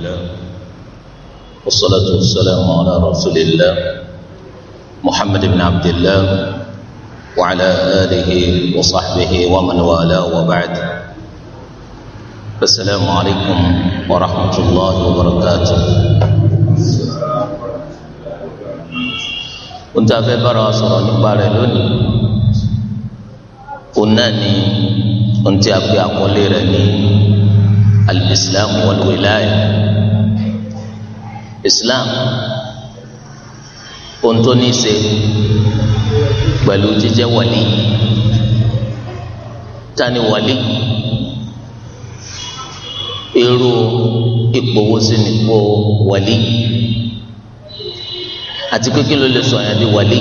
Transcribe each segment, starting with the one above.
الله والصلاة والسلام على رسول الله محمد بن عبد الله وعلى آله وصحبه ومن والاه وبعد السلام عليكم ورحمة الله وبركاته أنت في برا صلى الله عليه وسلم أنت أبي أقول لي al-islam wal-wilaya islam ohun tó ní í ṣe pẹ̀lú jíjẹ́ wàlí tani wàlí irú ipò wo sí ni ipò wàlí àti pé kí ló lè sọ àyàn di wàlí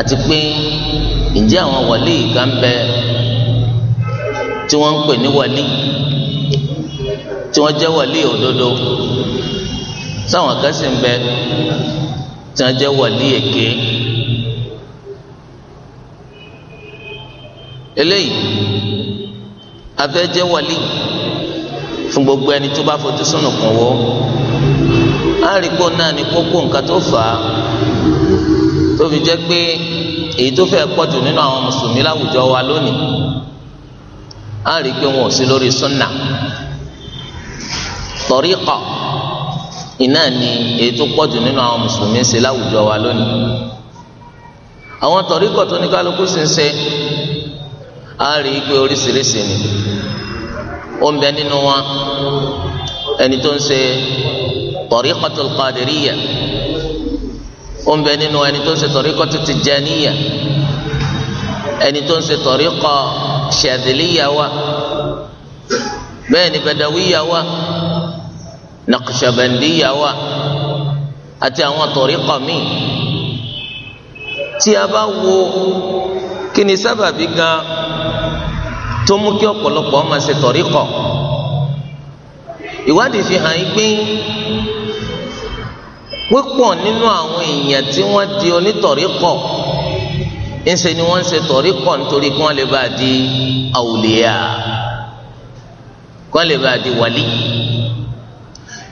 àti pé ǹjẹ́ àwọn wàlí kan bẹ́ẹ̀ tí wọ́n ń pè ní wàlí tí wọ́n jẹ́ wàlí òdodo sáwọn kan sì ń bẹ tí wọ́n jẹ́ wàlí èké eléyìí afẹ́ jẹ́ wàlí fún gbogbo ẹni tó bá fojú sùn kàn wọ́ àríkó náà ni kókó nǹkan tó fà á tó fi jẹ́ pé èyí tó fẹ́ pọ̀jù nínú àwọn mùsùlùmí láwùjọ wa lónìí á rí i pé wọn ò sí lórí sunna tariqa iná ni èyí tó pọ̀jù nínú àwọn mùsùlùmí ń ṣe láwùjọ wa lónìí àwọn tariqa tó ní kálukú sì ń ṣe á rí i pé oríṣiríṣi ni ó ń bẹ nínú wa ẹni tó ń ṣe tariqatul qadiriyya ó ń bẹ nínú ẹni tó ń ṣe tariqatul tijaniyya ẹni tó ń ṣe tariqa. Shadhiliya wà bẹ́ẹ̀ ni Badawiya wà Naqshbandiya wà àti àwọn tọ̀ríkọ̀ míì tí a bá wo kí ni sábàbí gan tó mú kí ọ̀pọ̀lọpọ̀ máa ṣe tọ̀ríkọ̀ ìwádìí fi hàn yín pé pípọ̀ nínú àwọn èèyàn tí wọ́n di onítọ̀ríkọ̀ ńṣe ni wọ́n ń ṣe tọ̀rí kọ̀ nítorí kí wọ́n lè bá a di àwòlẹ́yà kí wọ́n lè bá a di wàlí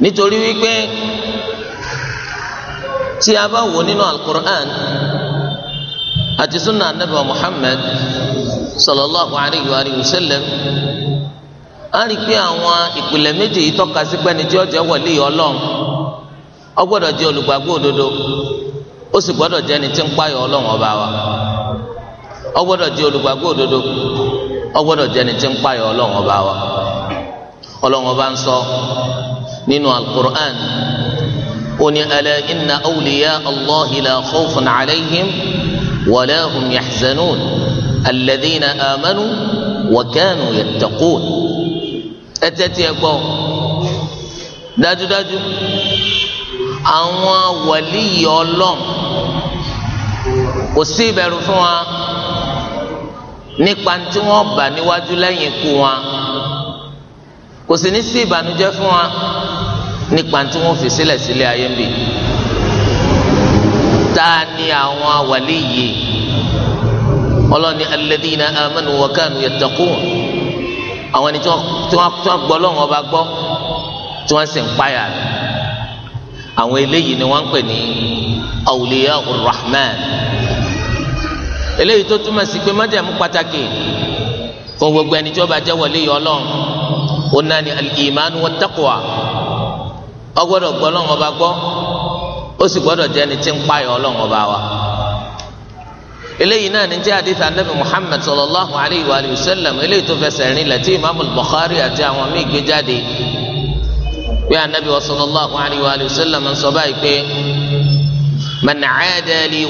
nítorí wípé tí a bá wò nínú alukur'an àti sunna anabi muhammed sallallahu alayhi wa sallam a rí i pé àwọn ìpìlẹ̀ méjì yìí tọ́ka sí pẹ́ni tí ó jẹ́ wàlí ọlọ́run ó gbọ́dọ̀ jẹ́ olùgbàgbọ́ òdodo ó sì gbọ́dọ̀ jẹ́ ẹni tí ń payọ̀ ọlọ́run ọba wa. ọgbọ́dọ̀ jẹ́ olùgbàgbọ́ òdodo ọgbọ́dọ̀ jẹ́ ẹni tí ń payọ̀ ọlọ́run ọba wa ọlọ́run ọba ń sọ nínú alukur'an oni ala inna awliya allahi la khawfun alayhim wala hum yaxzanun alladina amanu wakanu yattaqun ẹtẹ tiẹ gbọ́ dájúdájú àwọn wàlíyọ ọlọ́run kò sí ìbẹ̀rù fún wa. nípa tí wọ́n bá níwájú lẹ́yìn ikú wọn kò sì ní sí ìbànújẹ́ fún wa nípa tí wọ́n fi sílẹ̀ sílẹ̀ ayé ń bì ta ni àwọn wàlí yìí ọlọ́ni alladhina amanu wa kanu àwọn ẹni tí wọ́n gbọ́ lọ́wọ́ bá gbọ́ tí wọ́n sì ń páyà àwọn eléyìí ni wọ́n ń pè ní awliya'ur rahman eléyìí tó túmọ̀ sí pé májẹ̀mú pàtàkì kò gbogbo ẹni tí ó bá jẹ́ wọlé yọ ọlọ́run ó náà ní al-imanu wat-taqwa ó gbọ́dọ̀ gbọ́ ọlọ́run ọba gbọ́ ó sì gbọ́dọ̀ jẹ́ ẹni tí ń payọ̀ ọlọ́run ọba wa eléyìí náà ní jẹ́ àdìsá nàbì Muhammad sallallahu alayhi wa sallam eléyìí tó fẹsẹ̀ rìn lẹ̀ imaamu Bukhari àti àwọn míì gbé jáde pé anabi wa sallallahu alayhi wa sallam sọ báyìí pé man aada li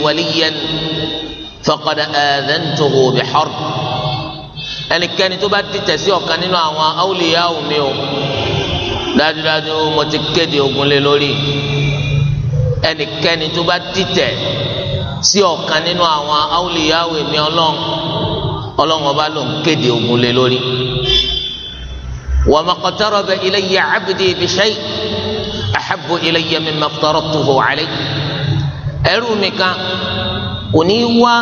faqad adhantuhu biharb ẹnikẹ́ni tó bá dìtẹ̀ sí ọ̀kan nínú àwọn awliya mi o dájúdájú mo ti kéde ogun lé lórí ẹnikẹ́ni tó bá dìtẹ̀ sí ọ̀kan nínú àwọn awliya mi ọlọ́run ọlọ́run ọba ló ń kéde ogun lé lórí wa ma qataraba ilayya abdi bi shay ahabbu ilayya mimma aftaratuhu alayhi ẹrú mi kan kò ní í wá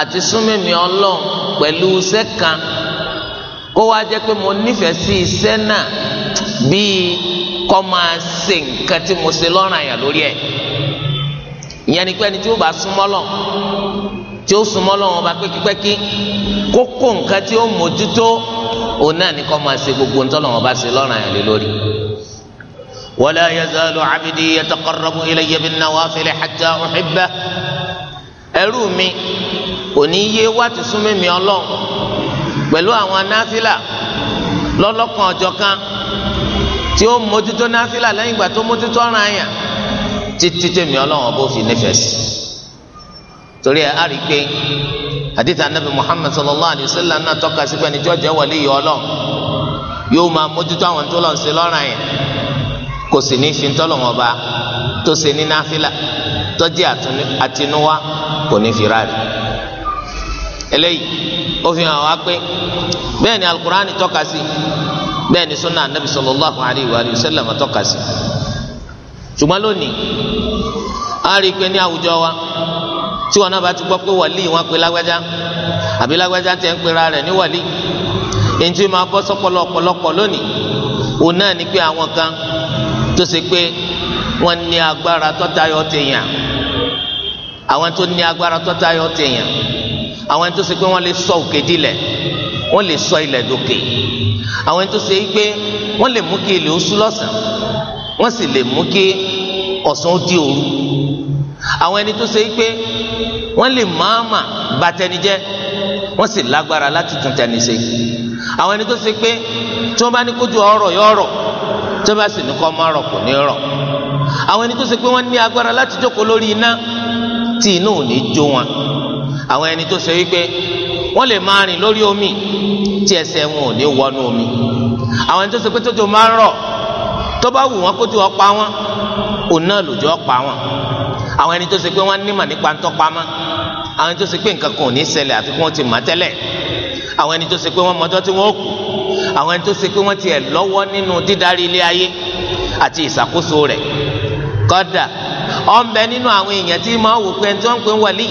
àti súnmẹ́mi ọlọ́run pẹ̀lú iṣẹ́ kan kó wá jẹ́ pé mo nífẹ̀ẹ́ sí iṣẹ́ náà bíi kọ́ máa ṣe nǹkan tí mo ṣe lọ́rùn àyà lórí ẹ̀ ìyẹn ni pé ẹni tí ó bá súnmọ́ lọ tí ó súnmọ́ wọn bá pẹ́kípẹ́kí kókó nǹkan tí ó mójútó òun náà ni kọ́ máa ṣe gbogbo ń tọ́lọ̀ wọn bá ṣe lọ́rùn àyà lé lórí. wala yazalu abdi yataqarrabu ilayya bin nawafili hatta uhibbahu ẹrú mi òní yé wá ti sún mímí ọlọ́run pẹ̀lú àwọn anáfílà lọ́lọ́kan ọjọ́ kan tí ó mójútó náfílà lẹ́yìn ìgbà tó mójútó ọ̀ràn àyàn títí tèmi ọlọ́run ọbọ̀ fi nífẹ̀ẹ́ sí torí ẹ̀ á pé àdìtà nàbì Muhammad sallallahu alayhi wa sallam náà tọ́ka sí pé ẹni tí ó jẹ́ yìí ọlọ́run yóò máa mójútó àwọn tó lọ́n sí lọ́ràn àyàn kò sì ní fi tọ́lọ́wọ́n ọba tó ṣe ní náfílà tọ́jú àtinúwá kò ní fi ráàlì eléyìí ó fi hàn wá pé bẹ́ẹ̀ ni alukur'ani tọ́ka sí bẹ́ẹ̀ ni sunna anabi sallallahu alayhi wa sallam tọ́ka sí ṣùgbọ́n lónìí a rí i pé ní àwùjọ wa tí wọn náà bá ti gbọ́ pé wàlí wọn pe lágbájá àbí lágbájá tẹ̀ ń pera rẹ̀ ní wàlí ètò máa bọ́ sọ́pọ̀lọ́ ọ̀pọ̀lọpọ̀ lónìí òun náà ni pé àwọn kan tó ṣe pé wọ́n ní agbára tó tayọ àwọn tó ní agbára tó tayọ tèèyàn àwọn tó ṣe pé wọ́n lè sọ òkè dilẹ̀ wọ́n lè sọ ilẹ̀ dòkè àwọn tó ṣe pé wọ́n lè mú kí ilẹ̀ ó ṣú lọ́sàn wọ́n sì lè mú kí ọ̀sán ó di òru àwọn ẹni tó ṣe pé wọ́n lè máàmà bà tẹni jẹ́ wọ́n sì lágbára láti tún tẹni ṣe àwọn ẹni tó ṣe pé tí wọ́n bá ní kójú ọ̀rọ̀ yọ ọ̀rọ̀ tí wọ́n bá sì ní kọ́ máa rọ̀ kò ní rọ̀ àwọn ẹni tó ṣe pé wọ́n ní agbára láti jókòó lórí iná tí iná ò ní jó wọn àwọn ẹni tó ṣe wípé wọ́n lè máa rìn lórí omi tí ẹsẹ̀ wọn ò ní wọnú omi àwọn ẹni tó ṣe pé tójò máa ń rọ̀ tó bá wù wọ́n kójú ọ̀pá wọn òun náà lòjò ọ̀pá wọn àwọn ẹni tó ṣe pé wọ́n nímọ̀ nípa ń tọ́pamọ́ àwọn ẹni tó ṣe pé nǹkan kan ò ní ṣẹlẹ̀ àfi kí wọ́n ti mọ̀ tẹ́lẹ̀ àwọn ẹni tó ṣe pé wọ́n mọjọ́ tí wọ́n kù àwọn ẹni tó ṣe pé wọ́n tiẹ̀ lọ́wọ́ nínú dídarí ilé ayé àti ìṣàkóso rẹ̀ kódà ọ̀nbẹ nínú àwọn èèyàn tí máa wò pé ẹni tí wọ́n ń pè ń wàlí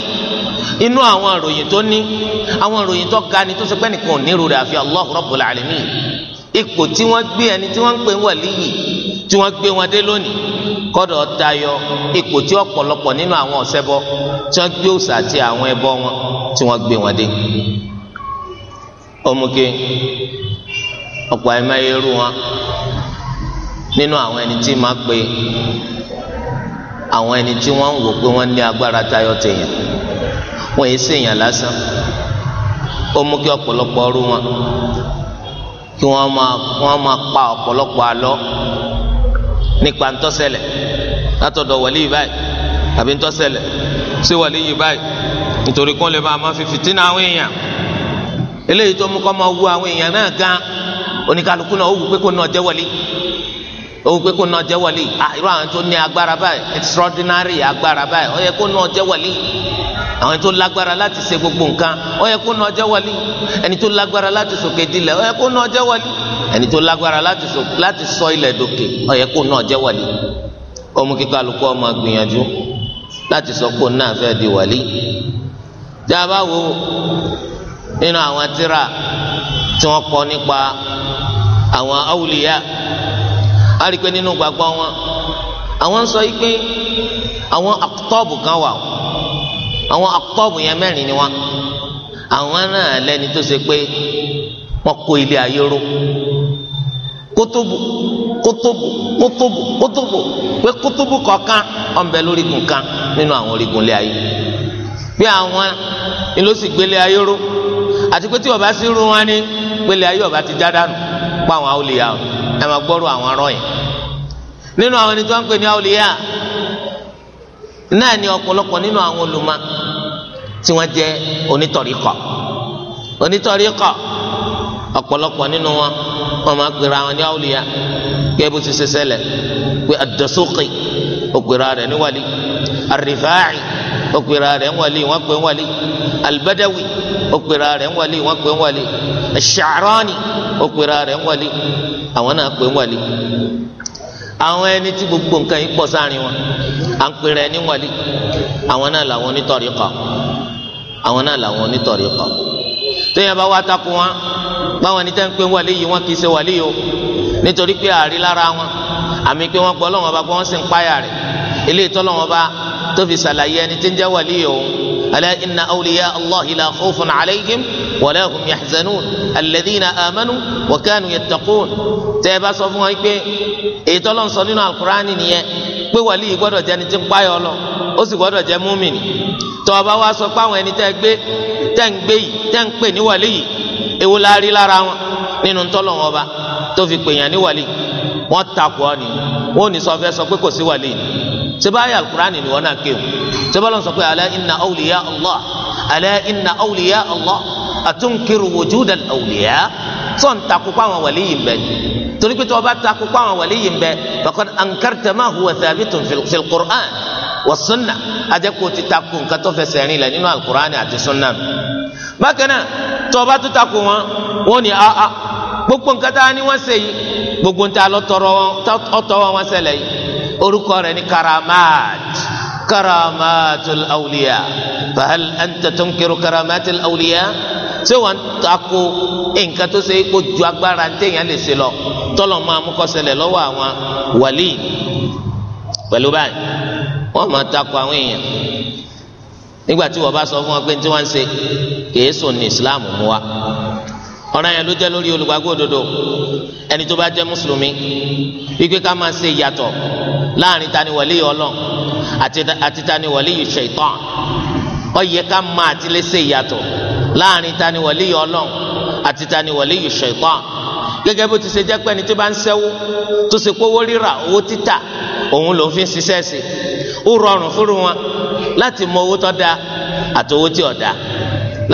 inú àwọn ìròyìn tó ní àwọn ìròyìn tó ga ni tó ṣe pé nìkan ò ní rúra àfi Allah Rabbul Alamin ipò tí wọ́n gbé ẹni tí wọ́n ń pè ń wàlí yìí tí wọ́n gbé wọn dé lónìí kọ́dọ̀ tayọ ipò tí ọ̀pọ̀lọpọ̀ nínú àwọn ọ̀sẹ́bọ tí wọ́n gbé òòṣà àti àwọn ẹbọ wọn tí wọ́n gbé wọn dé ọmọge ọ̀pọ̀ àìmọye irú wọn nínú àwọn ẹni tí máa pe àwọn ẹni tí wọ́n ń wò pé wọ́n ní agbára tayọ tèèyàn wọ́n yìí ṣèèyàn lásán ó mú kí ọ̀pọ̀lọpọ̀ ọrú wọn kí wọ́n máa wọ́n máa pa ọ̀pọ̀lọpọ̀ àlọ́ nípa ntọ́sẹ̀lẹ̀ látọ̀dọ̀ wọlé yìí báyìí àbí ntọ́sẹ̀lẹ̀ sí wọlé yìí báyìí nítorí kó lè máa máa fi fìtínà àwọn èèyàn eléyìí tó mú kó máa wú àwọn èèyàn náà gan oníkálukú náà ó wù pé kó náà jẹ́ wọlé òun pé kó náà jẹ́ wàlí ah, irú àwọn tó ní agbára báyìí extraordinary agbára báyìí ó yẹ kó náà jẹ́ wàlí àwọn tó lágbára láti ṣe gbogbo nǹkan ó yẹ kó náà jẹ́ wàlí ẹni tó lágbára láti sòkè dilẹ̀ ó yẹ kó náà jẹ́ wàlí ẹni tó lágbára láti sọ ilẹ̀ dòkè ó yẹ kó náà jẹ́ wàlí ọmọ kíkọ alùpùpù ọmọ gbìyànjú láti sọ pé òun náà fẹ́ di wàlí tí a bá wo nínú àwọn tíra tí wọ́n kọ nípa àwọn awùlíyà a rí i pé nínú gbàgbọ́ wọn àwọn ń sọ yìí pé àwọn akutọ́ọ̀bù kan wà àwọn akutọ́ọ̀bù yẹn mẹ́rin ni wọn àwọn náà lẹ́ni tó ṣe pé wọ́n kó ilé ayé ró kótóbù kótóbù kótóbù kótóbù pé kótóbù kọ̀ọ̀kan ọ̀nbẹ lórígun kan nínú àwọn orígun ilé ayé bí àwọn ìlọsìgbélé ayé ró àti pé tí ọba sí rú wọn ni gbélé ayé ọba ti já dànù pa àwọn àwòlè yà wọn ẹ máa gbọ́rọ̀ àwọn arọ yẹn nínú àwọn ẹni tó ń pè ní àwòlíyà náà ni ọ̀pọ̀lọpọ̀ nínú àwọn olùmọ̀ tí wọ́n jẹ́ onítọ̀ríkọ̀ onítọ̀ríkọ̀ ọ̀pọ̀lọpọ̀ nínú wọn wọ́n máa pèrè àwọn ní àwòlíyà kí ẹbí ṣe ṣẹlẹ̀ pé àdọ́sókè òpèrè rẹ̀ ní wàlí àrífáàì òpèrè rẹ̀ ń wàlí wọ́n pè ń wàlí àlùbádáwì òpèrè rẹ̀ ń wàlí wọ́n pè ń wàlí àṣàránì òpèrè rẹ̀ ń wàlí àwọn náà pè ń wàlí àwọn ẹni tí gbogbo nǹkan yìí pọ̀ sáàrin wọn à ń pèrè ẹni wàlí àwọn náà làwọn onítọ̀rí kọ àwọn náà làwọn onítọ̀rí kọ téèyàn bá wá takò wọn báwọn ẹni tẹ́ ń pè ń wàlí yìí wọn kì í ṣe wàlí yìí o nítorí pé àárí lára wọn àmì pé wọ́n gbọ́ lọ́wọ́n bá gbọ́ wọ́n sì ń páyà rẹ̀ ilé ìtọ́lọ́wọ́n bá tó fi ṣàlàyé ẹni tí ń jẹ́ wàlí yìí òun ألا إن أولياء الله لا خوف عليهم ولا هم يحزنون الذين آمنوا وكانوا يتقون tẹ́ẹ̀bá sọ fún wọn pé ètò ọlọ́run sọ nínú alukur'an nìyẹn pé wàlíì gbọ́dọ̀ jẹ́ ẹni tí ń páyọ̀ lọ ó sì gbọ́dọ̀ jẹ́ múmìnì tọ́ ọba wa sọ pé àwọn ẹni tẹ́ gbé tẹ́ ń gbé yìí tẹ́ ń pè ní wàlíì èwo la rí lára wọn nínú tọ́lọ́run ọba tó fi pèèyàn ní wàlíì wọ́n takò ọ́ ni wọ́n ò ní sọ fẹ́ sọ pé kò sí wàlí ni sẹ́bà ayé alukur'ani ni wọ́n náà kéwù sẹ́bà lọ́n sọ pé ala inna awliya allah ala inna awliya allah atunkiru wujuda awliya sọ ń takò kó àwọn wàlí yìí bẹ́ẹ̀ torí pé tí wọ́n bá takò kó àwọn wàlí yìí bẹ́ẹ̀ bàkọ́n ankarta ma huwa thabitun fil qur'an wa sunna ajẹ́kọ̀ọ́ ti takò nǹkan tó fẹsẹ̀ rìn lẹ̀ nínú alukur'ani àti sunna bákan náà tí wọ́n bá tó takò wọn wọ́n ní a a gbogbo nǹkan tá a ní wọ́n ṣe yìí gbogbo nǹkan ọ̀tọ̀ wọn wọ́n ṣẹlẹ̀ yìí orúkọ rẹ̀ ní karamat karamatul awliya bahal anta tunkiru karamatul awliya ṣé wọn tako nǹkan tó ṣe kó ju agbára téèyàn lè ṣe lọ tọ́lọ̀ máa mú kó ṣẹlẹ̀ àwọn wàlí pẹ̀lú báyìí wọ́n máa tako àwọn èèyàn nígbà tí wọ́n bá sọ fún wọn pé tí wọ́n ń ṣe kìí sùn ní Islam mú wa ọ̀ràn yẹn ló jẹ́ lórí olùgbàgbọ́ òdodo ẹni tó bá jẹ́ mùsùlùmí wípé ká máa ṣe ìyàtọ̀ láàrin tani wàlí ọlọ́n àti tani wàlí ṣaitan ó yẹ ká máa àti lè ṣe ìyàtọ̀ láàrin tani wàlí ọlọ́n àti tani wàlí ṣaitan gẹ́gẹ́ bó ti ṣe jẹ́ pé tó bá ń ṣẹ́wó tó ṣe kówó rírà owó títà òun ló fi ń ṣiṣẹ́ sí ó rọrùn fúnru wọn láti mọ owó tó dáa àti owó tí ò dáa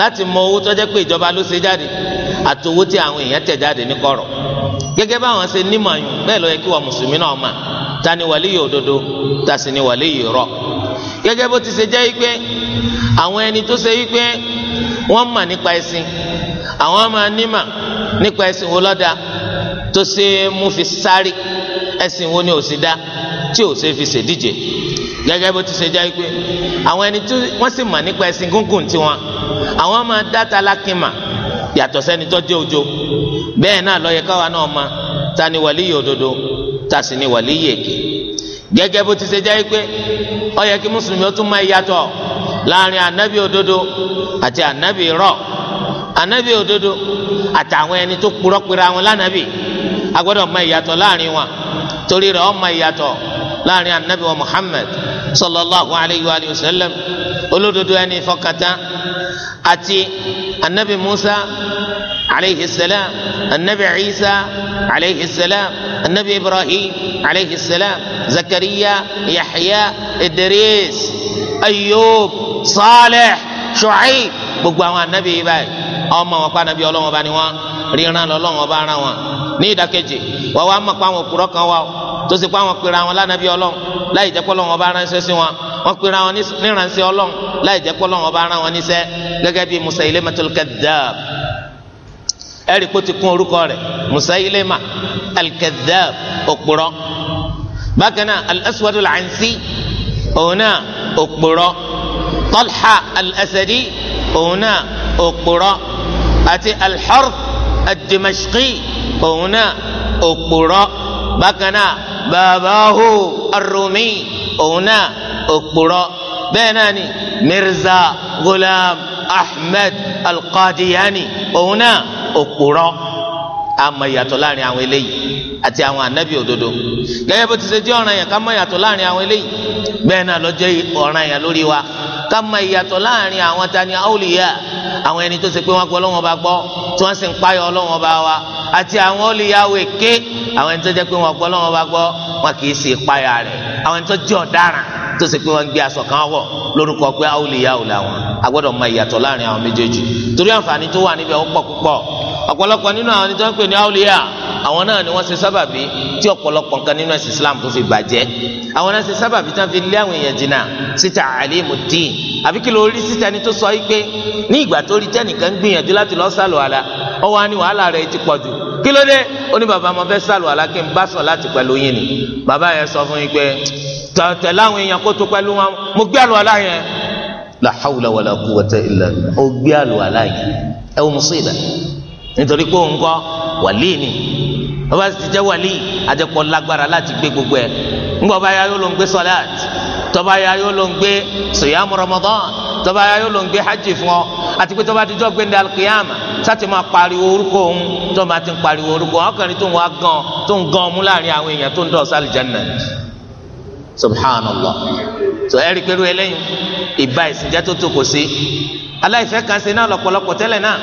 láti mọ owó tó jẹ́ pé ìjọba ló ṣe jáde àti owó tí àwọn èèyàn tẹ̀ jáde ní kọ̀rọ̀ gẹ́gẹ́ báwọn ṣe nímọ̀ àyùn bẹ́ẹ̀ ló yẹ kí wọ́n mùsùlùmí náà mà ta ni wàlíyì òdodo ta sì ni wàlíyì rọ gẹ́gẹ́ bó ti ṣe jẹ́ wípé àwọn ẹni tó ṣe wípé wọ́n mà nípa ẹ̀sìn àwọn máa nímà nípa ẹ̀sìn wo lọ́dà tó ṣe mú fi sáré ẹ̀sìn wo ni ò sì dá tí ò ṣe fi ṣèdíje gẹ́gẹ́ bó ti ṣe jẹ́ wípé àwọn ẹni tó wọ́n sì mà nípa ẹ̀sìn gúngùn tiwọn àwọn máa dá talákìmà yàtọ̀ sẹ́ni tó jẹ́ òjò bẹ́ẹ̀ náà lọ́yẹ káwa náà ma ta ni wàlíyè òdodo ta sì ni wàlíyè èké gẹ́gẹ́ bó ti ṣe jẹ́ pé ó yẹ kí mùsùlùmí ó tún máa yàtọ̀ láàrin ànábì òdodo àti ànábì irọ́ ànábì òdodo àtàwọn ẹni tó purọ́ pera wọn lánàbì a gbọ́dọ̀ máa yàtọ̀ láàrin wọn torí rẹ̀ ó máa yàtọ̀ láàrin ànábì wa Muhammad sallallahu alayhi wa sallam olódodo ẹni fọkàtà àti anabi musa alayhi salam anabi isa alayhi salam anabi ibrahim alayhi salam zakariya yahya idris ayub saleh shuaib gbogbo àwọn anabi yìí báyìí ọmọ wọn pa anabi ọlọ́wọ́n bá ní wọn ríran lọ́lọ́wọ́n bá ara wọn ní ìdákejì wọ́n wá mọ̀ pa àwọn òkúrọ̀ kan wá tó sì pa àwọn pèrè àwọn lánàbí ọlọ́wọ́n láì jẹ́ pọ́ lọ́wọ́n bá ránṣẹ́ sí wọn wọ́n pera wọn níranṣẹ́ ọlọ́run láì jẹ́ pọ́lọ́run ọba ara wọn níṣẹ́ gẹ́gẹ́ bíi Musaylimatul Kadhdhab ẹ̀rí kó ti kún orúkọ rẹ̀ Musaylima al-Kadhdhab òpùrọ́ bákan náà al-Aswadul Ansi òun náà òpùrọ́ Talha al-Asadi òun náà òpùrọ́ àti al-Harith òun náà òpùrọ́ bákan náà babahu ar òun náà òpùrọ́ bẹ́ẹ̀ náà ni mirza gulam ahmed alqadiyani òun náà òpùrọ́ àmọ́ ìyàtọ̀ láàrin àwọn eléyìí àti àwọn ànábì òdodo gẹ́gẹ́ bó ti ṣe jẹ́ ọ̀ràn yẹn ká mọ̀ ìyàtọ̀ láàrin àwọn eléyìí bẹ́ẹ̀ náà ló jẹ́ ọ̀ràn yẹn lórí wa ká mọ̀ láàrin àwọn tani awliya àwọn ẹni tó ṣe pé wọ́n gbọ́ Ọlọ́hun Ọba gbọ́ tí wọ́n sì ń páyọ̀ Ọlọ́hun Ọba wa àti àwọn olùyàwó èké àwọn ẹni tó jẹ́ pé wọ́n gbọ́ Ọlọ́hun Ọba gbọ́ wọn kì í sì páyà rẹ̀ àwọn ẹni tó jẹ́ ọ̀daràn tó ṣe pé wọ́n gbé aṣọ kan wọ̀ lórúkọ pé awliyahu làwọn a gbọ́dọ̀ mọ ìyàtọ̀ láàrin àwọn méjèèjì torí àǹfààní tó wà níbẹ̀ ó pọ̀ púpọ̀ ọ̀pọ̀lọpọ̀ nínú àwọn tó ń pè ní awliya àwọn náà ni wọ́n ṣe sábàbí tí ọ̀pọ̀lọpọ̀ nǹkan nínú ẹ̀sìn Islam tó fi bàjẹ́ àwọn náà ṣe sábàbí tí wọ́n fi lé àwọn èèyàn jìnnà síta àlímù dín àbí kí ló rí síta ẹni tó sọ yìí pé ní ìgbà tó rí tẹ́nìkan gbìyànjú láti lọ́ọ́ sálò àlà ọwọ́ á ní wàhálà rẹ̀ ti pọ̀ jù kí ló dé ó ní bàbá mo fẹ́ sálò àlà kí n bá sọ láti pẹ̀lú yín ni bàbá yẹn sọ fún yín pé tẹ̀tẹ̀ láwọn èèyàn kó tó pẹ̀lú wọn mo gbé àlùwàlá yẹn la hawla wala quwwata illa billah ó gbé àlùwàlá yẹn ẹ wọ́n musiba nítorí pé òun kọ́ wàlíì ni wọ́n bá ti jẹ́ wàlíì àjẹpọ̀ lágbára láti gbé gbogbo ẹ̀ ńgbọ́ bá yá yóò ló ń gbé sọ́láàt tọ́ba yá yóò ló ń gbé sòyàmù rọmọdán tọ́ba yá yóò ló ń gbé hajj fún ọ àti pé tọ́ba àtijọ́ gbé ní alkiyama sátì máa pariwo orúkọ òun tọ́ba ti ń pariwo orúkọ ọkùnrin tó ń wá gan tó ń gan ọmú láàrin àwọn èèyàn tó ń dọ̀ sálì jannah subhanallah tó ẹ̀rí pẹ̀lú ẹlẹ́yìn ìbá ìsìnjẹ́ tó tó kò sí aláìfẹ́ kan ṣe náà lọ́pọ̀lọpọ̀ tẹ́lẹ̀ náà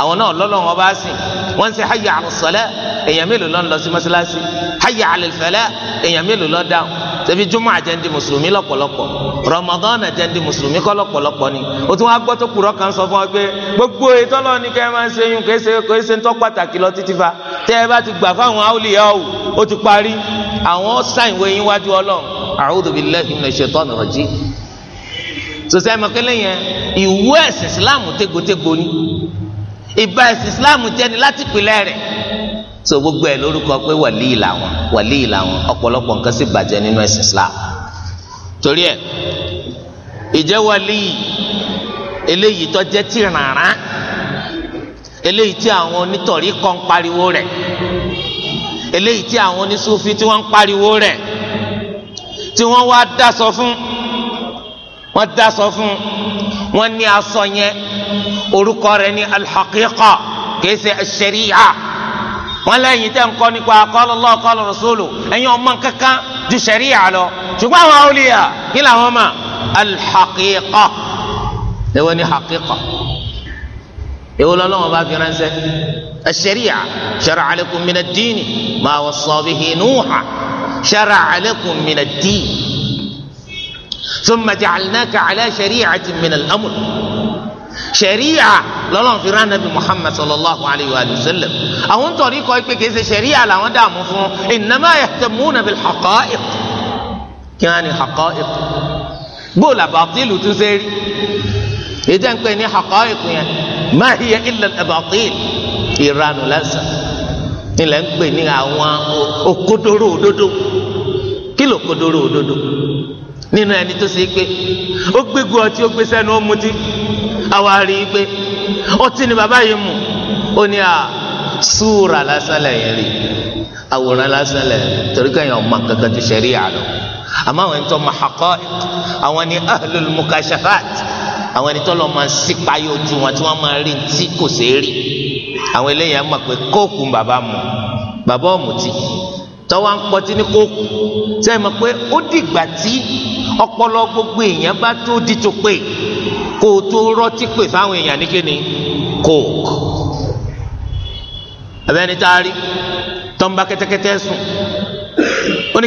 àwọn náà lọ́lọ́run ọba sìn wọ́n ń ṣe hayya ala salat èèyàn mélòó ló ń lọ sí mọ́ṣáláṣí hayya ala falah èèyàn mélòó ló dáhùn ṣebí júmọ́ àjẹ́ndì mùsùlùmí lọ́pọ̀lọpọ̀ Ramadan àjẹ́ndì mùsùlùmí kọ́ lọ́pọ̀lọpọ̀ ni o tún wá gbọ́ tó kúrọ́ kan sọ fún ọ pé gbogbo ètò ọlọ́ọ̀ni kẹ́ ẹ máa ń ṣe yún kò ṣe kò ṣe ń tọ́ pàtàkì lọ títí fa tẹ́ ẹ bá ti gbà fáwọn àwòlíyà o ti parí àwọn sáìn wẹ̀yìn wájú ọlọ́run a'udhu billahi minash shaitani rajim sọsẹ mọkẹlẹ yẹn ìwé ẹsìn islam tégbòtégbò ni ìbá ẹsìn islam jẹni láti pilẹ̀ rẹ̀ so gbogbo ẹ lórúkọ pé wàlíì làwọn wàlíì làwọn ọ̀pọ̀lọpọ̀ nǹkan sì bàjẹ́ nínú ẹsìn islam torí ẹ ìjẹ wàlíì eléyìí tó jẹ́ ti rànrà eléyìí tí àwọn onítọ̀rí kan pariwo rẹ̀ eléyìí tí àwọn onísúfí tí wọ́n ń pariwo rẹ̀ tí wọ́n wá dasọ fún wọ́n dasọ fún wọ́n ní aṣọ yẹn orúkọ rẹ̀ ní alḥaqiqa kìí ṣe ṣẹríya wọ́n lẹ́yìn tẹ́ ń kọ́ nípa qala Allah qala rasulu ẹ̀yin ọmọ kankan ju ṣẹríya lọ ṣùgbọ́n àwọn awliya kí làwọn mọ̀ alḥaqiqa lẹ́wọ́n ní haqiqa èwo lọ́lọ́wọ́ bá fi ránṣẹ́ ṣẹríya ṣẹ̀rọ̀ alaykum mina diini ma wasa bihi nuuha. شرع لكم من الدين ثم جعلناك على شريعة من الأمر شريعة lọ́lọ́run fi rán nabi muhammad sallallahu alayhi wa sallam àwọn tó rí kọ́ ẹ pé kìí ṣe ṣẹ̀ríà làwọn dààmú fún innama yahtamuna bil haqa'iq kí wọ́n á ní haqa'iq gbọ́dọ̀ àbàtìlù tún ṣe rí èyí tẹ́ ń pè ní haqa'iq yẹn ma hiya illa al-abatil ìranù lásán ilẹ̀ ń pè ní àwọn òkodoro òdodo kí ló kodoro òdodo nínú ẹni tó ṣe pé ó gbégun ọtí ó gbé sẹ́nu ó mutí àwa rí i pé ọtí ni bàbá yìí mu ó ní à súra lásán lẹ́yìn rí àwòrán lásán torí kẹ́yìn ọmọ kankan tó ṣẹ̀rí àlọ́ àmọ́ àwọn ẹni tó ma haqa'iq àwọn ni ahlul mukashafat àwọn ẹni tọ́lọ̀ máa ń sípayé ojú wọn tí wọ́n máa rí tí kò ṣeé rí àwọn eléyìí á mọ̀ pé kóòkù bàbá mu bàbá ọ̀mùtí tọ́wọ́ ń pọtí ní kóòkù sẹ́yìn mọ̀ pé ó dìgbà tí ọpọlọ gbogbo èèyàn bá tó di tó pé kó o tó rọtí pè fáwọn èèyàn ní kíni kóòkù abẹ́ni tá a rí tọ́ǹba kẹ́tẹ́kẹ́tẹ́ sùn ó ní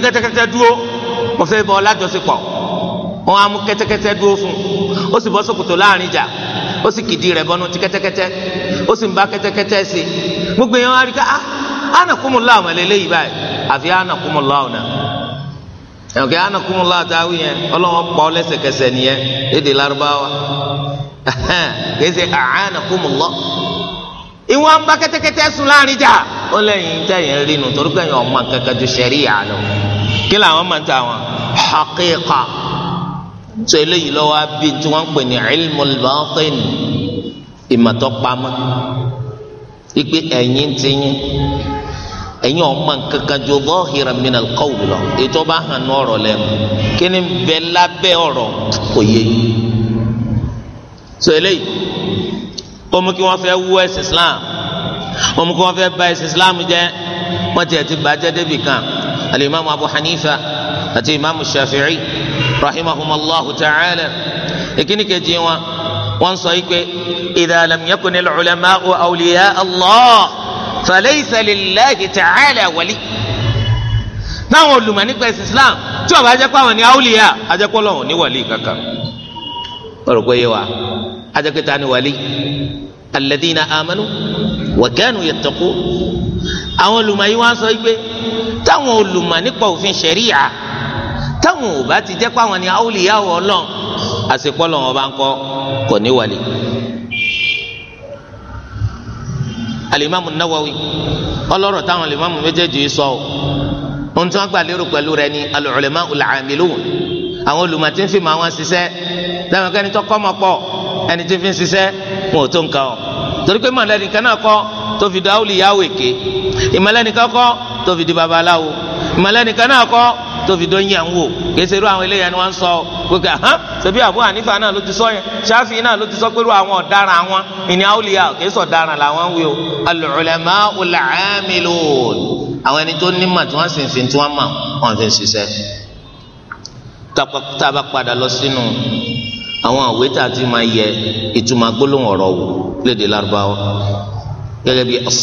dúró mo fẹ́ bọ́ ọ lájọṣepọ̀ wọ́n á mú kẹ́tẹ́kẹ́tẹ́ dúró fún un ó sì bọ́ sòkòtò láàrin jà ó sì kìdí rẹ̀ bọ́nú ti kẹ́tẹ́kẹ́tẹ́ ó sì ń bá kẹ́tẹ́kẹ́tẹ́ sí i gbogbo yẹn wá rí ká ah, anakumula àwọn eléyìí báyìí àfi anakumula ọ̀nà ẹ̀kẹ́ anakumula àtàwí yẹn ọlọ́wọ́n pọ̀ lẹ́sẹ̀kẹsẹ̀ nìyẹn èdè Lárúbáwá kìí ṣe ah, anakumula ìwọ̀n bá kẹ́tẹ́kẹ́tẹ́ sùn láàrin jà ó lẹ́yìn tẹ̀yìn rínu torí pé ẹ̀yìn ọ̀ma kankan ju ṣẹ̀ríyà lọ kí làwọn máa ń ta àwọn haqiqa tó eléyìí lọ́wọ́ bí tí wọ́n ń pè ní ilmul batin ìmọ̀tọ́ pamọ́ ipe ẹ̀yin ti yín ẹ̀yin ọmọ nkankan ju zahiran minal qawli lọ ètò ọba hàn ní ọ̀rọ̀ lẹ́nu kí ni bẹ lábẹ́ ọ̀rọ̀ kò yé yín tó eléyìí ó mú kí wọ́n fẹ́ wú ẹ̀sìn Islam ó mú kí wọ́n fẹ́ bà ẹ̀sìn Islam jẹ́ wọ́n ti ẹ̀ ti bàjẹ́ débì alimami Abu Hanifa àti imaamu Shafi'i rahimahumallahu ta'ala ìkíni kejì wọn wọn sọ yìí pé idha lam yakun al-ulama'u awliya Allah falaysa lillahi ta'ala wali táwọn olùmọ̀ nípa ẹ̀sìn Islam tí ó bá jẹ́ pé àwọn ní awliya ajẹ́pọ̀ lọ́wọ́ ní wàlí kankan ọ̀rọ̀ pé yé wa ajẹ́pẹ́ ta ni wàlí alladhina amanu wa kanu àwọn olùmọ̀ yìí sọ yìí táwọn olùmọ̀ nípa òfin ṣẹ̀ríyà táwọn ò bá ti jẹ́ pé àwọn ni awòlíyàwó ọlọ́run àsèpọ̀ lọ́wọ́ bá ń kọ́ kò ní wàlẹ̀. alimami nawawi ọlọ́rọ̀ táwọn alimami méjèèjì sọ ọ́ ohun tí wọ́n gbà lérò pẹ̀lú rẹ̀ ni alùlẹ̀mọ́ ọ̀làmìlú àwọn olùmọ̀tí ń fi mọ àwọn ṣiṣẹ́ dáhùn kẹ́ni tó kọ́ ọmọ pọ̀ ẹni tí ń fi ṣiṣẹ́ wọn ò tó nǹkan ọ̀ torí pé mọ̀lẹ́nìkan náà kọ́ tó fi da awòlíyàwó èké ìmọ̀lẹ́nìkan kọ́ tó fi di babaláwo ìmọ̀lẹ́nìkan náà kọ́ tó fi dóyìn àwọn wò gbèsè irú àwọn eléyà ni wọ́n ń sọ gbogbo hàn ṣebí Abu Hanifa náà ló ti sọ yẹn Shafi'i náà ló ti sọ pé irú àwọn ọ̀daràn àwọn ìní àwòlíyà kìí sọ ọ̀daràn làwọn wí o al-ulama'ul 'amilun àwọn ẹni tó ní mà tí wọ́n sì ń fi tí wọ́n mà wọ́n fi ń ṣiṣẹ́ tába padà lọ sínú àwọn àwé tá a ti máa yẹ ìtumọ̀ gbólóhùn ọ̀rọ̀ wò lédè lárúbáwá gẹ́gẹ́ bí as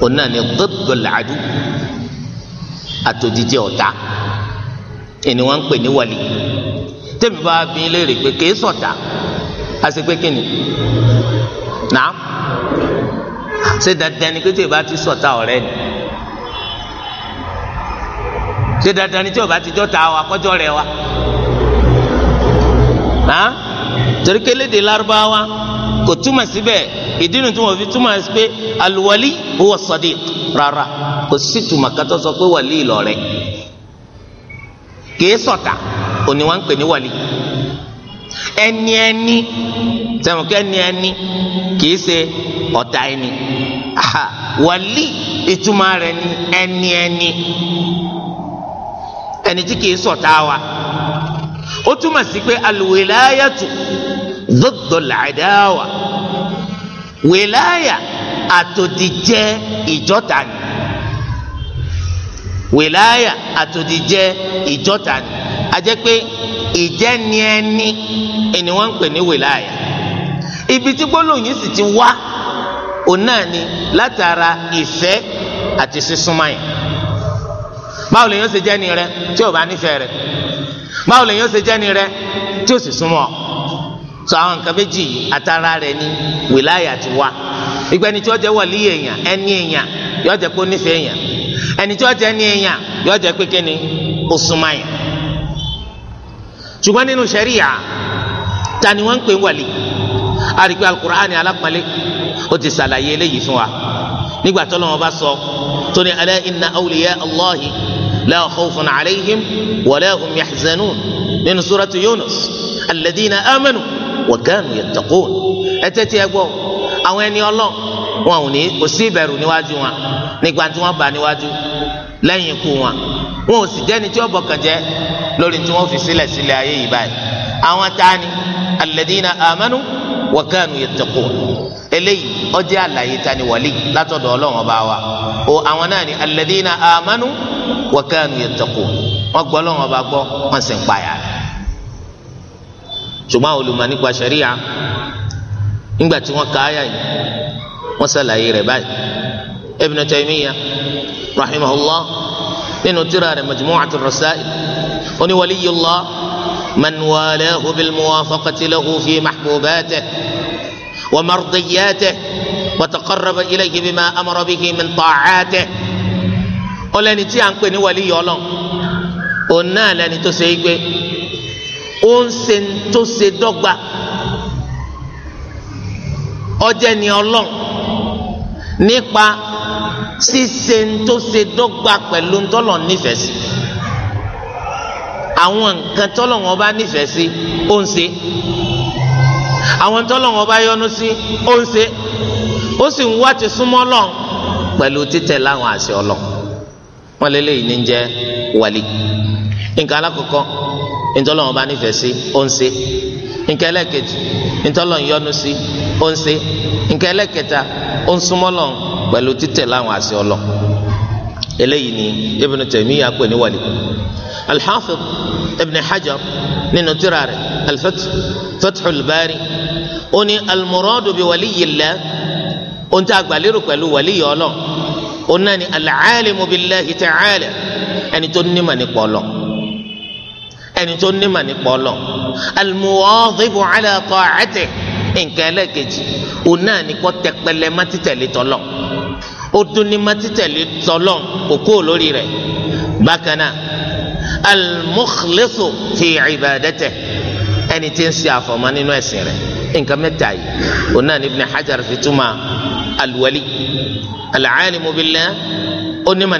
òun náà ni gbogbo làádú àtòjíjẹ ọ̀tá ẹni wọn ń pè ní wàlí tẹ́mi bá bí léèrè pé kìí sọ̀tá àti pé kíni náà ṣé dandan ni pété ìbá ti sọ̀tá ọ̀rẹ́ ni ṣé dandan ni tí o bá ti jọ́ta wa kọjọ́ rẹ wa torí kéléde lárúbáwá kò túmọ̀ síbẹ̀ ìdí nu tí wọ́n fi túmọ̀ sí pé alùwálí huwa sadiq rárá kò sí túmọ̀ kátó sọ pé wàlí ìlọ̀rẹ́ kìí sọ̀tà òní wọn pè ní wàlí ẹni ẹni sẹ́wọ̀n kẹ́ ẹni ẹni kìí ṣe ọ̀tá ẹni wàlí ìtumọ̀ rẹ̀ ni ẹni ẹni ẹni tí kìí sọ̀tá wa ó túmọ̀ sí pé alùwẹ̀láyàtù dọ́dọ̀ làdáwà wìláyà àtòdìjẹ ìjọta ni wìláyà àtòdìjẹ ìjọta ni a jẹ́ pé ìjẹni ẹni ẹni wọ́n ń pè ní wìláyà ibi tí gbólóyìn sì ti wá òun náà ni látara ìfẹ́ àti sísúnmọ́ yẹn báwo lèyàn rẹ tí o bá nífẹ̀ẹ́ rẹ báwo lèyàn ṣe jẹ́ni rẹ tí o sì súnmọ́ ọ sọ àwọn nǹkan méjì yìí àtàrà rẹ̀ ní wìláyà ti wá ìgbẹ́ni tí wọ́n jẹ́ wọ̀lí èèyàn ẹni èèyàn yóò jẹ́ pé ó nífẹ̀ẹ́ èèyàn ẹni tí wọ́n jẹ́ ní èèyàn yóò jẹ́ pé kíni ó súnmọ́ yẹn ṣùgbọ́n nínú sẹ́ríyà ta ni wọ́n ń pè ń wọ̀lí àrígbé alukur'ani alápọ̀nlé ó ti ṣàlàyé eléyìí fún wa nígbà tó lọ́wọ́ bá sọ tó ní ala inna allahi la khawfun wa kanu yattaqun ẹ tẹ́tí ẹ gbọ́ àwọn ẹni ọlọ́ wọn ò ní kò sí ìbẹ̀rù níwájú wọn nígbà tí wọ́n bá níwájú lẹ́yìn ikú wọn wọn ò sì jẹ́ni tí ó bọkàn jẹ́ lórí tí wọ́n fi sílẹ̀ sílẹ̀ ayé yìí báyìí àwọn tani alladina amanu wa kanu yattaqun eléyìí ó jẹ́ àlàyé tani wàlí látọ̀dọ̀ Ọlọ́run ọba wa o àwọn náà ni alladina amanu wa kanu yattaqun wọ́n gbọ́ Ọlọ́run ọba gbọ́ wọ́n sì ń payà rẹ̀ ṣùgbọ́n àwọn olùmọ̀ nípa ṣẹ̀ríà nígbà tí wọ́n ka àyà yìí wọ́n ṣàlàyé rẹ̀ báyìí Ibn Taymiyyah rahimahullah nínú tírà rẹ̀ Majmu'atur Rasail ó ní waliyullah man walahu bil muwafaqati lahu fi mahbubatihi wa mardiyatihi wa taqarraba ilayhi bima amara bihi min ta'atihi ó tí a ń pè ní waliyullah òun náà lẹ́ni tó ṣe é gbé ó ń ṣe tó ṣe dọ́gba ọjẹ́ ni ọlọ́run nípa ṣíṣe tó ṣe dọ́gba pẹ̀lú ntọ́lọ̀ nífẹ̀ẹ́ sí àwọn nǹkan tọ́lọ̀ wọn bá nífẹ̀ẹ́ sí ó ń ṣe àwọn tọ́lọ̀ wọn bá yọ́nú sí ó ń ṣe ó sì ń wá ti súnmọ́ lọ́n pẹ̀lú títẹ̀ láwọn àṣẹ ọlọ́run wọn lélẹ́yìn ní jẹ́ wàlíì nǹkan alákọ̀ọ́kọ́ ntọ́lọ́wọ́n bá nífẹ̀ẹ́ sí ó ń ṣe nǹkan ẹlẹ́ẹ̀kejì ntọ́lọ́wọ́n yọ́nú sí ó ń ṣe nǹkan ẹlẹ́ẹ̀kẹta ó ń súnmọ́ Ọlọ́run pẹ̀lú títẹ̀ láwọn àṣẹ Ọlọ́run eléyìí ni Ibn Taymiyyah pè ní wàlíkù Al-Hafiz Ibn Hajar nínú tírà rẹ̀ Al-Fath Fathul Bari ó ní al-muradu bi waliyillah ó ń tẹ́ àgbàlérò pẹ̀lú wàlíyì Ọlọ́run ó náà ní al-alimu billahi ta'ala ẹni tó ní mà nípa Ọlọ́run ẹni tó ní mà nípa ọlọ al-muwadhibu ala ta'atihi nǹkan ẹlẹ́ẹ̀kejì òun náà ní kọ́ tẹpẹlẹ má títẹ̀lé tọ́lọ̀ ó dún ní má títẹ̀lé tọ́lọ̀ kò kó lórí rẹ̀ bákan náà al-mukhlisu fi ibadatihi ẹni tí ń ṣe àfọ̀mọ́ nínú ẹ̀sìn rẹ̀ nǹkan mẹ́ta yìí òun náà ní Ibn Hajar fi túmọ̀ al-wali al-alimu billah ní mà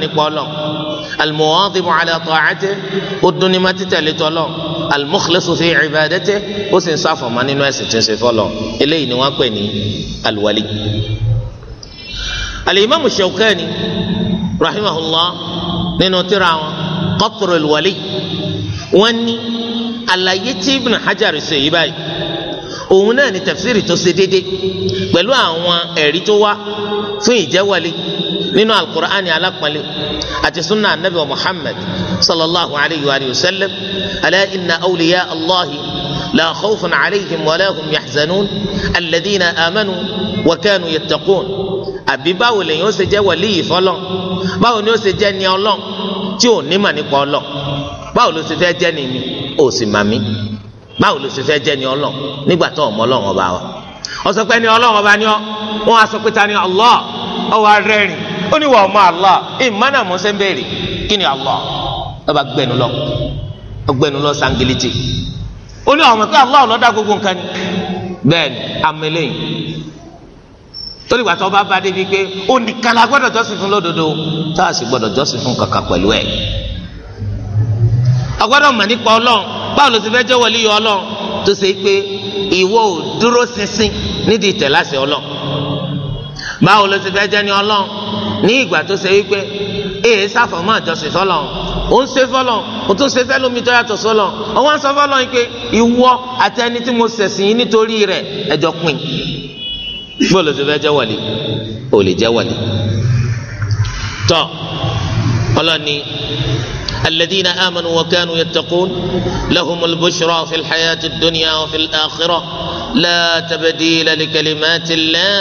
المواظب على طاعته ودني ما تتلتلو المخلص في عبادته وسنصاف من الناس تنسفلو إليه نواقني الولي الإمام الشوكاني رحمه الله نينو قطر الولي واني alayeti ibn hajar ṣe yí báyìí òun náà ni tafsiri tó ṣe déédéé pẹ̀lú àwọn ẹ̀rí tó wá fún ìjẹ́wọ́lé nínú alukur'ani alápọ̀nlé àti sunna anabi wa muhammad sallallahu alayhi wa sallam ala inna awliya allahi la khawfun alayhim wa lahum yaxzanun alladina amanu wa kanu yattaqun àbí báwo lèyìn ó ṣe jẹ́ wàlíyìí fọlọ́n báwo ni ó ṣe jẹ́ ni ọlọ́n tí ò ní mà nípa ọlọ́n báwo ló ṣe fẹ́ jẹ́ ni mi ò sì mà mí báwo ló ṣe fẹ́ jẹ́ ni ọlọ́n nígbà tó ọmọ ọlọ́n ọba wa ó sọ pé ni ọlọ́n ọba ọ wọn á sọ pé ta ni Allah ọwọ́ arẹ́rìn ó ní wà ọmọ Allah ìmánà mọ́sẹ́ ń kí ni ọba gbẹnu lọ gbẹnu lọ sangiliti ó ní àwọn ọmọkẹ́ Allah ọlọ́dà gbogbo nǹkan ni bẹ́ẹ̀ ni amẹ́lẹ́yìn torí wàá tọ́ bá bá débi pé ó gbọ́dọ̀ jọ́sìn fún lódodo tá a sì gbọ́dọ̀ jọ́sìn fún pẹ̀lú ẹ̀ báwo ló ti fẹ́ jẹ́ ní ọlọ́run ní ìgbà tó ṣe wípé èyí sáfọ̀mọ́ àjọṣe sọ́lọ́run ó ń ṣe fọ́lọ́run ó tún ṣe fẹ́ lómi tó yàtọ̀ sọ́lọ́run ó wá ń sọ fọ́lọ́run pé ìwọ àti ẹni tí mo ṣẹ̀sìn yín nítorí rẹ̀ ẹjọ́ pin bó ló ti fẹ́ jẹ́ wàlí ò lè jẹ́ wàlí. tọ́ ọlọ́ni الذين آمنوا وكانوا يتقون لهم البشرى في الحياة الدنيا وفي الآخرة لا تبديل لكلمات الله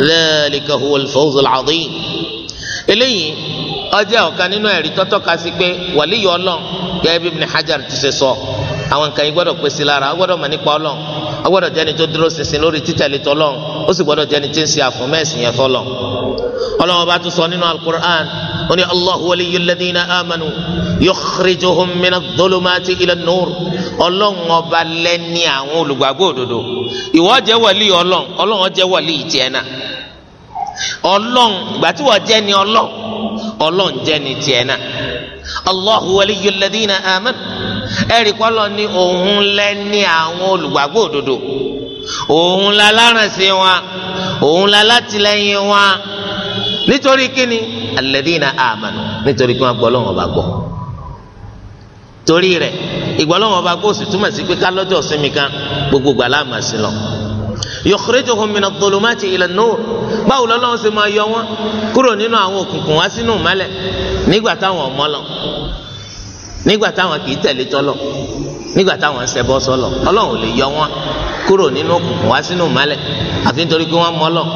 ذلك هو الفوز العظيم eléyìí أجا ọ̀kan إنه ẹ̀rí tọ́tọ́ ka sí pé wàlíyọ̀ ọlọ́n حجر bí Ibn Hajar ti ṣe sọ àwọn nǹkan yìí gbọ́dọ̀ pèsè lára a gbọ́dọ̀ mọ̀ nípa ọlọ́n a gbọ́dọ̀ jẹ́ni tó dúró ṣinṣin lórí títẹ̀lé tọ́lọ́n ó sì gbọ́dọ̀ jẹ́ni tí ń ṣe àfọ̀mẹ́sì yẹn fọ́lọ́n ọlọ́wọ́n bá sọ nínú al ó ní allahu waliyyul ladina amanu yukhrijuhum minadh dhulumati ilan nur ọlọ́run ọba lẹ́ni àwọn olùgbàgbọ́ òdodo ìwọ jẹ́ wàlí ọlọ́run ọlọ́run jẹ́ wàlí tiẹ̀ náà ọlọ́run gbàtí wọ́n jẹ́ ni ọlọ́run ọlọ́run jẹ́ ni tiẹ̀ náà allahu waliyyul ladina amanu ẹ̀rí kọ́lọ́ ní òun lẹ́ni àwọn olùgbàgbọ́ òdodo òun la lárànṣe wọn òun la látìlẹ́yìn wọn nítorí kíni alladhina amanu nítorí kí wọ́n gbọ́ lọ́wọ́ bá gbọ́ torí rẹ̀ ìgbọ́lọ́wọ́ bá gbọ́ sì túmọ̀ sí pé kálọ́jọ́ sinmi kan gbogbo gbàlá àmà sí lọ yukhrijuhum min adh-dhulumati ila an báwo lọ́lọ́run ṣe máa yọ wọn kúrò nínú àwọn òkùnkùn wá sínú ìmọ́lẹ̀ nígbà táwọn ọmọ lọ nígbà táwọn kì í tẹ̀lé tọ́lọ̀ nígbà táwọn ń ṣẹbọ sọlọ ọlọ́run ò lè yọ wọn kúrò nínú òkùnkùn wá sínú ìmọ́lẹ̀ àfi nítorí pé wọ́n mọ́lọ̀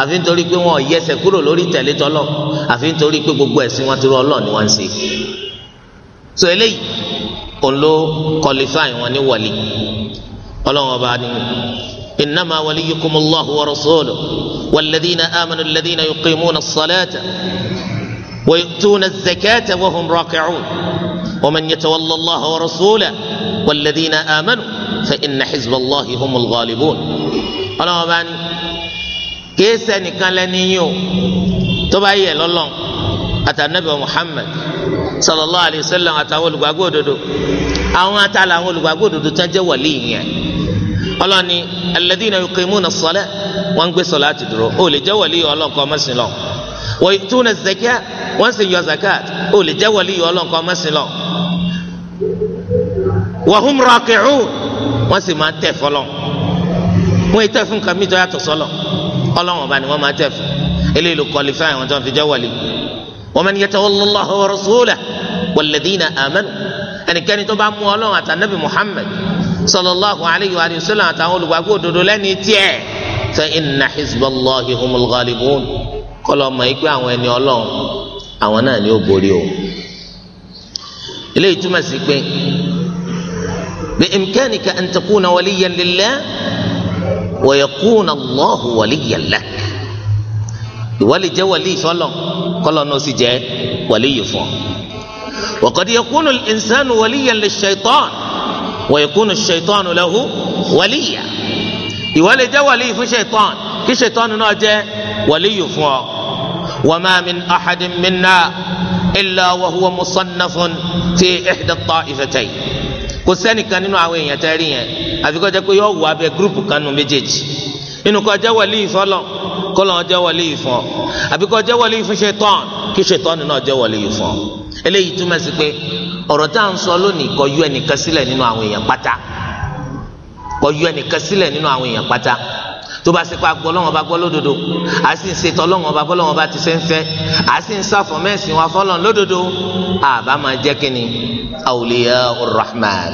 àfi nítorí pé wọ́n yẹsẹ̀ kúrò lórí tẹ̀lé tọ́lọ̀ àfi nítorí pé gbogbo ẹ̀sìn wọn ti rú ọlọ́ọ̀ ni wọ́n ń ṣe. so eléyìí òun ló kọlifáì wọn ní wọlé ọlọ́run ọba ni innama waliyukumullahu wa rasuluhu walladhina amanu alladhina yuqimuna as-salata wa yu'tuna az ومن يتولى الله ورسوله والذين آمنوا فإن حزب الله هم الغالبون ọlọ́wọ́n bá ní kéésà nìkan lẹ́ni yín o tó bá yẹ lọ́lọ́n àtànàbì Muhammad sallallahu alayhi wa sallam àtàwọn olùgbàgbọ́ òdodo àwọn àtàlà àwọn olùgbàgbọ́ òdodo tó ń jẹ́ wàlí yẹn ọlọ́ni alladhina yuqimuna as-salah wọ́n ń gbé sọ̀lá àti dúró ó lè jẹ́ wàlí ọlọ́nkọ́ mọ́sìn lọ wa yu'tuna az-zakat wọ́n sì yọ zakat ó lè jẹ́ wàlí ọlọ́nkọ́ mọ́sìn lọ́wọ́ wàhùn rọ̀kìrù wọ́n sì máa tẹ̀ fọlọ́ wọ́n tẹ̀ fún kàmí tó yàtọ̀ sọlọ ọlọ́wọ́n bá ni wọ́n máa tẹ̀ fún eléyìí ló kọlifáì wọn tó ń fi jẹ́ wàlí wọ́n mẹ́ni yẹtọ̀ wọ́lọ́lọ́hùn rọ̀ṣúlẹ̀ wàlẹ́dínà àmẹ́nu ẹnikẹ́ni tó bá mú ọlọ́run àtànẹ́bì Muhammad sallallahu alayhi wa sallam àtàwọn olùgbàgbọ́ òdodo lẹ́ni tiẹ̀ fa inna hizballahi humul ghalibun kọlọ mọ ikpe àwọn ẹni ọlọ́run àwọn náà ni ó borí o eléyìí túmọ̀ sí pé بإمكانك أن تكون وليا لله ويكون الله وليا لك ولي جاء ولي fọlọ́ قال náà sì jẹ́ wàlíì fún وقد يكون الإنسان وليا للشيطان ويكون الشيطان له وليا ìwọ́lì جاء ولي في شيطان كي شيطان náà ولي wàlíì وما من أحد منا إلا وهو مصنف في إحدى الطائفتين. kò sẹ́nìkan nínú àwọn èèyàn tẹ́ rí yẹn àfi kó jẹ́ pé yọ wù abẹ́ gúrùpù kan nù méjèèjì nínú jẹ́ wọlé ìfọlọ kó lọ́n jẹ́ wọlé jẹ́ wọlé kí ṣetán náà jẹ́ wọlé eléyìí túmọ̀ sí pé ọ̀rọ̀ tá à ń sọ lónìí ẹnìkan sílẹ̀ nínú àwọn èèyàn tó bá ṣe pé agbọ́ lọ́wọ́n bá gbọ́ lódodo à sì ń ṣetọ́ lọ́wọ́n bá bọ́lọ́wọ́n bá ti ṣe ń fẹ́ à sì ń sáfọ̀ mẹ́sìn wa fọ́lọ́n lódodo àbá máa jẹ́ kínni awliya rahman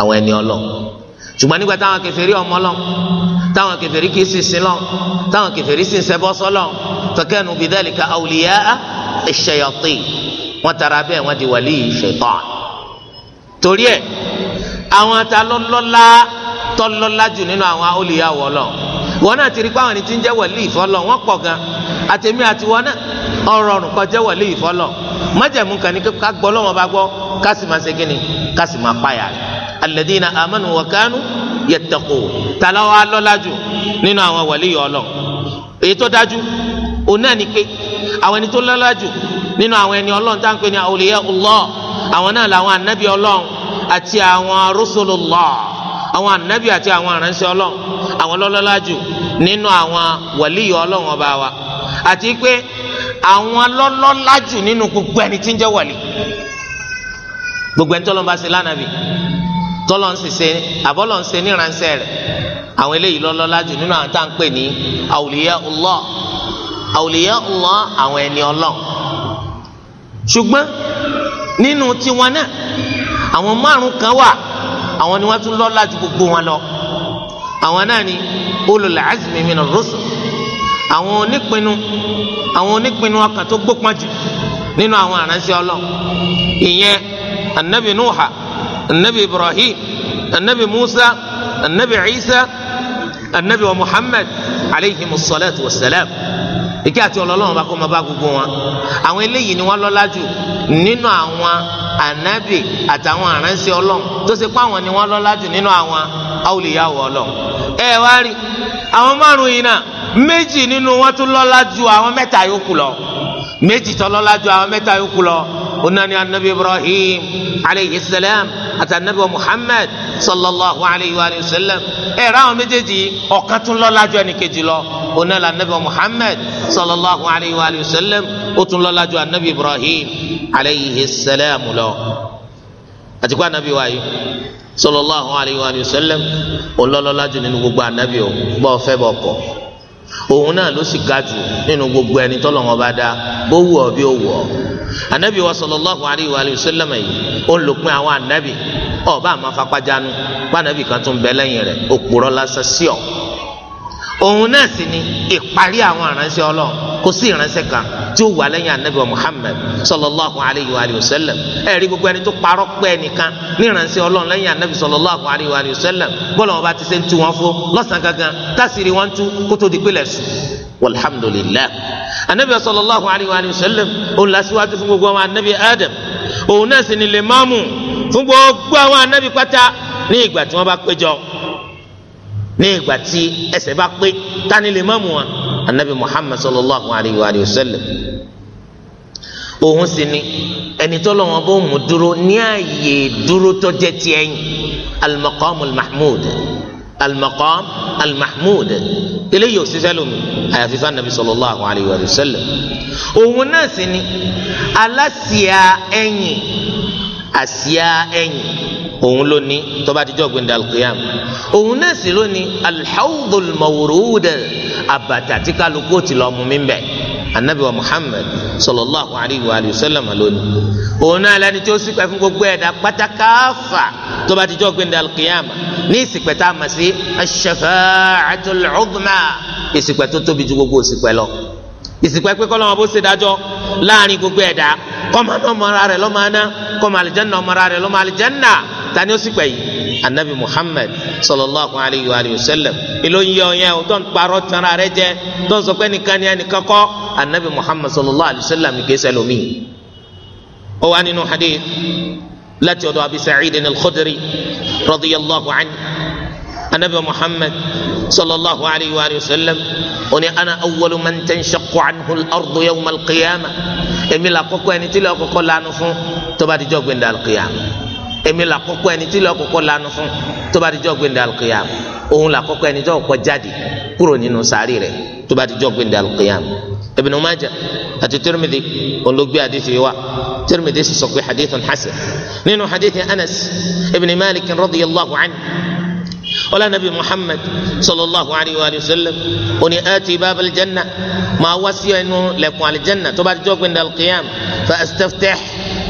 àwọn ẹni ọlọ́ ṣùgbọ́n nígbà táwọn kèfèrí ọmọ lọ táwọn kèfèrí kì í sì sin lọ táwọn kèfèrí sì ń ṣẹbọ sọlọ fakanu bidhalika awliya ash-shayatin wọn tara bẹ́ẹ̀ wọn di wàlí ṣaitan torí ẹ àwọn ta lọlọlá jù nínú àwọn awliya wọlọ wọn náà ti rí pé àwọn ẹni tí ń jẹ́ wàlí ìfọlọ́ wọn pọ̀ gan àtẹ̀mí àti wọn náà ọ̀rọ̀ ọ̀rùn kan jẹ́ wàlí ìfọlọ́ májẹ̀mú kan ní ká gbọ́ lọ́wọ́ bá gbọ́ ká sì máa ṣe ni ká sì máa pààyà rẹ̀ alladhina amanu wa kanu yattaqu tàlàwọ̀ alọ́lájú nínú àwọn wàlí ọlọ́ èyí tó dájú òun náà ni pé àwọn ẹni tó lọ́lájú nínú àwọn ẹni ọlọ́run tá à ń pè ní awliya Allah àwọn náà làwọn anabi ọlọ́run àti àwọn rusulullah àwọn ànábì àti àwọn aránṣẹ́ Ọlọ́run àwọn lọ́lọ́lá jù nínú àwọn wàlíyọ Ọlọ́run ọba wa àti pé àwọn lọ́lọ́lá jù nínú gbogbo ẹni tí ń jẹ́ wàlí gbogbo ẹni tọ́lọ́ ń bá ṣe lánàbì tọ́lọ́ ń sì ṣe àbọ́lọ́ ń ṣe níránṣẹ́ rẹ̀ àwọn eléyìí lọ́lọ́lá jù nínú àwọn tá à ń pè ní àwòlíyá Allah àwòlíyá Allah àwọn ẹni Ọlọ́run ṣùgbọ́n nínú tiwọn náà àwọn márùn kan wà àwọn ni wọ́n tún lọ́lá ju gbogbo wọn lọ àwọn náà ni ulul azmi mina rusul àwọn onípinnu àwọn onípinnu ọkàn tó gbópọn jù nínú àwọn aránṣẹ́ ọlọ ìyẹn anabi nuha anabi ibrahim anabi musa anabi isa anabi wa muhammad aleyhi musalatu wa salam. ìkí àti ọlọ́lọ́run bá kó máa bá gbogbo wọn àwọn eléyìí ni wọ́n lọ́lá jù nínú àwọn ànábì àtàwọn àránṣẹ́ ọlọ́run tó ṣe pé àwọn ni wọ́n lọ́lá jù nínú àwọn awòlíyàwó ọlọ́run ẹ wá rí àwọn márùn yìí náà méjì nínú wọn tún lọ́lá jù àwọn mẹ́ta yòókù lọ méjì tó lọ́lá jù àwọn mẹ́ta yòókù lọ onani anabi ibrahim aleyhi salam àti anabi muhammad sallallahu alayhi wa sallam ẹ ra àwọn méjèèjì ọ̀kan tún lọ́lá jù ẹnìkejì lọ onala anabi muhammed sallallahu alayhi wa sallam ó tún lọ́lá ju anabi ibrahim alayhi salam lọ àti kó anabi wáyé sallallahu alayhi wa sallam olọlọlá jù nínú gbogbo anabi o bọ fẹ́ bọ kọ̀ òun náà ló sì ga jù gbogbo ẹni tọ́lọ̀ wọn bá dá bó wù ọ́ bí ó wù ọ́ anabi wa sallallahu alayhi wa sallam yìí ó ń lòpin àwọn anabi ọba àmọ́ fapájánu pa anabi kan tún bẹ lẹ́yìn rẹ̀ òpùrọ́ lásán sí ọ òun náà sì ni ìparí àwọn aránṣẹ́ Ọlọ́run kò sí ìránṣẹ́ kan tí ó wà lẹ́yìn anabi Muhammad sallallahu alayhi wa sallam ẹ rí gbogbo ẹni tó parọ́ pé ẹnìkan ní ìránṣẹ́ Ọlọ́run lẹ́yìn anabi sallallahu alayhi wa sallam bọlọ wọn bá ti ṣe ń tu wọn fún lọ́sàn gangan tásìrì wọn tú kó tó di pílẹ sùn walhamdulilayi anabi sallallahu alayhi wa sallam òun lásìwájú fún gbogbo àwọn anabi Adam òun náà sì ni lè máàmù fún gbogbo àwọn anabi pátá ní ìgbà tí wọn bá péjọ ní ìgbà tí ẹsẹ̀ bá pé tani lè má mu wa anabi muhammad sallallahu alayhi wa sallam òun sì ni ẹni tó lọ́wọ́ bó mú dúró ní ààyè dúró tó jẹ́ ti ẹ̀yìn al-maqam al-mahmud eléyìí ò ṣiṣẹ́ lómi àyàfi fún anabi sallallahu alayhi wa sallam òun náà sì ni alásìá ẹ̀yìn àsíá ẹ̀yìn òun ló ní tó bá ti jọ́ gbẹ̀ndà alqiyam òun náà sì ló ní alḥawdul mawruda àbàtà tí kálukú ti lọ mú mi bẹ̀ anabi wa muhammad sallallahu alayhi wa sallam lónìí òun náà lẹni tí ó ṣìpẹ̀ fún gbogbo ẹ̀dá pátákáfà tó bá ti jọ́ gbẹ̀ndà alqiyam ní ìṣìpẹ̀ tá a mọ̀ sí tó tóbi ju gbogbo ìṣìpẹ̀ lọ ìṣìpẹ̀ pé kọ́lọ́mọ bó ṣe dájọ́ láàrin gbogbo ẹ̀dá kọ́mọ náà mọ́ra rẹ̀ lọ́mọ aná kọ́mọ alìjẹ́nà mọ́ra rẹ̀ lọ́mọ alìjẹ́nà tani ó sì pẹ̀ yìí anabi muhammed sallallahu alayhi wa sallam ìlú yìí ọ̀yẹ́ o tó ń parọ́ tẹ̀ra rẹ jẹ́ tó ń sọ pé nìkan ni ẹnìkan kọ́ anabi muhammed sallallahu alayhi wa sallam ní kéésẹ̀ lómi. ó wà nínú hadith láti ọ̀dọ̀ abi sa'id al-khudri radiyallahu anhu anabi muhammed sallallahu alayhi wa sallam ó ana awwalu man tanshaqu anhu al-ardu yawma al-qiyamah èmi là kọ́kọ́ ẹni tí lè kọ́kọ́ lanu fún tó bá di jọ́ gbẹ̀ndà alùkìyàmù èmi là kọ́kọ́ ẹni tí lè kọ́kọ́ lanu fún tó bá di jọ́ gbẹ̀ndà alùkìyàmù òun là kọ́kọ́ ẹni tó kọ́kọ́ jáde kúrò nínú sàárì rẹ̀ tó bá di jọ́ gbẹ̀ndà alùkìyàmù Ibn Majah àti Tirmidhi olùgbé àdìsí wa Tirmidhi sọ hadithun hasan nínú hadithi Anas ibn Malik radiyallahu anhu ọlá nabi muhammad sallallahu alayhi wa sallam oní ati bab aljanna máa wá sí ẹnu lẹ̀kùn aljanna tó bá ti jọgbìn dal qiyam fa astaftah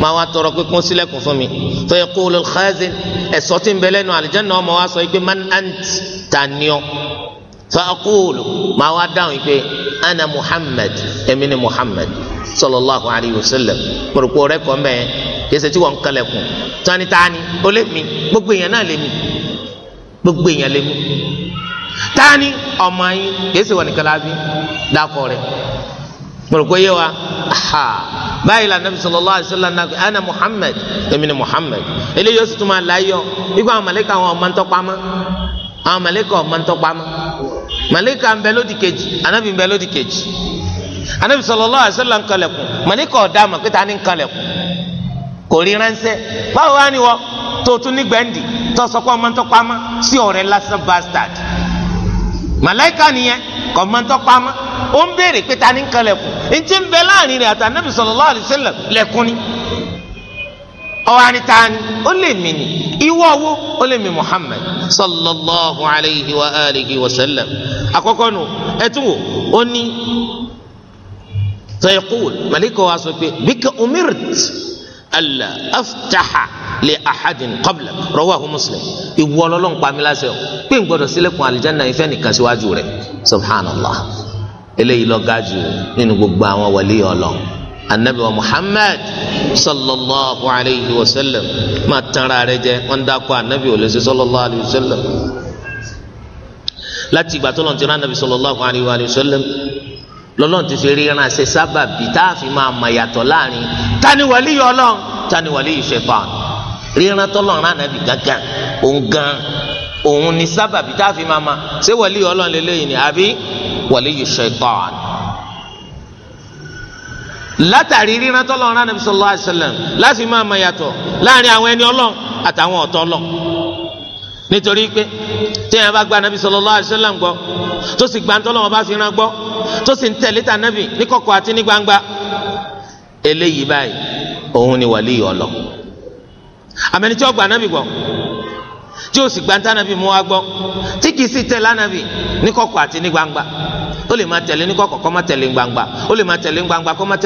máa wá tọrọ kíkún sílẹ̀kùn fún mi fa yaqulu alkhazin ẹ̀sọ́ tí ń bẹ lẹ́nu aljanna ọmọ wa sọ pé man ant taniọ fa aqulu máa wá dáhùn pé ana muhammad èmi ni muhammad sallallahu alayhi wa sallam mo rò pé ọ̀rẹ́ kí ẹsẹ̀ tí wọ́n ń kalẹ̀kùn tani tani ó mi gbogbo èèyàn náà lé mi gbogbo èèyàn lè mú tani ọmọ yín kèsì wọn nìkan lábí dákọ rẹ mọ̀rọ̀kọ yé wa ha báyìí la nabi sallallahu alaihi wasallam ana muhammed èmi ni muhammed eléyìí ó sì tún máa láyọ ikú àwọn màlẹ́kà àwọn ọmọ ntọ́ pamọ́ àwọn màlẹ́kà ọmọ ntọ́ pamọ́ màlẹ́kà ń bẹ lódì kejì anabi ń bẹ lódì kejì anabi sallallahu alaihi wasallam kalẹ̀kùn màlẹ́kà ọ̀dà àmọ̀ pé ta ni ń kò rí ránṣẹ́ báwo wá ni wọ́n tó tún ní gbẹ̀ǹdì tọ́sọ pé ọmọ ń tọ́pọ̀ àmọ́ sí ọ̀rẹ́ lásán bastard màláìka nìyẹn kọ́ ọmọ ń tọ́pọ̀ àmọ́ ó ń béèrè pé ta ni ń kan lẹ̀kùn ntí ń bẹ láàrin rẹ̀ àti anabi sallallahu alaihi wasallam lẹ̀kùn ni ọwọ́ àníta ni ó lè mí ni ìwọ wo ó lè mí Muhammad sallallahu alayhi wa alihi wa sallam àkọ́kọ́ nu ẹ tún wò ó ní sayqul màláìka wa sọ pé bika umirt allah aftaha li ahadin qabla rawahu muslim ìwọ ọlọ́lọ́ ń pa mi láṣẹ o pé n gbọ́dọ̀ sílẹ̀kùn àlìjáná ìfẹ́ nìkan síwájú rẹ̀ subhanallah eléyìí ló ga jù nínú gbogbo àwọn wàlí ọlọ́ anabi wa muhammad sallallahu alayhi wa sallam máa tanra rẹ jẹ wọn dákọ anabi ò sallallahu alayhi wa sallam láti ìgbà lọ́n ti rán anabi sallallahu alayhi wa sallam lọ́lọ́run ti fi ríran ṣe sábàbí tá a fi máa mọ̀ yàtọ̀ láàrin tani wàlí yìí ọlọ́run tani wàlí yìí ṣẹ̀tàn ríran tọ́lọ́run ànábì gángan òun gan òun ni sábàbí tá a fi máa ma ṣé wàlí yìí ọlọ́run lélẹ́yìn ni àbí wàlí yìí ṣẹ̀tàn látàrí ríran tọ́lọ́run ànábì sallallahu alaihi wasallam láti máa mọ̀ yàtọ̀ láàrin àwọn ẹni ọlọ́run àtàwọn ọ̀tọ̀ ọlọ́run. nítorí pé téèyàn bá gba anabi sallallahu alaihi wasallam gbọ́ tó sì gba ntọ́lọ́wọ́n bá fi rán gbọ́ tó sì ń tẹ̀lé ta anabi ní kọ̀kọ̀ àti ní gbangba eléyìí báyìí òun ni ọlọ àmẹni tí ó gba anabi gbọ, tí ó sì gba ntá anabi mú wa gbọ́ tí kìí sì tẹ̀lé anabi ní le àti ní gbangba ó lè máa tẹ̀lé ní kọ̀kọ̀ kó máa tẹ̀lé gbangba ó lè máa tẹ̀lé gbangba máa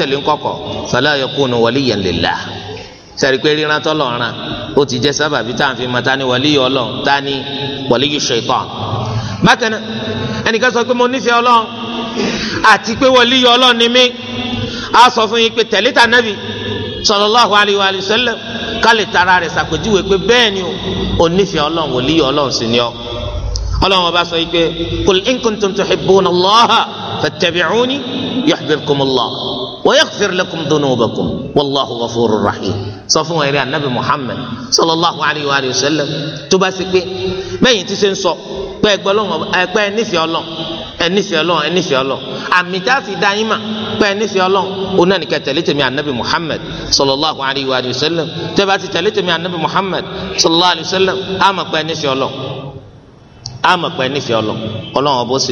tẹ̀lé ó ti jẹ́ sábàbí tá à ń fi máa ta ni wàlíyù ọlọ́run ta ni wàlíyù ṣaitan bákan náà ẹnìkan sọ pé mo nífẹ̀ẹ́ ọlọ́run àti pé wàlíyù ọlọ́run ni mí a sọ fún yín pé tẹ̀lé ta nábì sallallahu alayhi wa sallam ká lè tara rẹ̀ ṣàpèjúwe pé bẹ́ẹ̀ ni o nífẹ̀ẹ́ ọlọ́run wàlíyù ọlọ́run sì ni ọ́ ọlọ́run ọba sọ yìí pé kul in kuntum tuhibbuna Allah fattabi'uni yuhbibkumullah ويغفر لكم ذنوبكم والله غفور رحيم rahim sọ fún wa eré anabi muhammed sallallahu alayhi wa sallam tó bá ṣe pé bẹ́yìn tí ṣe ń sọ pé ẹ gbọ́ lọ́wọ́ ẹ pé ẹ nífẹ̀ẹ́ Ọlọ́run ẹ nífẹ̀ẹ́ Ọlọ́run ẹ nífẹ̀ẹ́ Ọlọ́run àmì tá a fi dá yín mà pé ẹ nífẹ̀ẹ́ Ọlọ́run ó náà nìkan tẹ̀lé tèmi anabi muhammed sallallahu alayhi wa sallam tẹ́ ti tẹ̀lé anabi muhammed sallallahu alayhi wa sallam á mọ̀ pé ẹ nífẹ̀ẹ́ Ọlọ́run á mọ̀ pé ẹ nífẹ̀ẹ́ Ọlọ́run Ọlọ́run ọbọ̀ sì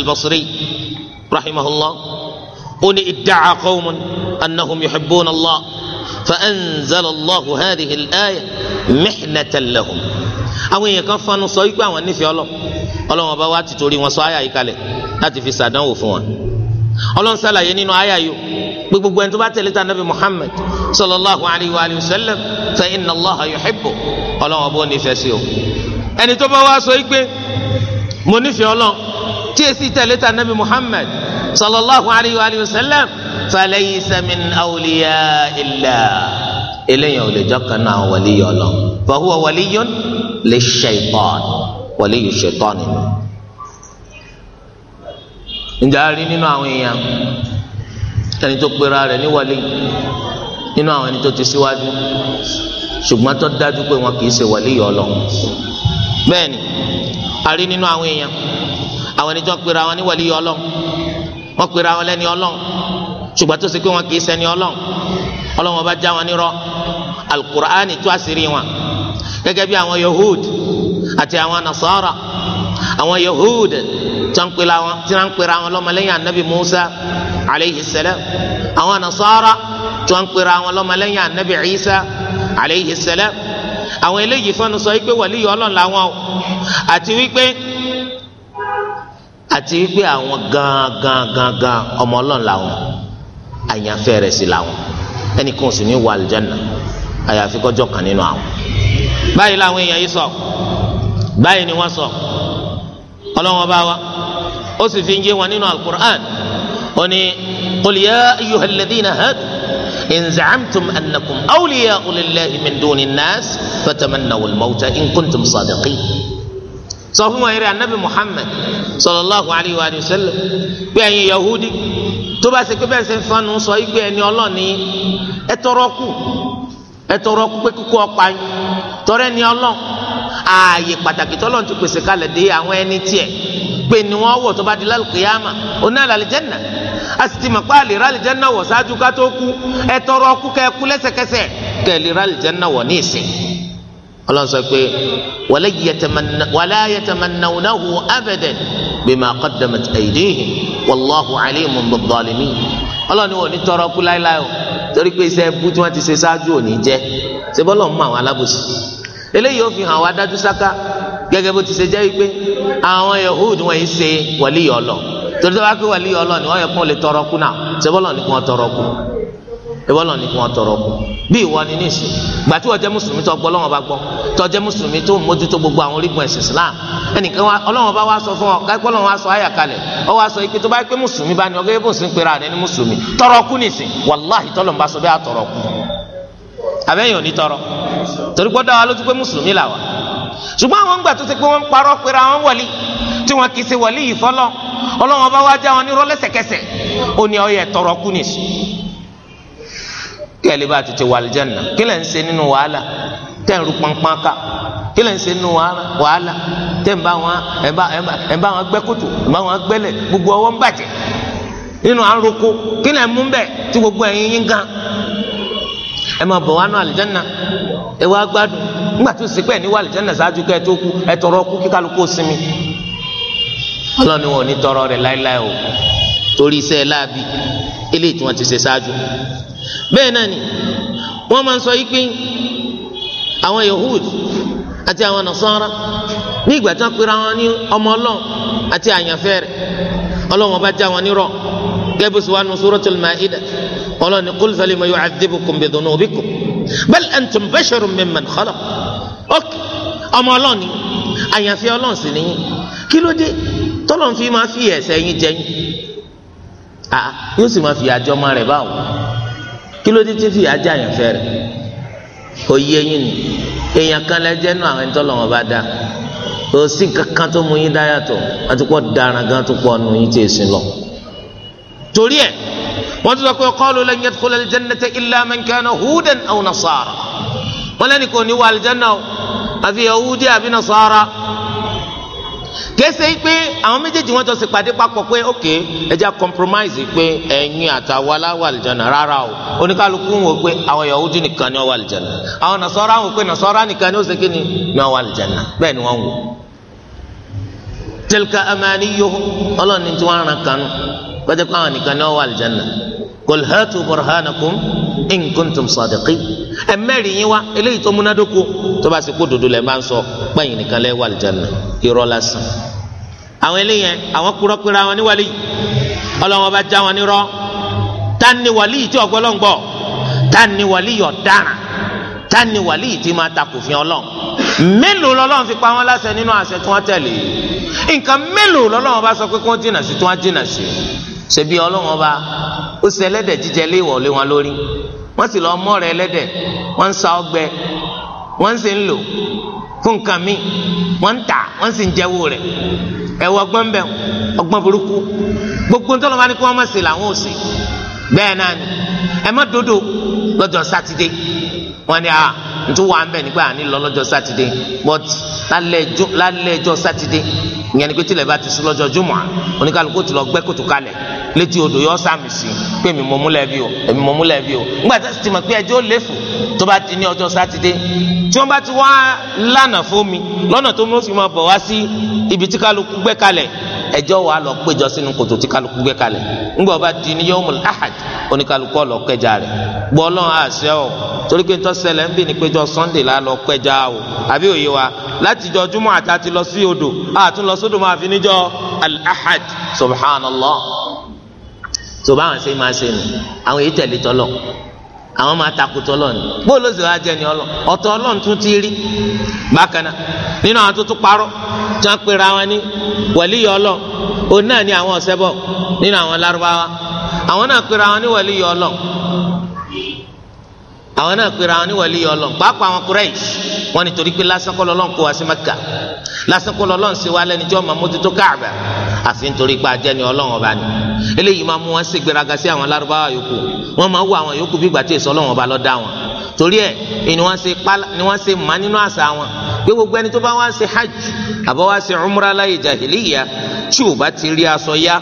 albasri رحمه الله قل ادعى قوم أنهم يحبون الله فأنزل الله هذه الآية محنة لهم àwọn èèyàn kan fanu sọ wípé àwọn nífẹ̀ẹ́ ọlọ ọlọ́wọ́n bá wá ti torí wọn sọ àyà yìí kalẹ̀ láti fi sàdánwò fún wọn ọlọ́run sàlàyé nínú àyà yìí pé gbogbo ẹni tó bá tẹ̀lé ta nabi Muhammad sallallahu alayhi wa sallam fa inna Allaha yuhibbu ọlọ́wọ́n bó nífẹ̀ẹ́ sí o ẹni tó bá wá sọ wípé mo nífẹ̀ẹ́ ọlọ́run tí èsì tẹ̀lé ta nabi muhammad sallallahu alayhi wa sallam falaysa min awliya illah eléyàn ò lè jọkàn náà wàlíyà ọlọ fahuwa wàlíyà lè ṣètọ́n wàlíyà ṣètọ́n nínú. ǹjẹ́ a rí nínú àwọn èèyàn ẹni tó pera rẹ̀ ní wàlí nínú àwọn ẹni tó ti síwájú ṣùgbọ́n tó dájú pé wọn kì í ṣe wàlíyà ọlọ bẹ́ẹ̀ ni a rí nínú àwọn èèyàn àwọn ẹni tó ń pera wọn ní wàlíyọ ọlọ́n wọ́n pera wọn lẹ́ni ọlọ́n ṣùgbọ́n tó ṣe pé wọn kì í ṣẹni ọlọ́n ọlọ́n wọn bá já wọn nírọ́ alukur'ani tú àṣírí wọn gẹ́gẹ́ bí àwọn yahud àti àwọn nasara àwọn yahud tó ń pera wọn tí wọ́n ń pera wọn lọ́mọlẹ́yìn anabi musa aleyhi salam àwọn nasara tó ń pera wọn lọ́mọlẹ́yìn anabi isa aleyhi salam àwọn eléyìí fẹ́nu sọ wípé wàlíyọ ọlọ́n làwọn o àti wípé. àti wípé àwọn gan gan gan gan ọmọ ọlọ́run làwọn àyànfẹ́ rẹ̀ sì làwọn ẹnìkan ò sì ní wà àlùjáná àyàfi kọjọ́ kan nínú àwọn. báyìí làwọn èèyàn yìí sọ báyìí ni wọ́n sọ ọlọ́wọ́n bá wa ó sì fi ń yé wọn nínú alukur'an ó ní olùyà ya ayyuhal ladhina hadu in za'amtum annakum awliya'u lillahi min duni nnas fatamannaw al-mawta in kuntum sadiqin. sọ fún wọn yẹrẹ anabi muhammed sallallahu alayhi wa sallam pé ẹ̀yin yahudi tó bá ṣe pé bẹ́ẹ̀ ṣe ń fanu sọ igbe ẹni ọlọ́ọ̀ni ẹ tọrọ kù ẹ tọrọ kù pé kíkú ọ̀pá yín tọrọ ẹni ọlọ́ọ̀ ààyè pàtàkì tọ́lọ́ọ̀ ti pèsè kalẹ̀ dé àwọn ẹni tiẹ̀ pé ni wọ́n wọ̀ tó bá di lálùkìyàmà oná làlìjẹ́nà a sì ti mọ̀ pé àlè ràlìjẹ́nà wọ̀ ṣáájú ká tó kú ẹ tọrọ kù kẹ́ ẹ kú wọ̀ ní ìsìn ọlọ́run sọ pé wala yatamannawnahu abadan bima qaddamat aydihim wallahu alimun ọlọ́run ni wọ́n ní tọrọ kú láéláé o torí pé iṣẹ́ bú tí wọ́n ti ṣe ṣáájú òní jẹ́ ṣé bọ́lọ̀ ń mọ àwọn alábòsí eléyìí ó fi hàn wá dájú sáká gẹ́gẹ́ bó ti ṣe jẹ́ wípé àwọn yahood wọ́n yìí ṣe wàlíyọ̀ ọlọ torí tó bá pé wàlíyọ̀ ọlọ ni wọ́n yẹ kó lè tọrọ kú náà ṣé bọ́lọ̀ ni kò wọ́n tọrọ kú ṣé bọ́lọ̀ ni kò wọ́n tọrọ kú bí ìwọ ni níṣì gbà tí wọ́n jẹ́ mùsùlùmí tó gbọ́ lọ́wọ́ bá gbọ́ tó jẹ́ mùsùlùmí tó mójútó gbogbo àwọn orígun ẹ̀sìn islam ẹnìkan ọlọ́wọ́n bá wa sọ fún ọ káyipọ́ lọ́wọ́n wá sọ ayà kalẹ̀ ọ wá sọ ike tó bá yẹ pé mùsùlùmí bá ní ọ gẹ́gẹ́ bó sì ń pera rẹ ní mùsùlùmí tọrọ kú nìsín wàláhì tọ́lọ̀ ń bá sọ bẹ́ẹ̀ àtọ̀rọ̀ kú abẹ́yìn ò tọrọ torí gbọ́dọ̀ wa lójú pé mùsùlùmí là wà ṣùgbọ́n àwọn ń gbà tó ṣe pé wọ́n ń parọ́ pera wọn wọlé tí wọ́n kì í ṣe wọlé yìí fọ́lọ́ ọlọ́wọ́n bá wá já wọn nírọ́ lẹ́sẹ̀kẹsẹ̀ ó ní ọ tọrọ kú nìsín kẹ́lẹ́ bá tètè wà lìjánà kí lẹ́ ń ṣe nínú wàhálà tẹ́ ń ru pọnpọ́n ká kí lẹ́ ń ṣe nínú wàhálà tẹ́ ń bá wọn ẹ̀ ń bá wọn gbẹ́ kòtò ẹ̀ ń bá wọn gbẹ́lẹ̀ gbogbo ọwọ́ ń bàjẹ́ nínú aroko kí lẹ́ ń mú bẹ́ẹ̀ tí gbogbo ẹ̀yin yín gan ẹ máa bọ̀ wá nù àlìjánà wá gbádùn nígbà tó sì pé ní wà àlìjánà ṣáájú kẹ́ ẹ tó kú ẹ tọrọ kú kí kálukú sinmi ọlọ́ni wọn ò ní tọrọ rẹ̀ láéláé o torí iṣẹ́ láabi eléyìí tí wọ́n ti ṣe ṣáájú bẹ́ẹ̀ náà ni wọ́n máa ń sọ yìí pé àwọn Yahud àti àwọn Nasara ní ìgbà tí wọ́n pera wọn ní ọmọ Ọlọ́run àti àyànfẹ́ rẹ̀ Ọlọ́run ọba já wọn nírọ́ gẹ́gẹ́ bó sì wà nù Suratul Maida Ọlọ́run ní qul falima yu'adhibukum bidhunubikum bal antum basharun mimman khalaq ọmọ Ọlọ́run ni àyànfẹ́ Ọlọ́run sì nìyí kí ló dé tọ́lọ́run fi máa fi ẹ̀ṣẹ̀ yín jẹ yín yóò sì máa fi àjọ kí ló dé tí fìyà jẹ àyànfẹ́ rẹ̀ kò yé yín ni èèyàn kan lẹ jẹ́ nù àwọn ẹni tọ́lọ̀ wọn bá dá kò sí kankan tó mú yín dá yàtọ̀ àti pọ̀ daran gan tó pọ̀ nù yín tẹ̀ sí lọ. torí ẹ̀ wọ́n ti sọ pé qalu lan yadkhula al-jannata illa man kana hudan nasara wọ́n lẹ́nu kò ní wà aljanna o àfi yahudi àbí nasara kèsè pé àwọn méjèèjì wọn jọ sì pàdé papọ̀ pé ok ẹja compromise pé ẹ̀yin àtàwọn aláwọ̀ àlìjọ́nà rárá o oníkálukú wò pé àwọn Yahudi nìkan ni wọ́n wà àlìjọ́nà àwọn Nasara wò pé Nasara nìkan ni ó ṣe kí ni ni wọ́n wà àlìjọ́nà bẹ́ẹ̀ ni wọ́n wò. tilka amaniyuhum ọlọ́ọ̀ni tí wọ́n rán kanú pẹ́ẹ́tẹ́ pé àwọn nìkan ni wọ́n wà àlìjọ́nà kòlhẹ́tù burhanakum Inkuntum kuntum sadiqin ẹ mẹ́rin yín wá eléyìí tó múnádóko tó bá sì kó dodo lẹ̀ máa ń sọ pẹ́yìn nìkan lẹ́ wà lìjànà irọ́ lásán àwọn eléyìí yẹn àwọn kúrọ́ pera wọn ní wàlí ọlọ́wọ́n bá já wọn nírọ́ ta ni wàlí tí ọgbọ́lọ́ ń gbọ́ ta ni wàlí yìí ọ̀daràn ta ni wàlí yìí tí máa takòfin ọlọ́run mélòó lọ́lọ́run fi pa wọ́n láṣẹ nínú àṣẹ tí wọ́n tẹ̀lé nǹkan mélòó lọ́lọ́run bá sọ pé kí wọ́n jìnnà sí tí ọba ó ṣe ẹlẹ́dẹ̀ jíjẹ léèwọ̀ lé wọn lórí wọ́n sì lọ ọmọ rẹ ẹlẹ́dẹ̀ wọ́n ń sa ọgbẹ wọ́n sì ń lò fún nǹkan mi wọ́n ń tà wọ́n sì ń jẹ́wọ́ rẹ ẹwọ ọgbọ́n bẹ ọgbọ́n burúkú gbogbo ntọ́ lọ́wọ́ ni kí wọ́n má bẹ́ẹ̀ náà ẹ má dodo lọ́jọ́ sátidé wọ́n a ntú wa ń lọ́jọ́ sátidé but sátidé ìyẹn ni lọ́jọ́ jùmọ̀ oníkàlùkù ti létí odò yọ sàmì sí pé èmi mo mú lẹ́bi o èmi mo mú lẹ́bi o ńgbà tó ti mọ̀ pé ẹjọ́ léfò tó bá ti ní ọjọ́ sátidé tí wọ́n bá ti wá lánàá fún mi lọ́nà tó mú fi máa bọ̀ wá sí ibi tí kálukú gbẹ́ kalẹ̀ ẹjọ́ wa lọ péjọ sínú kòtò tí kálukú gbẹ́ kalẹ̀ ńgbà bá ti ní yọ́mùl ahad oníkálukú ọ̀lọ́ kẹjà rẹ̀ gbọ́ ọlọ́run àṣẹ ọ̀ torí pé tó ṣẹlẹ̀ ń bì ní péjọ sunday la lọ kẹjà o àbí òye wa láti jọ júmọ̀ àti àti lọ sí odò àtún máa fi níjọ́ al subhanallah tó báwọn ṣe máa ṣe nù àwọn èyí tẹ̀lé tọ́lọ̀ àwọn máa takò tọ́lọ̀ ni bóòlù sì wá jẹ́ ni ọlọ ọ̀tọ̀ ọlọ́run tún ti rí bákan náà nínú àwọn tó tún parọ́ tí wọ́n pera wọn ní wàlíyọ ọlọ òun náà ni àwọn ọ̀sẹ́bọ̀ nínú àwọn lárúbáwá àwọn náà pera wọn ní wàlíyọ ọlọ àwọn náà pera wọn ní wàlí Ọlọ́run pàápàá àwọn Quraish wọn nítorí pé lásán kọ́ lọ́lọ́run kó wá sí Mẹ́kà lásán kọ́ lọ́lọ́run sí wa lẹ́ni tí wọ́n máa mójútó Káàbà àfi nítorí pé ajẹ́ ni Ọlọ́run ọba ni eléyìí máa mú wọn sí gbéraga sí àwọn Lárúbáwá yòókù wọn máa wọ àwọn yòókù bí ìgbà tí èso Ọlọ́run ọba ló dá wọn torí ẹ ni wọn ṣe pa ni wọn ṣe mà nínú àṣà wọn pé gbogbo ẹni tó bá wá ṣe hajj àbọ̀ wá ṣe umra láyé jahiliya tí ò bá ti rí aṣọ yá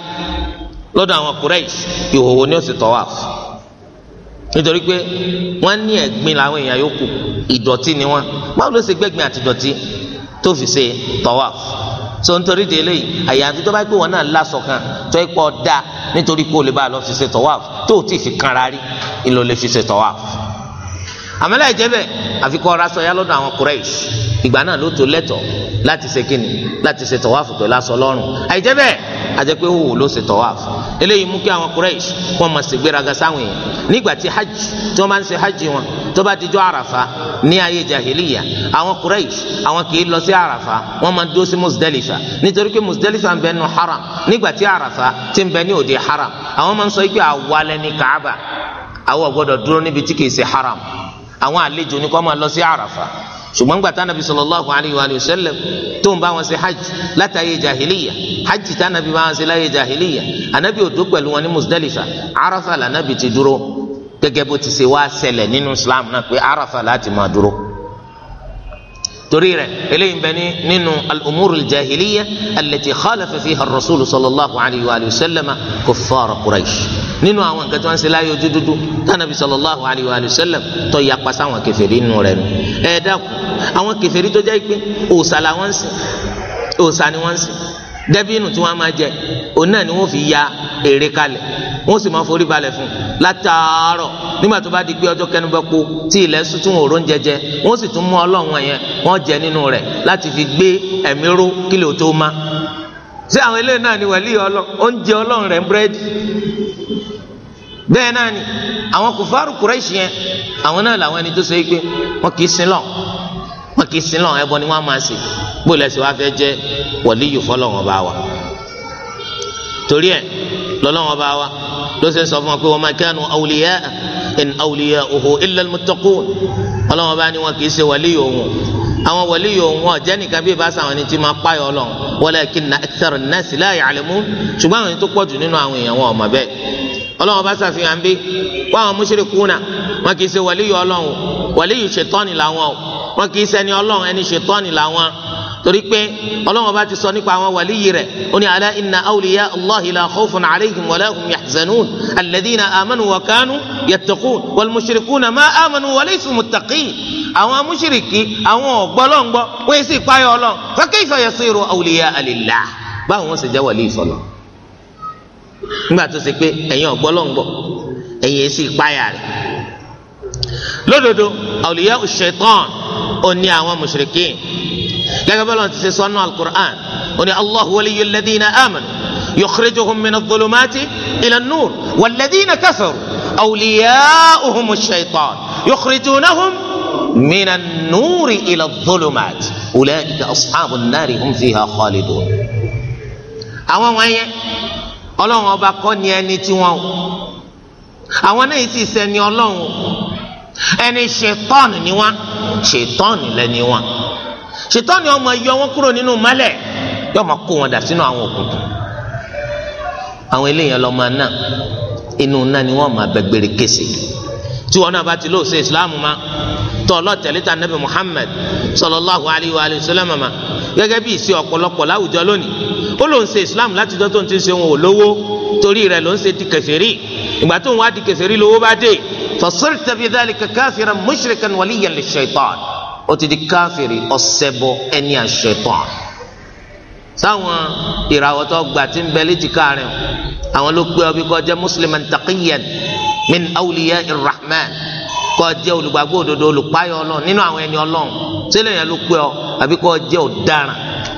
lọ́dọ̀ àwọn Quraish ìhòòhò ni ó sì tawaf nítorí pé wọ́n ní ẹ̀gbin làwọn èèyàn yòókù ìdọ̀tí ni wọ́n báwo ló ṣe gbẹ̀gbin àti ìdọ̀tí tó fi ṣe tawaf so nítorí délé yìí àyàfi tó bá pé wọn náà lásọ kan tó ipò dá nítorí kó o lè bá a lọ fi ṣe tawaf tó o ti fi kanra rí ìlò lè fi ṣe tawaf àmọ́ láì jẹ́ bẹ́ẹ̀ àfikún ọ̀rọ̀ aṣọ ya lọ́dọ̀ àwọn kureish, ìgbà náà ló tó lẹ́tọ̀ láti ṣe kíni láti ṣe tọ̀wáfù pẹ̀lú aṣọ lọ́rùn àìjẹ́ bẹ́ẹ̀ àjẹ́ pé òwò ló ṣe tọ̀wáfù eléyìí mú kí àwọn Quraysh wọn máa ṣègbéraga sáwọn èèyàn nígbà tí hajj tí wọ́n máa ń ṣe hajj wọn tó bá dijọ́ àràfà ní ayé jahiliya àwọn Quraysh àwọn kì í lọ sí àràfà wọ́n máa dúró sí Muzdalifa nítorí pé Muzdalifa ń bẹ nù haram nígbà tí àràfà ti ń bẹ ní òde haram àwọn máa ń sọ pé àwa lẹni Kaaba àwa gbọ́dọ̀ dúró níbi tí kì í ṣe haram àwọn àlejò ní kó máa lọ sí àràfà ṣùgbọ́n gbàtà nàbí sallallahu alayhi wa sallam tó ń bá wọn ṣe hajj látàyè jahiliya hajj tá nàbí bá wọn ṣe láyè jahiliya ànábì ò dó pẹ̀lú wọn ní musdalifa arafa lànàbì ti dúró gẹ́gẹ́ bó ti ṣe wá ṣẹlẹ̀ nínú islam náà pé arafa láti máa dúró torí rẹ̀ eléyìí ń bẹ ní nínú al-umuru al-jahiliya allati khalafa fiha ar-rasul sallallahu alayhi wa sallama kuffara quraish nínú àwọn nǹkan tí wọ́n ń ṣe láyé ojú dúdú tánàbí sallallahu alayhi wa sallam tó yapa sáwọn kẹfẹ́rí nínú rẹ̀ nù ẹ̀ dákun àwọn kẹfẹ́rí tó jẹ́ pé òòṣà làwọn ń sìn òòṣà ni wọ́n tí wọ́n máa jẹ òun náà ni wọ́n fi ya èrè kalẹ̀ wọ́n sì máa forí balẹ̀ fún látàárọ̀ nígbà tó bá di pé ọjọ́ kẹnu bá po tí ilẹ̀ sùn tí wọn ò rón jẹjẹ wọ́n sì tún mú ọlọ́run yẹn wọ́n jẹ nínú rẹ̀ láti fi gbé ẹ̀mí ró kílẹ̀ tó má ṣé àwọn eléyìí náà ni wàlí ọlọ oúnjẹ ọlọ́run rẹ̀ ń búrẹ́dì bẹ́ẹ̀ náà ni àwọn kòfàrú kùrẹ́ṣì yẹn àwọn náà làwọn ẹni tó ṣe é pé wọn kì í sin lọ wọn kì í sin lọ ẹbọ ni wọn máa ṣe gbọ́dọ̀ ẹ̀sìn wa fẹ́ jẹ́ wàlíyù fọlọ́wọn bá wa torí ẹ̀ lọ́lọ́wọ́n bá wa ló ṣe sọ fún wa pé wa ma kanu awliya in awliya uhu illa almuttaqun ọlọ́wọ́n bá ní wọn kì í ṣe wàlí òun àwọn wàlí òun ọ̀jẹ́ nìkan bí ìbáṣà àwọn ẹni tí máa pààyà ọlọ́run walakinna akthara nasi la ya'lamun ṣùgbọ́n àwọn ẹni tó pọ̀jù nínú àwọn èèyàn wọn ò bẹ́ẹ̀ ọlọ́wọ́n bá ṣàfihàn bí wọ́n àwọn mushrikuna wọn kì í ṣe wàlí ọlọ́run wàlí ṣètọ́ni làwọn wọn kì í ṣẹni ọlọ́run ẹni ṣètọ́ni làwọn torí pé ọlọ́wọ́n bá ti sọ nípa àwọn wàlíyì rẹ̀ ó ní ala inna awliya allahi la khawfun alayhim wa lahum yahzanun alladhina amanu wa kanu yattaqun wal mushrikuna ma amanu wa laysu muttaqin àwọn amúṣirìkì àwọn ọ̀gbọ́lọ́ngbọ́ wọ́n sì páyọ̀ ọlọ́ fa kayfa yasiru awliya alillah báwọn ṣe jẹ́ wàlíyì sọ̀lọ́ nígbà tó ṣe pé ẹ̀yin ọ̀gbọ́lọ́ngbọ́ ẹ̀yin sì páyà rẹ̀ lódodo awliya ash-shaytan ó àwọn mushrikin gẹ́gẹ́ bọ́lá ti ṣe sọ́nù alukur'an ó ní allahu waliyu ladina amanu yukhrijuhum min adh-dhulumati ila an-nur walladina kafaru awliya'uhum ash-shaytan yukhrijunahum من النور إلى الظلمات أولئك أصحاب النار هم فيها خالدون àwọn wọ̀nyẹn Ọlọ́run ọba kọ́ ni ẹni tí wọ́n o àwọn náà sì sẹni Ọlọ́run ẹni ṣetán ni wọ́n ṣetán lẹni wọ́n ṣètọ́ni ọmọ yọ wọn kúrò nínú mọ́lẹ̀ yóò máa kó wọn dà sínú àwọn òkùnkùn àwọn eléyàn lọ́mọ náà inú náà ni wọ́n máa bẹ gbére kése tí wọn náà bá ti lóòsè islam ma tọ́ ọlọ́tẹ̀lẹ́ta nabi muhammed sallallahu alayhi wa sallam ma gẹ́gẹ́ bí ìṣe ọ̀pọ̀lọpọ̀ láwùjọ lónìí ó lóun ṣe islam láti jọ́ tó ń ti ṣe wọn ò lówó torí rẹ̀ ló ṣe ti kèfèrí ìgbà tó ń wá di kèfèrí lówó bá dé fasirta bi dhalika kafiran mushrikan waliyan lish-shaytan ó ti di káfìrí ọ̀sẹ̀bọ ẹni àṣetán sáwọn ìràwọ̀ tó gbà tí ń bẹ létí káàrin àwọn ló pé ọbí kọjá musliman taqiyan min awliya irrahman kọjá olùgbàgbọ́ òdodo olùpáyọ ọlọ́run nínú àwọn ẹni ọlọ́run sílẹ̀ yẹn ló pé ọ àbí kọjá ọ̀daràn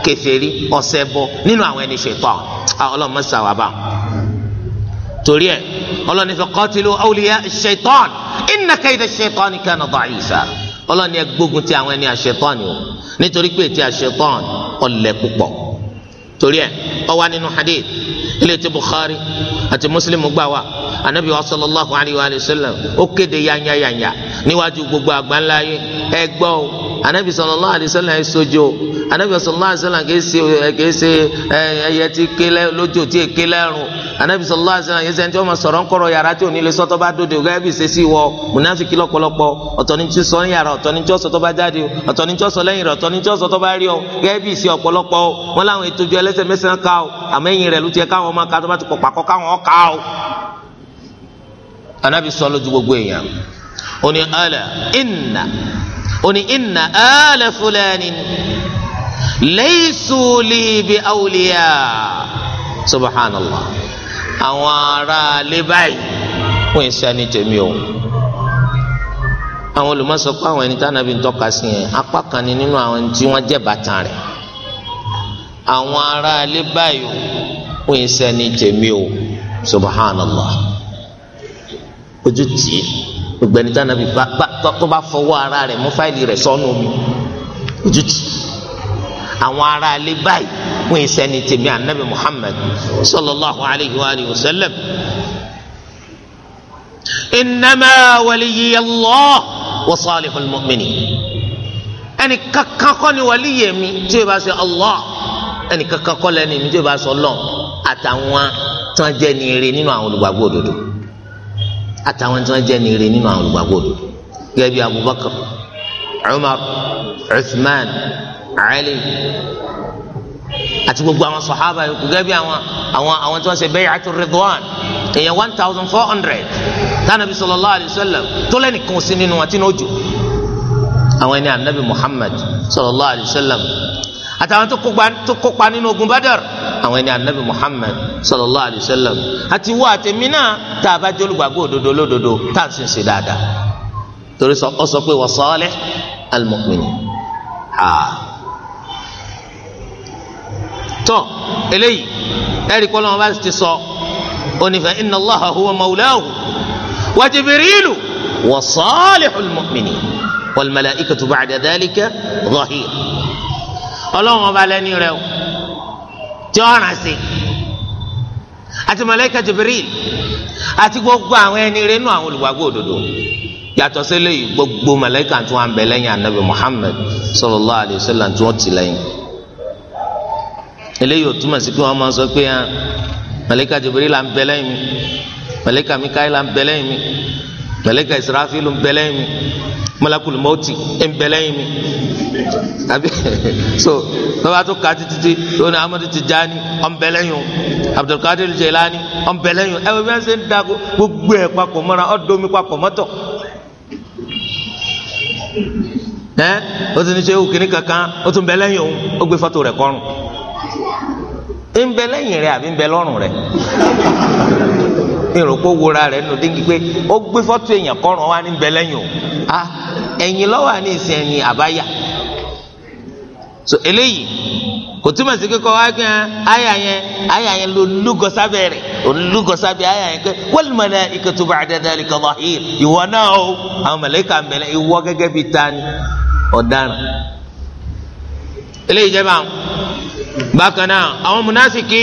kèfèrí ọ̀sẹ̀bọ nínú àwọn ẹni ṣetán ọlọ́run mọ̀ sáwà bá torí ẹ ọlọ́run ní faqatilu awliya ṣetán inna kayda ṣetán kana da'ifa ọlọ́ni ẹ gbógun ti àwọn ẹni àṣetọ́ni o nítorí pé ti àṣetọ́ni ọ̀lẹ púpọ̀ torí ẹ ó nínú hadith ilé ti Bukhari àti Muslim gbà wá anabi wa sallallahu alayhi wa sallam ó kéde yanyayanya níwájú gbogbo àgbáńlá yìí ẹ gbọ́ o anabi sallallahu alayhi wa sallam ẹ sojo anabi sallallahu alayhi wa sallam kìí ṣe kìí ṣe ẹyẹ tí ké lójó tí ké lẹ́rùn anabi sallallahu alayhi wa sallam yìí sẹ́ni tí wọ́n ma sọ̀rọ̀ ń yàrá tí onílé sọ́tọ́ bá dòde o gẹ́gẹ́ bí wọ munafiki lọ́pọ̀lọpọ̀ ọ̀tọ̀ ni tí sọ ń yàrá ọ̀tọ̀ ni tí sọ́tọ́ bá jáde ọ̀tọ̀ ni tí sọ lẹ́yìn rẹ̀ ọ̀tọ̀ ni tí sọ́tọ́ bá rí ọ gẹ́gẹ́ bí ṣe ọ̀pọ̀lọpọ̀ wọn láwọn ètò ju ẹlẹ́sẹ̀ mẹ́sàn-án ká o àmọ́ ẹ̀yìn rẹ̀ ló káwọn ọmọ ká ti pọ̀ pàkọ́ káwọn ọ̀ o anabi sọ lójú gbogbo èèyàn oni ala inna oni inna ala fulani laysu li bi awliya subhanallah àwọn ará alẹ́ báyìí wọ́n ń sani tèmi o àwọn olùmọ̀sọ pé àwọn ẹni tí anabi ń tọ́ka sí yẹn apá kan ni nínú àwọn tí wọ́n jẹ́ bàtà rẹ̀ àwọn ará alẹ́ báyìí wọ́n ń sani o subhanallah ojú tì í gbogbo ẹni tí anabi bá tó bá fọwọ́ ara rẹ̀ mú fáìlì rẹ̀ sọ́nù omi ojú tì í àwọn ará alẹ́ báyìí fún ìsẹ́ni tèmi anabi Muhammad sallallahu alayhi wa alihi wa sallam innama waliyallah wa salihul mu'minin ẹni kankan kọ́ ni wàlíyé mi tí o bá ṣe Allah ẹni kankan kọ́ lẹ́ni mi tí o bá ṣe Allah àtàwọn tán jẹ́ ni eré nínú àwọn olùgbàgbọ́ òdodo àtàwọn tí wọ́n jẹ́ ní ire nínú àwọn olùgbàgbọ́ òdodo gẹ́gẹ́ bí Abubakar Umar Uthman Ali àti gbogbo àwọn sọ̀hábà yòókù gẹ́gẹ́ bí àwọn àwọn àwọn tí wọ́n ṣe bay'atu Ridwan èèyàn one thousand four hundred tánàbí sallallahu alayhi wa sallam tó lẹ́nìkan sí nínú àti ní ojú àwọn ẹni ànábì Muhammad sallallahu alayhi wa sallam àtàwọn tó kópa nínú ogun badar àwọn ẹni anabi muhammed sallallahu alayhi wa sallam àti wọ àtẹmí náà tá a bá jẹ́ olùgbàgbọ́ òdodo lódodo tá a sì ń ṣe dáadáa torí ọ sọ pé wọ́n sọ́ọ́lẹ̀ al-mu'minin eléyìí ẹ̀rí kọ́ lọ́wọ́ bá ti sọ onífẹ́ inna Allaha huwa mawlahu wa jibirilu wa salihul mu'minin wal malaikatu ba'da ọlọ́run ọba lẹ́ni rẹ o tí ó ràn sí àti màláíkà Jibril àti gbogbo àwọn ẹni rẹ nù àwọn olùwàgbọ́ òdodo yàtọ̀ sílẹ̀ yìí gbogbo màláíkà tí wọ́n ń bẹ lẹ́yìn anabi Muhammad sallallahu alayhi wa sallam tí wọ́n ti lẹ́yìn eléyìí ò túmọ̀ sí pé wọ́n máa sọ pé ah, màláíkà Jibril là ń bẹ lẹ́yìn mi màláíkà Mikail là ń bẹ lẹ́yìn mi mẹlẹka israfilu ń bẹ lẹ́yìn mi malakul mọti ń bẹ lẹ́yìn mi àbí so lọba tó ka títí lóni amadu tijani ń bẹ o abdulkadir jelani ń bẹ lẹ́yìn o ẹwẹ bí wọn ṣe ń da gbogbo ẹ papọ̀ mọ́ra ọ̀dọ́mi papọ̀ mọ́tọ̀ ẹ o ti ní sẹ́wọ́ kìnnì kankan o tún bẹ lẹ́yìn o ó gbé fọ́tò rẹ̀ kọ́rùn ń bẹ lẹ́yìn rẹ̀ àbí ń bẹ lọ́rùn ìròpó wura rẹ̀ nù dínkì pé ó gbé fọ́tò èèyàn wa ní bẹ́lẹ́yìn o a ẹ̀yìn lọ́wọ́ àní ìsìn ẹ̀yìn àbáyà so eléyìí kò túmọ̀ sí kíkọ́ wá àyà yẹn àyà yẹn ló lúgọ sábẹ́ rẹ̀ olùlúgọ sábẹ́ àyà yẹn pé wal malaikatu ba'da dhalika dhahir ìwọ náà o àwọn màláíkà ń ìwọ gẹ́gẹ́ bíi tani ọ̀daràn eléyìí jẹ́ báwọn bákan náà àwọn múnásìkì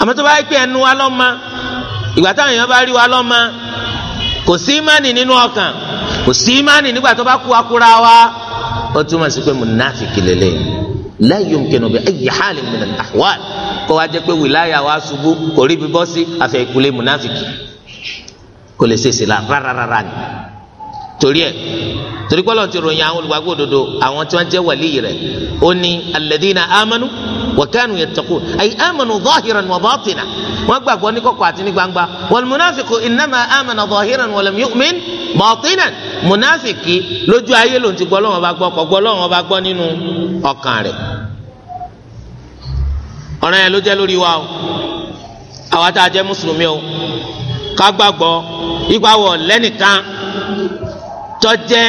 àmọ́ tó bá yẹ pé ẹnu wa lọ́mọ ìgbà táwọn èèyàn bá rí wa lọ́mọ kò sí ìmánì nínú ọkàn kò sí ìmánì nígbà tó bá kú akura wa ó túmọ̀ sí pé mùnáfìkì lélẹ́yìn la yumkinu bi ayyi halin min al-ahwal kó wa jẹ́ pé wìláyà wa ṣubú kò rí bí bọ́ sí àfẹ́ ìkulé mùnáfìkì kò lè ṣèṣe la rárára ni torí ẹ torí pé Ọlọ́run ti ròyìn àwọn olùgbàgbọ́ òdodo àwọn tí wọ́n jẹ́ wàlíì rẹ̀ ó ní alladhina amanu wakanu yattaqun ay amanu zahiran wa batina wọ́n gbàgbọ́ ní kọ̀kọ̀ àti ní gbangba wal munafiqu innama amana zahiran wa lam yu'min batinan munafiki lójú ayé ló ń ti gbọ́ lọ́wọ́ bá gbọ́ kọ́ gbọ́ lọ́wọ́ bá gbọ́ nínú ọkàn rẹ̀ ọ̀ràn yẹn ló jẹ́ lórí wa o àwa tá a jẹ́ mùsùlùmí o ká gbàgbọ́ ipa wọ̀ lẹ́nìkan tó jẹ́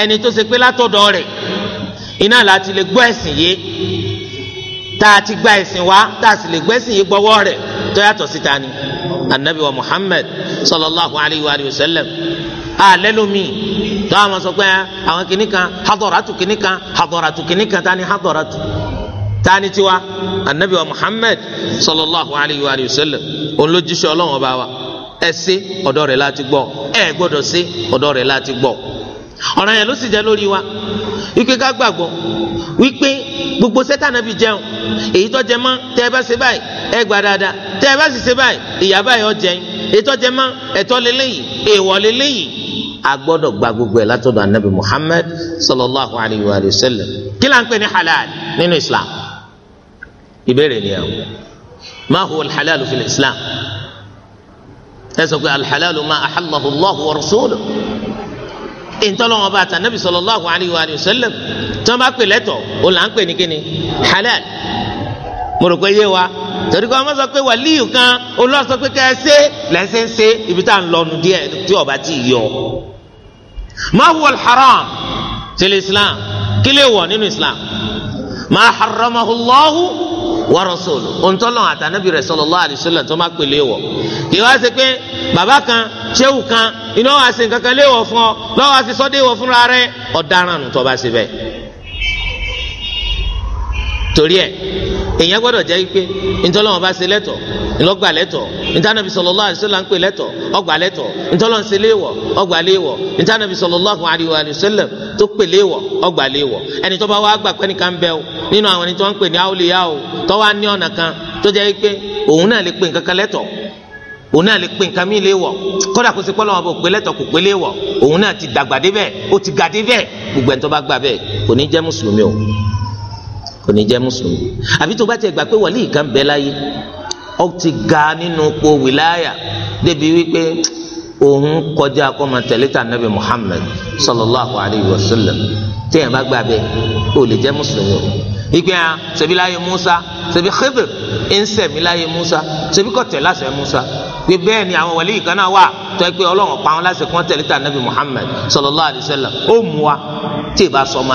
ẹni tó ṣe pé látọ̀dọ̀ rẹ̀ iná láti lè gbọ́ ẹ̀sìn yìí tá a ti gba ẹ̀sìn wa tá a sì lè gbẹ́sìn yìí gbọ́wọ́ rẹ̀ tó yàtọ̀ síta ni anabi wa muhammed sallallahu alayhi wa sallam alẹ́lómi tó a máa sọ pé àwọn kìnnì kan hadoratu kìnnì kan hadoratu kìnnì kan ta hadoratu ta tiwa anabi wa muhammed sallallahu alayhi wa sallam olójúṣe ọlọ́wọ́n bá wa ẹ ṣe rẹ̀ láti gbọ́ ẹ gbọ́dọ̀ ṣe ọ̀dọ̀ rẹ̀ láti gbọ́ ọ̀ràn yẹn ló sì jẹ́ lórí wa wípé ká gbàgbọ́ wípé gbogbo sẹ́tà náà fi jẹun èyí tó jẹ mọ́ tẹ́ ẹ bá ṣe báyìí ẹ gbà dáadáa tẹ́ ẹ bá sì ṣe báyìí ìyá báyìí ọ jẹun èyí tó jẹ mọ́ ẹ̀tọ́ lélẹ́yìn èèwọ̀ lélẹ́yìn a gbọ́dọ̀ gba gbogbo ẹ̀ látọ̀dọ̀ anabi Muhammad sallallahu alayhi wa sallam kí là ń pè ní halal nínú Islam ìbéèrè ni ẹ ma huwa alhalal fi Islam ẹ sọ pé alhalal ma ahallahu Allah wa rasuluhu ìtọ́lọ́wọ́n bá tànàbì sallallahu alayhi wa sallam tí wọ́n bá pè lẹ́tọ̀ ó là ń pè ní kíni halal mo rò pé yé wa torí kọ́ ọmọ sọ pé wàlíyù kan olóò sọ pé kẹ́ ẹ ṣe lẹ́sẹ̀ ń ṣe ibi tá à ń lọnu díẹ̀ tí ọba ti yọ. ma huwa al-haram islam kí lè wọ̀ nínú islam ma harramahu Allahu wa rasul ontọlọ àtànàbí rẹ̀ sallallahu alaihi wasallam tó má pèlè wọ kì í wá ṣe pé bàbá kan ṣéwù kan iná wàá ṣe nǹkan kan léèwọ̀ fún ọ lọ́wọ́ àti sọ́dẹ̀wọ̀ fúnra rẹ̀ ọ̀daràn tó bá ṣe bẹ́ẹ̀ torí ẹ̀ èèyàn gbọ́dọ̀ jẹ́ pé ntọ́lọ́wọ́n bá se lẹ́tọ̀ ńlọ́gbà lẹ́tọ̀ ntánàbí sallallahu alaihi wasallam ń pè lẹ́tọ̀ ọgbà lẹ́tọ̀ ntọ́lọ́wọ́n ṣe léèwọ̀ ọgbà léèwọ̀ ntánàbí sallallahu alaihi wasallam tó pè léèwọ̀ ọgbà léèwọ̀ ẹni tó bá wá gbà pé nìkan bẹ́ o nínú àwọn ẹni tó ń pè ní o tó ní ọ̀nà kan tó jẹ́ òun náà lè pè nǹkan kan lẹ́tọ̀ òun náà lè nǹkan kódà kó se bò pé kò o kò ní jẹ́ mùsùlùmí àbí tó bá tiẹ̀ gbà pé wàlíì kan bẹ láyé ó ti ga nínú po wìláyà débi wípé òun kọjá kọ́mọ tẹ̀lé tà nàbì Muhammad sallallahu alayhi wa sallam téèyàn bá gbà bẹ́ẹ̀ ó lè jẹ́ mùsùlùmí o ìpín à ah, ṣebí láyé Musa ṣebí Khidr ń sẹ̀mí láyé Musa ṣebí kò tẹ̀lé àṣẹ Musa pé bẹ́ẹ̀ ni àwọn wàlíì kan náà wà tó ẹ pé ọlọ́run pa wọn láṣẹ kọ́mọ tẹ̀lé tà sallallahu alayhi wa sallam ó mú wa tí ì bá sọ ọmọ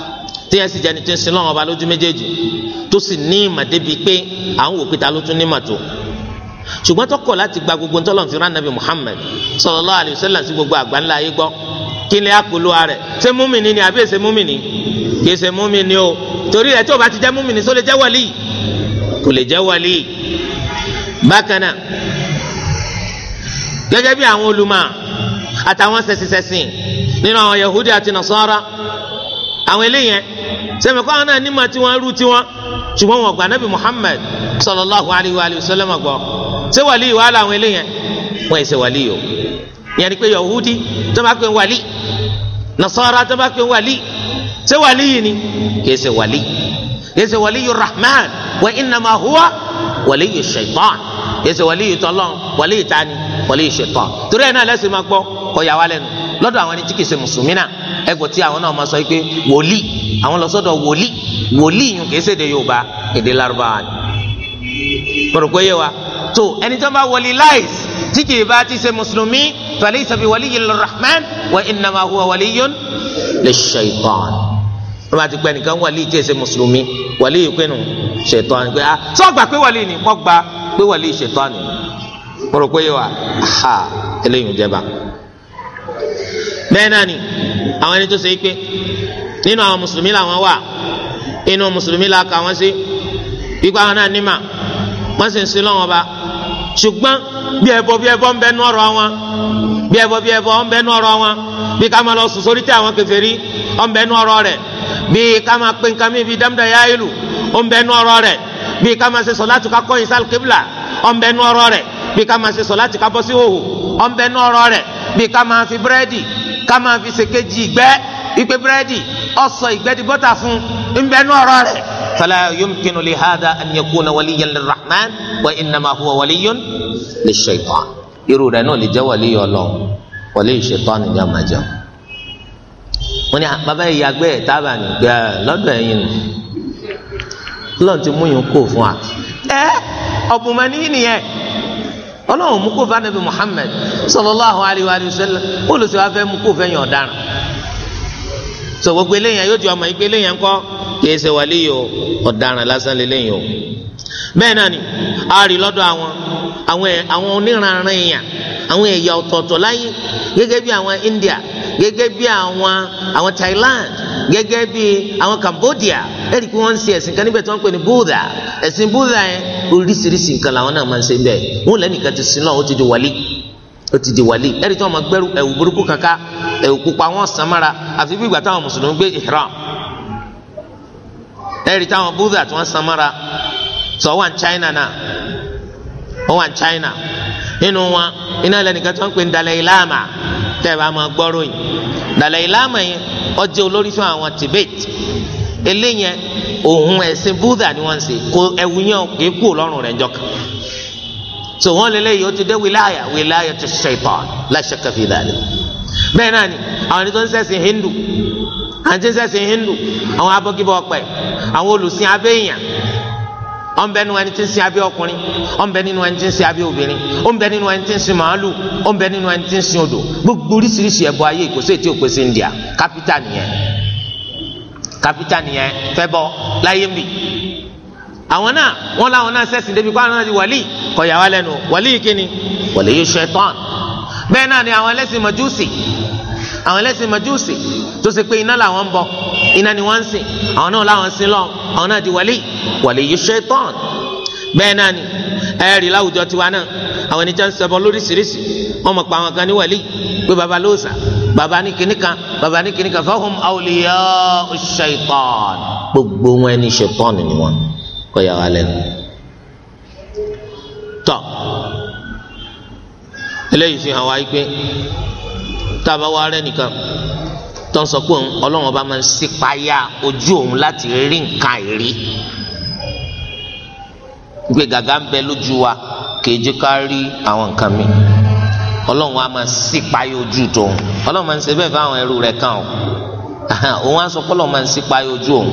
téèyàn sì jẹni tó ń sin lọ́wọ́ ọba lójú méjèèjì tó sì ní ìmọ̀ débi pé àwọn wò pé ta ló tún ní ìmọ̀ tó ṣùgbọ́n tó láti gba gbogbo ntọ́lọ́n fi rán nabi Muhammad sallallahu alaihi wasallam sí gbogbo àgbáńlá ayé gbọ́ kí ni àpòlò rẹ̀ ṣé múmìnì ni àbí èsè múmìnì kì í ṣe múmìnì o torí rẹ̀ tí o bá ti jẹ́ múmìnì só lè jẹ́ wàlíì kò lè jẹ́ wàlíì bákan náà gẹ́gẹ́ bí àwọn olùmọ̀ Yahudi àti Nasara àwọn eléyẹn sẹ́mi kọ́ àwọn náà nímọ̀ tí wọ́n rú tí wọ́n ṣùgbọ́n wọn gba nabi Muhammad sallallahu alayhi wa sallam gbọ́ ṣé wàlí yìí wà láwọn eléyẹn wọ́n ẹ̀ ṣe wàlí yìí o ìyẹn ni pé Yahudi tó bá pè wàlí Nasara tó bá pè wàlí ṣé wàlí yìí ni kì í ṣe wàlí kì ṣe wàlí yìí Rahman wa innama huwa wàlí yìí shaitan kì ṣe wàlí yìí tọ́lọ́ wàlí yìí tani wàlí yìí shaitan torí ẹ̀ náà lẹ́sìn máa gbọ́ kọ yà wá lẹ́nu lọ́dọ̀ àwọn ẹni tí kìí ṣe mùsùlùmí náà ẹgbẹ́ tí àwọn náà máa sọ pé wòlíì àwọn lọ sọ́dọ̀ wòlíì wòlíì yìí kìí ṣèdè Yorùbá èdè Lárúbáwá ni. pọ̀rọ̀kọ yé wa tó ẹni tó bá wòlíì láìs tí kìí bá ti ṣe mùsùlùmí falaysa bi waliyyir rahman wa innama huwa waliyyun lish-shaytan wọ́n bá ti pẹ́ nìkan wàlíì tí èsè mùsùlùmí wàlíì pinnu ṣètọ́ni pé ah sọ gbà pé wàlíì ni wọ́n gbà pé wàlíì ṣètọ́ni mo rò pé yìí eléyìí ń jẹba bẹ́ẹ̀ náà ni àwọn ẹni tó ṣe é pé nínú àwọn mùsùlùmí làwọn wà inú mùsùlùmí la kà wọ́n sí ikú àwọn náà nímà wọ́n sì ń sin lọ́wọ́n ba ṣùgbọ́n bí ẹbọ bí ẹbọ ń bẹ nú ọ̀rọ̀ wọn bí ẹbọ bí ẹbọ ń bẹ nú ọ̀rọ̀ wọn bí ká máa lọ sùn sórí tí àwọn kèfèrí ń bẹ nú ọ̀rọ̀ rẹ̀ bí ká máa pe nǹkan mìíràn bí dámdá yá ìlú ń bẹ nú ọ̀rọ̀ rẹ̀ bí ká máa ṣe sọ láti ká kọ̀yìn sálù kébìlà ń bẹ nú ọ̀rọ̀ rẹ̀ bí ká máa ṣe sọ láti ká bọ́ sí hòhò ń bẹ nú ọ̀rọ̀ rẹ̀ bí ká máa fi búrẹ́dì ká máa fi ṣe kejì ìgbẹ́ ìpè búrẹ́dì ọ̀sọ̀ ìgbẹ́ di bọ́tà fún ńbẹ́nu ọ̀rọ̀ rẹ̀ fala yumkinu li hada an yakuna waliyan lirrahman wa innama huwa waliyun lishaitan irú rẹ̀ náà lè jẹ́ waliyu Ọlọ́run waliyu shaitan ni yóò máa jẹun wọn ni bàbá yìí yàgbẹ́ ẹ̀ tábà ní gbẹ́ lọ́dọ̀ ẹ̀yin nù lọ́n ti mú yín kó fún wa ẹ ọ̀bùnmọ̀ ní nìyẹn ọlọ́run mú kó fún anabi muhammed sallallahu alayhi wa sallam olùsọ afẹ́ mú kó fẹ́yìn ọ̀daràn sọ gbogbo eléyàn yóò di ọmọ yìí pé eléyàn kọ́ kìí ṣe wàlíyò ọ̀daràn lásán lélẹ́yìn o bẹ́ẹ̀ náà ni a rí lọ́dọ̀ àwọn àwọn oníranran èèyàn àwọn ẹ̀yà ọ̀tọ̀ọ̀tọ̀ láyé gẹ́gẹ́ India gẹ́gẹ́ bí àwọn àwọn Thailand gẹ́gẹ́ bí àwọn Cambodia ẹ̀rí wọn wọ́n ń ṣe ẹ̀sìn kan níbẹ̀ tí wọ́n ń pè ní Buddha ẹ̀sìn Buddha yẹn oríṣiríṣi nǹkan làwọn náà máa ń bẹ́ẹ̀ wọn ti sin náà ó ti di wàlí ó ti di ẹ̀rí tí wọ́n máa gbẹ́rù ẹ̀wù burúkú ẹ̀wù pupa wọn sàn mára àfi bí ìgbà táwọn mùsùlùmí gbé ẹ̀rí táwọn sọ wà ní China náà ó wà ní China nínú wọn iná lẹnìkan tó ń pè ní Dalai Lama tẹ́ ẹ bá yìí Dalai Lama eh, olórí fún àwọn Tibet eléyẹn ẹ̀sìn Buddha ni wọ́n ń ṣe kó ẹ̀wù yẹn kú lọ́rùn rẹ̀ njọ́ka so wọ́n lélẹ́yìí ó ti dé wilaya wilaya ti shaitan la shakka fi bẹ́ẹ̀ ni àwọn ẹni tó ń Hindu àwọn ẹni tó ń Hindu àwọn ọ̀pẹ àwọn olùsìn ó ń bẹ nínú ẹni tí ń sin abẹ́ ọkùnrin ó ń bẹ nínú ẹni tí ń sin abẹ́ obìnrin ó ń bẹ nínú ẹni tí ń sin màálù ó ń bẹ nínú ẹni tí ń sin odò gbogbo oríṣiríṣi ẹbọ ayé kò sí ètí òpè sí India kápítà nìyẹn kápítà nìyẹn fẹ́ bọ́ láyé mbì àwọn náà wọn làwọn náà sẹ́sìn débi kó náà di wàlí kọ̀yà lẹ́nu wàlí kíni wàlí yóò ṣe tán bẹ́ẹ̀ náà ni àwọn ẹlẹ́sìn mọ̀júùsì àwọn ẹlẹ́sìn majúùsì tó ṣe pé iná làwọn ń bọ iná ni wọ́n ń sìn àwọn náà làwọn ń sìn lọ àwọn náà di wàlí wàlí yìí ṣaitan bẹ́ẹ̀ náà ni ẹ̀rí láwùjọ tiwa náà àwọn ẹni tí ń ṣẹbọ lóríṣiríṣi wọ́n mọ̀ pa àwọn kan ní wàlí pé baba lóòsà baba ní kinní kan baba ní kinní kan fahum awliya ṣaitan gbogbo wọn ẹni ṣaitan ni wọn kọ yà wá lẹ́nu tọ eléyìí fi hàn wá yí pé tá a bá wá rẹ nìkan tó ń sọ pé ọlọ́run ọba máa ń ṣípayá ojú òun láti rí nǹkan ìrí gbé gàgà ń bẹ lójú wa kéje ká rí àwọn nǹkan mi ọlọ́run wa máa ṣípayá ojú tóun ọlọ́run máa ń ṣe bẹ́ẹ̀ fáwọn ẹrú rẹ̀ kan o òun á sọ pé ọlọ́run máa ń ṣípayá ojú òun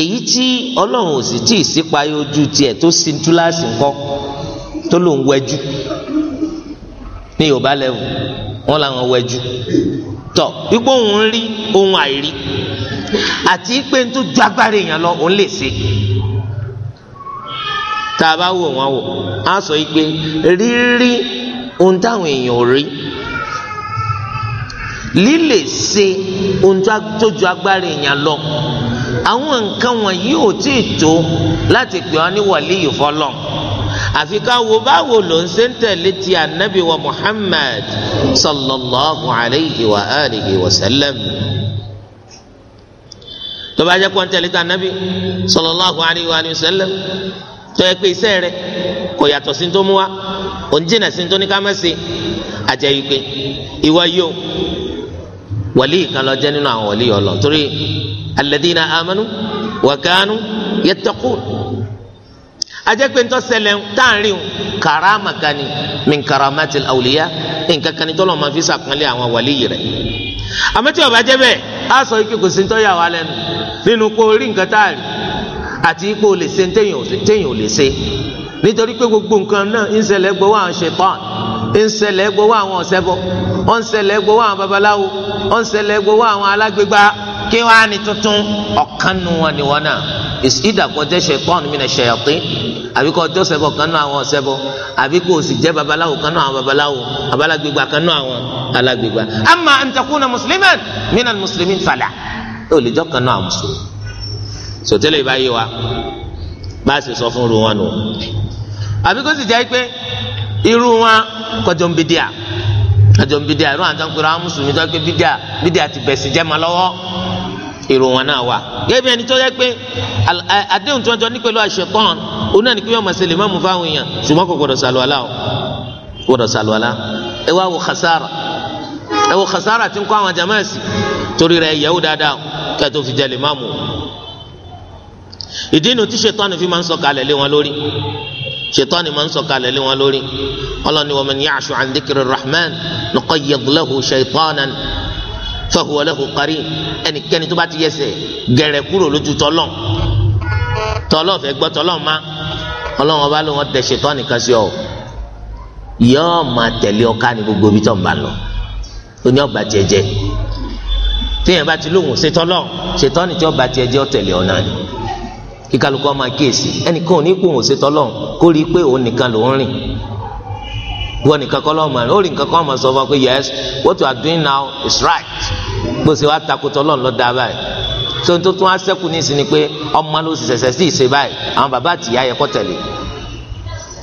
èyí tí ọlọ́run ò sì tí ì ṣípayá ojú tiẹ̀ tó sin túláàsì ńkọ́ tó lòún wẹjú ní yorùbá lẹ́wọ̀n wọn làwọn wẹjú tọ wípé òun rí ohun àìrí àti pé ń tó ju agbára èèyàn lọ òun lè ṣe tá a bá wò wọn wò á sọ yìí pé rírí ohun táwọn èèyàn ò rí lílè ṣe ohun tó ju agbára èèyàn lọ àwọn nǹkan wọ̀nyí ò tí ì tó láti pè ọ́ ní wàlíyù fọlọ́n àfi ká wo báwo ló ń ṣe ń tẹ̀lé ti anabi wa muhammad sallallahu alayhi wa alihi wa sallam tó bá jẹ́ kó ń tẹ̀lé ti anabi sallallahu alayhi wa alihi wa sallam tó yẹ pé iṣẹ́ rẹ̀ kò yàtọ̀ sí tó mú wa òun jìnnà sí tó ní ká má ṣe àjẹyí pé ìwọ yóò wàlíì kan lọ jẹ́ nínú àwọn wàlíì ọlọ́ torí alladhina amanu wa kanu yattaqun ajẹ́pẹ́ ntọ́ ṣẹlẹ̀ táàrin karama kani min karamatil awliya nǹkan kan tọ́lọ̀ máa fi sàkánlẹ̀ àwọn wàlíyì rẹ̀ àmọ́tí ọba jẹ́ bẹ́ẹ̀ á sọ ike kò sí ntọ́ yà wá lẹ́nu nínú kó orí nǹkan táàrin àti ipò lè ṣe téèyàn ò lè ṣe nítorí pé gbogbo nǹkan náà ń ṣẹlẹ̀ gbọ́wọ́ àwọn ṣetán ń ṣẹlẹ̀ gbọ́wọ́ àwọn ọ̀ṣẹbọ ń ṣẹlẹ̀ gbọ́wọ́ àwọn babaláwo ń ṣẹlẹ̀ gbọ́wọ́ àwọn alágbègbà kí wàá ní tuntun ọ̀kan nu wọn ni wọn náà ìdàkọ jẹ ṣẹtọ́n mi náà ṣẹyọ̀tì àbí kò jọ́ ṣẹbọ kan náà àwọn ṣẹbọ àbí kò sì jẹ́ babaláwo kan náà àwọn babaláwo abalagbègbà kan náà àwọn alágbègbà ama ntakuna musliman mina muslimin fala ó lè jọ́ kan náà mùsùlùmí sọtẹ́lẹ̀ ìbáyé wa bá a sì sọ fún irú wọn nù àbí kò sì jẹ́ pé irú wọn kọjọ́ ń bi díà ń bi díà irú èrò wọn náà wà. gẹ́gẹ́ bí ẹni tó yẹ pé àdéhùn tí wọ́n jọ ní pẹ̀lú àṣetán òun náà ní pé yóò máa ṣe lè má mú fáwọn èèyàn ṣùgbọ́n kò gbọdọ̀ ṣàlùwàlá o gbọdọ̀ ṣàlùwàlá ẹ wá wo khasara ẹ wo khasara tí ń kọ́ àwọn jamaasi torí rẹ̀ yẹ̀wò dáadáa kẹ́ẹ̀tọ́ fi jẹ́ lè má mú ìdí inú tí ṣètọ́ni fi máa ń sọ̀kalẹ̀ lé wọn lórí ṣètọ́ni máa ń sọ̀kalẹ̀ lé wọn lórí ọlọ́ni wa man ya'shu fahuwa lahu qarin ẹnikẹ́ni tó bá ti yẹsẹ̀ gẹ̀rẹ̀ kúrò lójú tọ́lọ̀ tọ́lọ̀ fẹ́ gbọ́ tọ́lọ̀ ma ọlọ́run ọba ló wọn tẹ̀ ṣetán nìkan sí ọ yọọ máa tẹ̀lé ọká ní gbogbo ibi tó ń bá lọ ó ní ọba bá ti lóhùn ṣetán lọ tí ọba jẹjẹ ọ tẹ̀lé ni kíkálukọ́ máa kíyèsí ẹnìkan ò ní kó òun ṣetán lọ kó rí i pé òun nìkan lòún rìn wọ́n nìkan kọ́ lọ́mọ rẹ̀ ó rí nǹkan kọ́ ọmọ sọ fún ọ pé yes what you are doing now is right bó ṣe wá takotọ́ lọ́n lọ́ da báyìí tó ń tó tún á sẹ́kù ní ìsìn ni pé ọmọ ló sì ṣẹ̀ṣẹ̀ sí ìṣe báyìí àwọn bàbá àtìyá yẹ kọ́ tẹ̀lé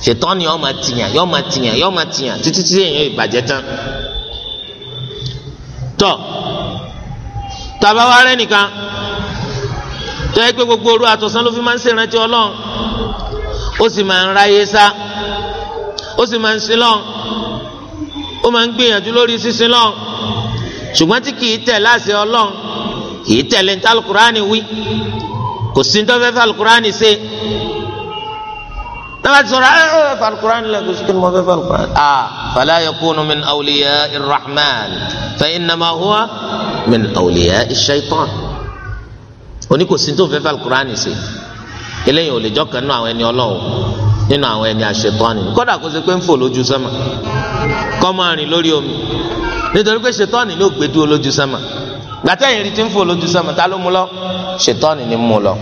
ṣètọ́ ni ọmọ tìyàn yọ ma tìyàn yọ ọmọ tìyàn títí tí èèyàn ìbàjẹ́ tán tọ́ tàbá wa rẹ́ nìkan tó yẹ pé gbogbo òru àtọ̀sán ló fi máa ń ṣèrántí ọlọ́run ó sì máa ń ráyé sá ó sì máa ń sin lọ́n ó máa ń gbìyànjú lórí sísin lọ́n ṣùgbọ́n tí kì í tẹ̀ láṣẹ ọlọ́n kì í tẹ̀lé ní alukurani wí kò sí ní tọ́fẹ́ fẹ́ alukurani ṣe tọ́ba ti sọ̀rọ̀ ẹ̀ ah, ẹ̀ ah, fẹ́ alukurani lẹ́kọ̀ọ́ sí kí ni mo fẹ́ fẹ́ alukurani. a ah, fala yakunu min awliya irrahman fa innama huwa min awliya ishaitan oní kò sí ní tọ́fẹ́ fẹ́ alukurani ṣe eléyìí ò lè jọ́ kan àwọn ẹni ọlọ́wọ́. nínú àwọn ẹni àṣetọ́ni kódà kó ṣe pé ń fò lójú sẹ́mà kọ́ máa rìn lórí omi nítorí pé ṣetọ́ni ló gbé dúró lójú sẹ́mà gbàtẹ́yìn rí ti ń fò lójú sẹ́mà ta ló mú lọ ṣetọ́ni ni mú lọ.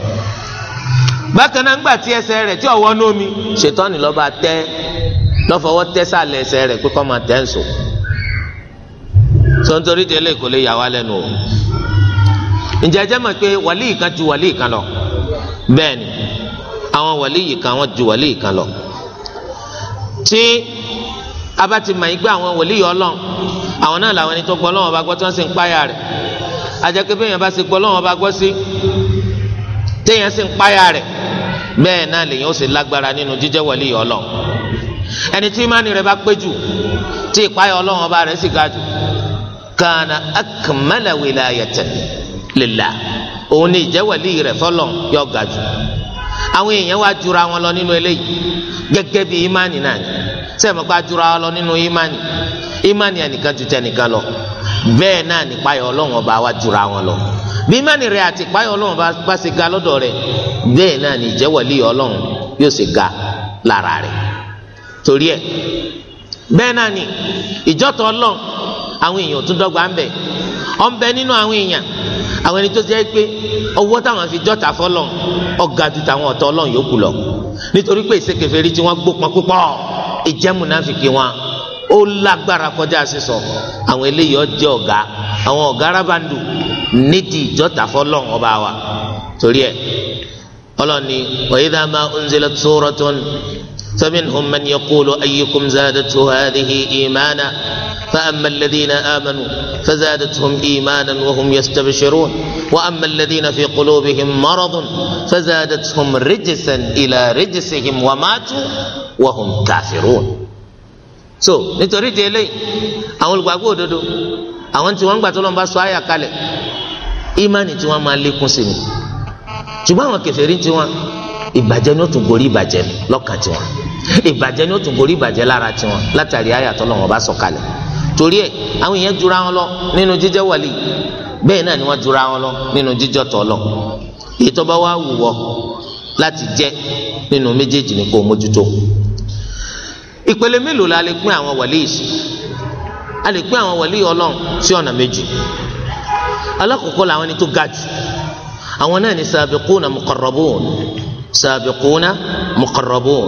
bákan náà ńgbà tí ẹsẹ̀ rẹ̀ tí ọ̀wọ́ ní ṣetọ́ni tẹ́ lọ́fọwọ́ tẹ́ ẹsẹ̀ rẹ̀ pé kọ́ máa ju wàlíì kan lọ bẹ́ẹ̀ ni àwọn wàlíyì kan wọ́n ju wàlíyì kan lọ tí abati mayi gbé àwọn wòlíì Ọlọ́run àwọn náà làwọn ẹni tó gbọ́ lọ́wọ́ bá gbọ́ tí wọ́n sì ń páyà rẹ̀ àjẹkẹ́ bẹ́ẹ̀ yẹn bá sì gbọ́ lọ́wọ́ bá gbọ́ sí téèyàn sì ń páyà rẹ̀ bẹ́ẹ̀ náà lèyìn ó sì lágbára nínú jíjẹ́ wòlíì Ọlọ́run ẹni tí ìmánì rẹ̀ bá pé jù tí ìpáyà Ọlọ́run bá rẹ̀ sì ga jù kana akmala wilayatan lillah òun ni ìjẹ́ wòlíì rẹ̀ fọlọ́n yọ ga jù àwọn èèyàn wá jura wọn lọ nínú eléyìí gẹ́gẹ́ bí imani náà ni sẹẹmọ pa jura wọn lọ nínú imani imani ẹnìkan ju tẹnìkan lọ bẹ́ẹ̀ náà nípayọ Ọlọ́run ọba wá jura wọn lọ bí imani rẹ àti ìpayọ Ọlọ́run bá ṣe ga lọ́dọ̀ rẹ bẹ́ẹ̀ náà ní ìjẹwọlì Ọlọ́run yóò ṣe ga lára rẹ torí ẹ bẹ́ẹ̀ náà ni ìjọ́tọ̀ ọlọ́run àwọn èèyàn tún dọ́gba ń bẹ̀ ọ̀ ń bẹ nínú àwọn èèyàn àwọn ẹni tó ṣe é pé ọwọ́ táwọn fi jọ́ta fọlọ́run ọ̀gá ju tàwọn ọ̀tọ̀ ọlọ́run yòókù lọ nítorí pé ìṣekèfèrí tí wọ́n gbópọn púpọ̀ ìjẹ́múnáfìkì wọn ó lágbára kọjá sísọ àwọn eléyìí ọjọ́ ọ̀gá àwọn ọ̀gá arábàndù nídìí ìjọ́ta fọlọ́run ọba wa torí ẹ ọlọ́ni wa idha ma unzilat suratun فمنهم من يقول أيكم زادته هذه إيمانا فأما الذين آمنوا فزادتهم إيمانا وهم يستبشرون وأما الذين في قلوبهم مرض فزادتهم رجسا إلى رجسهم وماتوا وهم كافرون so nítorí di eléyìí àwọn دودو òdodo àwọn tí wọ́n ń gbà tó lọ́n bá sọ àyà kalẹ̀ ìmánì ìbàjẹ́ ni ó tún gorí ìbàjẹ́ lọ́kàn tiwọn ìbàjẹ́ ni ó tún gorí ìbàjẹ́ lára tiwọn látàrí àyà t'Ọlọ́run bá sọ̀kalẹ̀ torí ẹ̀ àwọn èèyàn jura wọn lọ nínú jíjẹ́ wàlí bẹ́ẹ̀ náà ni wọ́n jura wọn lọ nínú jíjọ́ tọ́ lọ èyí tó bá wà wù láti jẹ́ nínú méjèèjì ni kò mójútó ìpele mélòó la lè pín àwọn wàlí yìí a lè pín àwọn wàlí Ọlọ́run sí ọ̀nà méjì alákọ̀ọ́kọ́ làwọn ẹni tó ga jù àwọn náà ni sàbẹ̀kúnà muqarrabun sàbìkúnà muqarrabun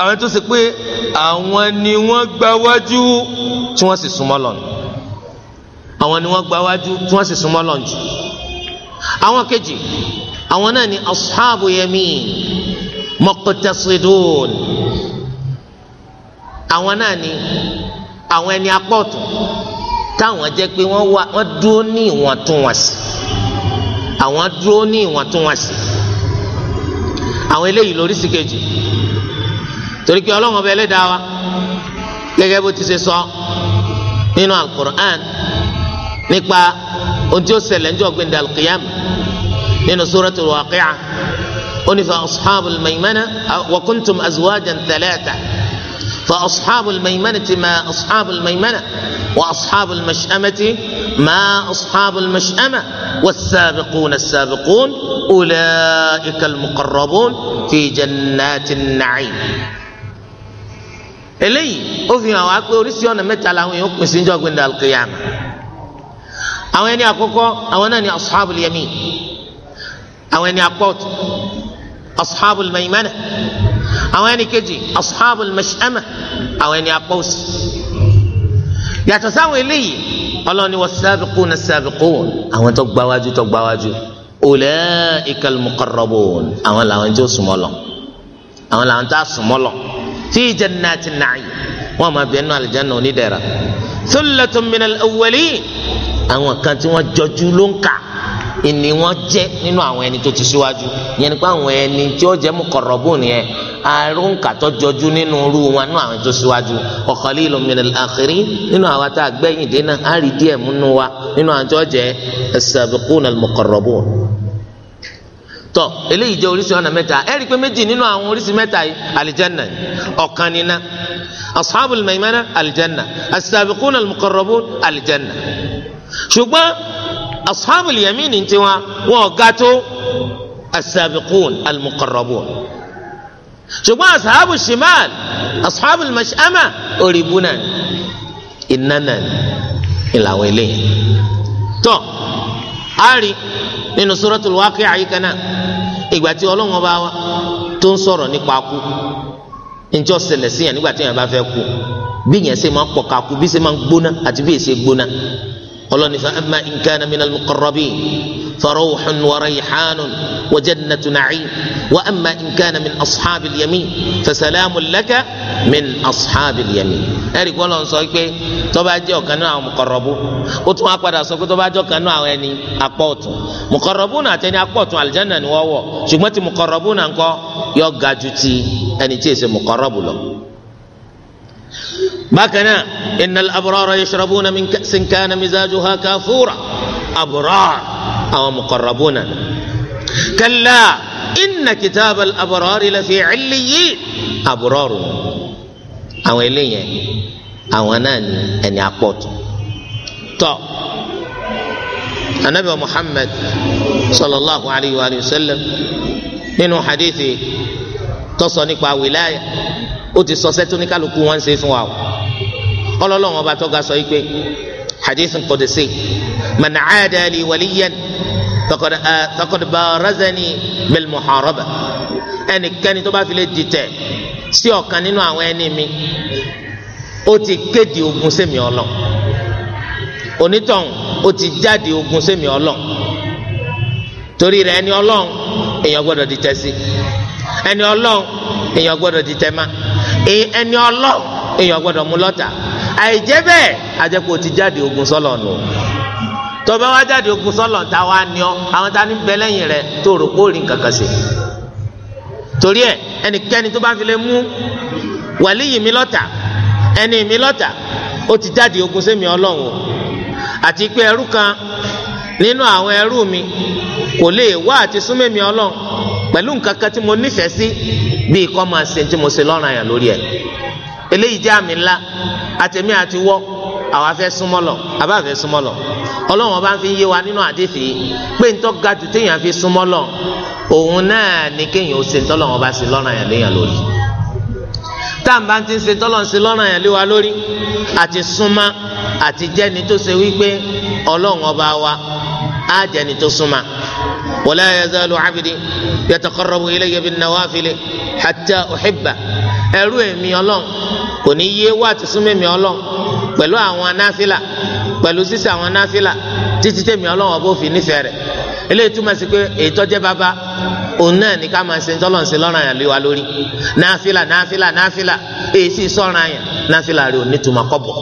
àwọn tó ṣe pé àwọn ni wọ́n gba wájú tí wọ́n sì súnmọ́ lọ́nà àwọn ni wọ́n gba wájú tí wọ́n sì súnmọ́ lọ́nà jù àwọn kejì àwọn náà ni ashabu yamin muqtasidun àwọn náà ni àwọn ẹni apá táwọn jẹ́ pé wọ́n dúró ní ìwọ̀ntúnwọ̀nsì àwọn dúró ní ìwọ̀ntúnwọ̀nsì àwọn eléyìí lórí síkejì torí pé ọlọ́run ọba ẹlẹ́dàá wa gẹ́gẹ́ bó ti ṣe sọ nínú alukur'an nípa ohun tí ó ṣẹlẹ̀ ní ọ̀gbìn dàlùkìyàm nínú suratul waqi'ah onífà ashabul maymana wa kuntum azwajan فأصحاب الميمنة ما أصحاب الميمنة وأصحاب المشأمة ما أصحاب المشأمة والسابقون السابقون أولئك المقربون في جنات النعيم eléyìí ó fi hàn wá pé oríṣi ọ̀nà mẹ́ta làwọn èèyàn pèsè ń jọ gbẹ̀ndà alqiyama àwọn ẹni àkọ́kọ́ àwọn náà ni ashabul yamin àwọn ẹni apá ọ̀tún ashabul maimana àwọn ẹni kejì ashabul mashama àwọn ẹni apọ́sí yàtọ̀ sáwọn eléyìí ọlọ́ni was-sabiquna as-sabiqun àwọn tó gbáwájú tó gbáwájú ulaika al-muqarrabun àwọn làwọn tó súnmọ́ lọ àwọn làwọn tó súnmọ́ lọ fi jannatin na'im wọn máa bẹ̀ẹ́ nù alìjáná onídẹ̀ẹ́ra thullatun minal awwalin àwọn kan tí wọ́n jọjú ló ń kà ìní wọn jẹ́ nínú àwọn ẹni tó ti síwájú yẹn ni pé àwọn ẹni tí ó jẹ́ muqarrabun nìyẹn àrùnkàtọ́ jọjú nínú irú wọn nínú àwọn tó síwájú wa qalilun minal akhirin nínú àwọn tá a gbẹ̀yìn dé náà á rí díẹ̀ múnú wa nínú àwọn tó jẹ́ as-sabiqunal muqarrabun tọ eléyìí jẹ́ oríṣi ọ̀nà mẹ́ta ẹ rí i pé méjì nínú àwọn oríṣi mẹ́ta yìí alijanna ọ̀kan nínà ashabul maimana alijanna as-sabiqunal muqarrabun alijanna ṣùgbọ́n ashabul yamin ní tiwọn wọn ò ga tó asabiqun almuqarrabun ṣùgbọ́n ashabu shimal ashabu mashama òrìbù náà iná náà ìlàwọ̀ eléyìí tọ́ a rí nínú suratul waqi'a yìí kan náà ìgbà tí ọlọ́run ọba wa tó ń sọ̀rọ̀ nípa kú njẹ́ ọ̀sẹ̀lẹ̀ sí yẹn nígbà tí yẹn bá fẹ́ kú bí yẹn ṣe máa ń pọ̀ kakú bí ṣe máa ń gbóná àti bí yẹn ṣe gbóná قال فأما إن كان من المقربين فروح وريحان وجنة نعيم وأما إن كان من أصحاب اليمين فسلام لك من أصحاب اليمين أريك والله نصيك تبا جو كانوا مقربون أتوا أقوى رسوك تبا جو كانوا يعني أقوط مقربون أتني أقوط على الجنة نواو شو مقربون أنكو يوغا جوتي أني يعني تيسي مقربون ما كان إن الأبرار يشربون من كأس كان مزاجها كافورا أبرار أو مقربون كلا إن كتاب الأبرار لفي عليين أبرار أو إلي أو أنا أن يقوت طب النبي محمد صلى الله عليه وآله وسلم من حديث تصنق ولاية ó ti sọsẹ tó ní kálukú wọn ń ṣe fún wa o ọlọ́lọ́wọ́n ọba tọ́ga sọ yìí pé hadith qudsi man aadali waliyan faqad barazani bil muharaba ẹnikẹ́ni tó bá fi lè dìtẹ̀ sí ọ̀kan nínú àwọn ẹni mi ó ti kéde ogun sẹ́mi ọlọ́ onítọ̀hún ó ti jáde ogun sẹ́mi ọlọ́ torí rẹ̀ ẹni ọlọ́hún èèyàn gbọ́dọ̀ dìtẹ̀ sí ẹni ọlọ́hún èèyàn gbọ́dọ̀ dìtẹ̀ má. E, ẹni ọlọ èèyàn gbọ́dọ̀ mú lọ́tà àìjẹ́ bẹ́ẹ̀ àjẹpọ ti jáde ogun sọlọ nù tọba wa jáde ogun sọlọ ta wa ni ọ àwọn ta ni bẹ lẹ́yìn rẹ̀ tó rò kó rìn kankan sí torí ẹ ẹnikẹ́ni tó bá fi lè mú wàlíyì mi lọ́tà ẹni mi lọ́tà ó ti jáde ogun sẹmi Ọlọ́run o àti pé ẹrú kan nínú àwọn ẹrú mi kò lè wá àti súnmẹmí Ọlọ́run pẹ̀lú nǹkan kan tí mo nífẹ̀ẹ́ sí bíi kọ́ máa ṣe tí mo ṣe lọ́ràn yàn lórí ẹ̀ eléyìí jẹ́ àmì ńlá àtẹ̀mí àti wọ́ àwa fẹ́ súnmọ́ lọ àbá fẹ́ súnmọ́ lọ ọlọ́run ọba ń fi yé wa nínú àdéfì pé ntọ́ ga jù téèyàn fi súnmọ́ lọ òun náà ni kéèyàn ó ṣe ntọ́lọ́run ọba ṣe lọ́ràn yàn léèyàn lórí táǹbà ti ń ṣe tọ́lọ́run ṣe lọ́ràn yàn lé wa lórí àti súnmọ́ àti jẹ́ni tó ṣe wípé ọlọ́run ọba wa á jẹ́ni tó súnmọ́ ولا يزال عبدي يتقرب إلي بالنوافل حتى أحبه ẹrú èmi Ọlọ́run kò ní yé wá àtisúnmọ́ èmi Ọlọ́run pẹ̀lú àwọn anáfílà pẹ̀lú ṣíṣe àwọn anáfílà títí tèmi Ọlọ́run ọbọ òfin nífẹ̀ẹ́ rẹ̀ eléyìí túmọ̀ sí pé ètò jẹ́ bàbá òun náà ní ká máa ṣe tọ́lọ̀ ṣe lọ́ràn yàn lé wa lórí náfílà náfílà náfílà èyí sì sọ̀ràn yàn náfílà rẹ̀ ò ní tuma kọ́bọ̀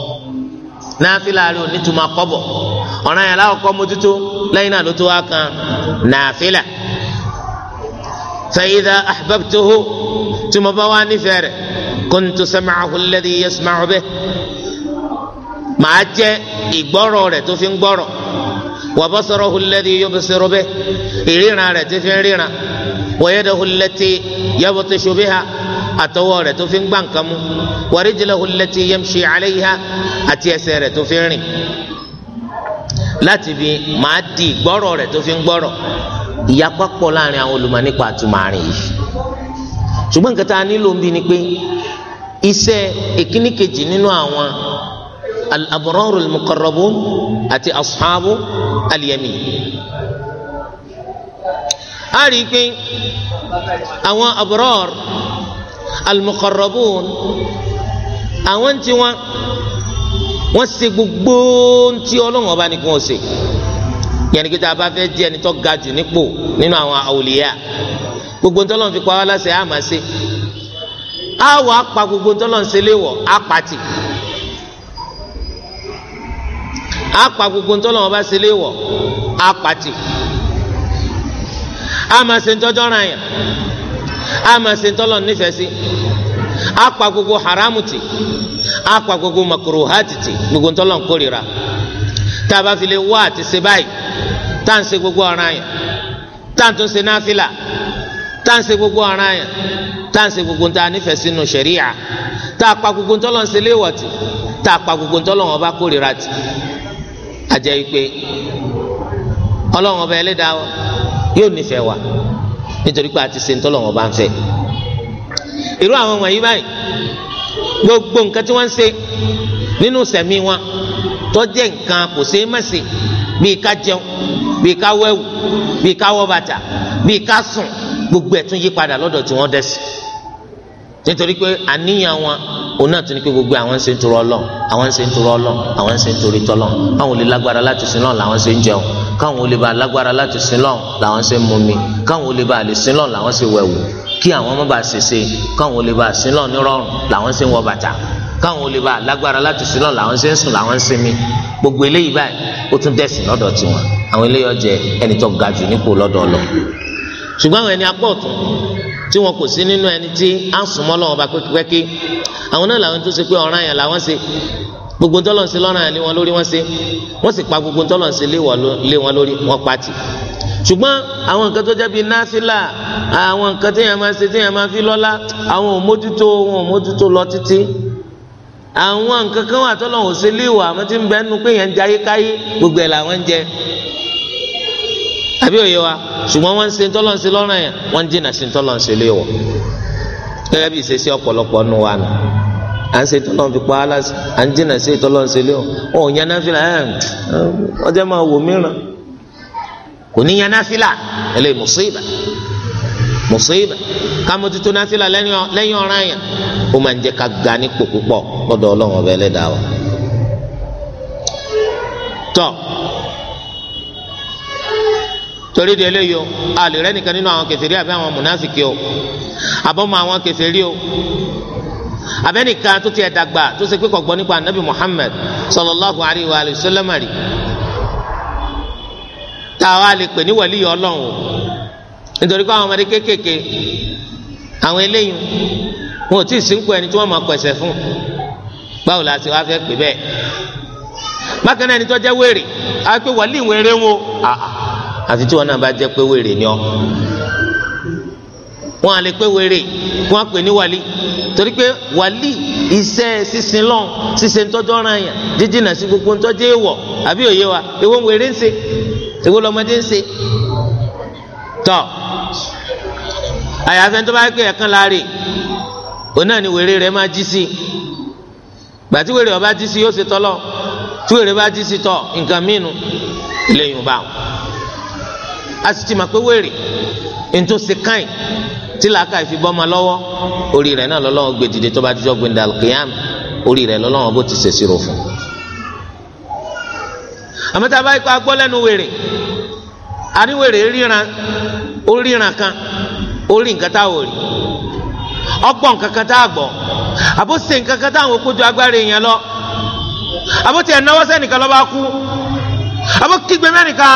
náfílà rẹ̀ ò ní tuma kọ́bọ̀ ọ̀ràn yẹn láwọn kọ́ mójútó lẹ́yìn náà ló tó wá kan nàfílà fẹ̀yìdà àbẹ̀tòhó tí mo bá wá nífẹ̀ẹ́ rẹ̀ kóńtò sẹ́màáhù lẹ́dí yẹ́sùmáhù bẹ́ẹ̀ màá jẹ́ ìgbọ́rọ̀ rẹ̀ tó fi ń gbọ́rọ̀ wàbọ̀sọ̀rọ̀ lẹ́dí yọ́bọ̀sọ̀rọ̀ bẹ́ẹ̀ ìríran rẹ̀ tó fi ń ríran wọ́yẹ́dọ̀hù lẹ́tí yẹ́bọ̀tẹ̀ṣọ́ bẹ́ẹ̀ ha àtọwọ́ rẹ̀ tó fi ń gbà nǹkan mú wàrídìlẹ̀hù lẹ́tí yẹ́mṣẹ́ àlẹ́ yìí ha àti ẹsẹ̀ rẹ̀ tó fi ń rìn. láti ibi màá di ìgbọ́rọ̀ rẹ̀ tó fi ń gbọ́rọ̀ ìyapa pọ̀ láàrin àwọn olùmọ̀ nípa àtùmọ̀rin yìí ṣùgbọ́n nǹkan tá a nílò ń bi ni pé iṣẹ́ ìkíní kejì nínú àwọn al-abrarul muqarrabun àti ashabu al-yamin a rí i pé àwọn abrar al-muqarrabun àwọn tiwọn wọ́n ṣe gbogbo ntí ọlọ́run ọba nìkan ọ̀sẹ̀ yẹnni kíta bá fẹ́ di ẹni tó ga jù nípò nínú àwọn àwòlíyà gbogbo ntọ́lọ́run fi pa wá láṣẹ àmà ṣe àwọ̀ apá gbogbo ntọ́lọ́run se léwọ̀ apàtì apá gbogbo ntọ́lọ́run ọba ṣe léwọ̀ apàtì àmà ṣe ntọ́jọ́ràn yẹn àmà ṣe ntọ́lọ́run nífẹ̀ẹ́ sí á pa gbogbo haramu tì á pa gbogbo makuruhati tì gbogbo ntọ́lọ̀ ń kórira tá a bá fi lè wá àti ṣe báyìí tá à ń ṣe gbogbo ọ̀ràn yẹn tá à ń tún ṣe náfìlà tá à gbogbo ọ̀ràn yẹn tá gbogbo ntá nífẹ̀ẹ́ sínú ṣẹ̀ríyà tá a gbogbo ntọ́lọ̀ ń ṣe léwọ̀ tì tá gbogbo ntọ́lọ̀ wọn bá kórira tì á jẹ́ wípé ọlọ́run ọba ẹlẹ́dàá yóò nífẹ̀ẹ́ wa nítorí pé a ti ṣe ntọ́lọ̀ wọn bá irú àwọn wọ̀nyí báyìí gbogbo nǹkan tí wọ́n ń ṣe nínú sẹ̀mí wọn tó jẹ́ nǹkan kò ṣeé má ṣe bíi ká jẹun bíi ká wẹ̀wù bíi ká wọ bàtà bíi ká sùn gbogbo ẹ̀ tún yí padà lọ́dọ̀ tí wọ́n dẹ́sí nítorí pé àníyàn wọn òun náà tún ní pé gbogbo àwọn ń ṣe ń torọ Ọlọ́run àwọn ń ṣe ń torọ Ọlọ́run àwọn ń ṣe ń torí tọlọ́run káwọn ò lè lágbára láti sin lọ́run làwọn ṣe ń jẹun káwọn ò lè bá lágbára láti sin lọ́run làwọn ṣe ń mumi káwọn ò lè bá lè sin lọ́run làwọn ṣe wẹ̀wù kí àwọn ọmọ bá ṣèṣe káwọn olè bá sílọ̀ nírọ̀rùn làwọn ṣe ń wọ bàtà káwọn olè bá lágbára láti sílọ̀ làwọn ṣe ń sùn làwọn ń sinmi gbogbo eléyìí báyìí ó tún dẹ̀sìn lọ́dọ̀ tiwọn àwọn eléyìí ọjẹ ẹni tó ga jù nípò lọ́dọ̀ lọ. ṣùgbọ́n àwọn ẹni apá ọ̀tún tí wọn kò sí nínú ẹni tí à ń súnmọ́ lọ́wọ́ bá pẹ́kípẹ́kí àwọn náà làwọn tó ṣe pé ọ̀ràn yẹn làwọn ṣe gbogbo ntọ́lọ́ọ̀ṣe lọ́ràn yẹn lé wọn lórí wọn ṣe wọ́n sì pa gbogbo ntọ́lọ́ọ̀ṣe lé wọn lórí wọn pàtì ṣùgbọ́n àwọn nǹkan tó jẹ́ bíi násìlà àwọn nǹkan téèyàn máa ṣe téèyàn máa fi lọ́lá àwọn ò mójútó wọn ò mójútó lọ títí àwọn nǹkan kan wà tọ́lọ́hùn sí léèwọ̀ àmọ́ tí ń bẹ́ẹ̀ nu pé yẹn ń jayé káyé gbogbo ẹ̀ làwọn ń jẹ àbí òye wa ṣùgbọ́n wọ́n ń ṣe tọ́lọ́ ń ṣe lọ́rùn yẹn wọ́n ń dènà sí tọ́lọ́ ń ṣe léèwọ̀ gẹ́gẹ́ bí ìṣesí ọ̀pọ̀lọpọ̀ nù wa nù à ń ṣe tọ́lọ́ ń fi pa á lásì à ń dènà sí tọ́lọ́ ń ṣe léèwọ̀ ọ̀ yẹn náà fi là ẹ̀ ọjọ́ máa wò mìíràn kò ní yan násìlà ẹlẹ́yìn mùsíbà mùsíbà kámótútó násìlà lẹ́yìn ọ̀ràn yẹn ó máa ń jẹ́ ká ga nípò púpọ̀ lọ́dọ̀ ọlọ́run ọba ẹlẹ́dàá wa. tọ́ torí di eléyìí o àlè rẹ nìkan nínú àwọn kèsèrí àbí àwọn mùnásìkì o àbọ̀mọ àwọn kèsèrí o abẹ́nìkan tó ti ẹ̀ dàgbà tó ṣe pé kọ̀gbọ́n nípa anabi Muhammad sallallahu alayhi wa sallam rí tá a wá lè pè ní wàlíì ọlọ́run o nítorí pé àwọn ọmọdé kéékèèké àwọn eléyìí wọn ò tí ì sínkú ẹni tí wọ́n máa pẹ̀sẹ̀ fún báwo la ṣe wá fẹ́ pè bẹ́ẹ̀ bákan náà ẹni tó jẹ́ wèrè á pé wàlíì wèrè wọn àti tí wọn náà bá jẹ́ pé wèrè ni ọ wọn à lè pé wèrè wọn pè ní wàlí torí pé wàlí iṣẹ́ sísin lọ́n sísin tọ́jọ́ ọ̀ràn yẹn jíjìnà sí gbogbo ntọ́jú èèwọ̀ àbí òye wa èwo wèrè ń ṣe ṣègbè lọ́mọdé ń ṣe tọ́ àyàfẹ́ tó bá gbé ẹ̀kan láre òun náà ni wèrè rẹ̀ máa jí sí gbàtí wèrè ọba jí sí yóò ṣe tọ́lọ́ tí wèrè bá jí sí tọ́ nǹkan mìínú lẹ́yìn ọba a sì ti mọ̀ pé wèrè ntòsí káyìn tí làákàyè fi bọ́ lọ́wọ́ orí rẹ̀ náà lọ́lọ́wọ́ gbé dìde tó bá dijọ́ gbé ndàlù orí rẹ̀ lọ́lọ́wọ́ bó ti ṣèṣirò fún un àmọ́tá báyìí kó agbọ́ lẹ́nu wèrè àríwèrè ríran ó kan ó nǹkan tá a ò ọgbọ́n nǹkan tá a gbọ́ àbó ṣe nǹkan kan tá àwọn agbára èèyàn lọ àbó tiẹ̀ náwó sẹ́nìkan lọ́ba kú àbó kígbe mẹ́nìkan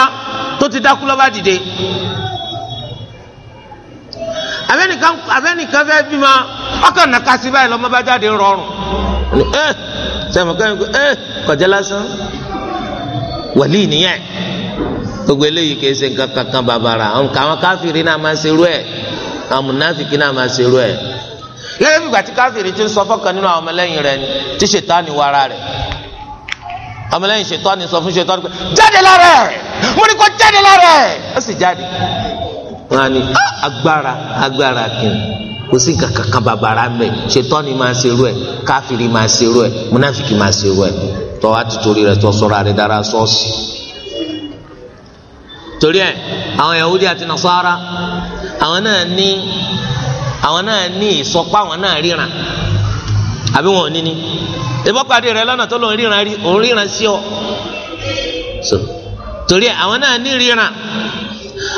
tó ti dákú lọ́ba dìde abẹnikan abẹnikan fẹ́ bímọ ọkàn nàkàsí báyìí bá jáde rọrùn ẹ eh, sẹmọkàn ẹ eh, kọjá lásán wàlíì nìyẹn. gbogbo eléyìí kìí ṣe nǹkan kankan bàbàrà àwọn káfíìrì náà máa ṣe irú ẹ̀ àwọn mùnáfíkì náà máa ṣe irú ẹ̀. gẹ́gẹ́ bí ìgbà tí káfíìrì ti ń sọ fọ́kàn nínú àwọn ọmọlẹ́yìn rẹ̀ ni tí ṣètánì wà ara rẹ̀ ọmọlẹ́yìn ṣètánì sọ fún ṣètánì pé jáde lára ẹ̀ mo ní kó jáde lára ó sì jáde. wọn á ní ah, agbára agbára kìnnì kò sí nǹkan kankan bàbàrà mẹ ṣètánì máa ṣe irú ẹ̀ káfíìrì máa ṣe irú ẹ̀ mùnáfíkì máa ṣe irú ẹ̀ tọ́wá ti torí rẹ̀ tọ́ sọ́ra rẹ̀ dára sọ́ọ̀sì torí ẹ àwọn yahudi àti nasara àwọn náà ní àwọn náà ní ìsọpá àwọn náà ríran àbí wọn ò ní ní ìbọ́pàdé rẹ lọ́nà tó lòún ríran rí òun ríran sí ọ torí ẹ àwọn náà ní ríran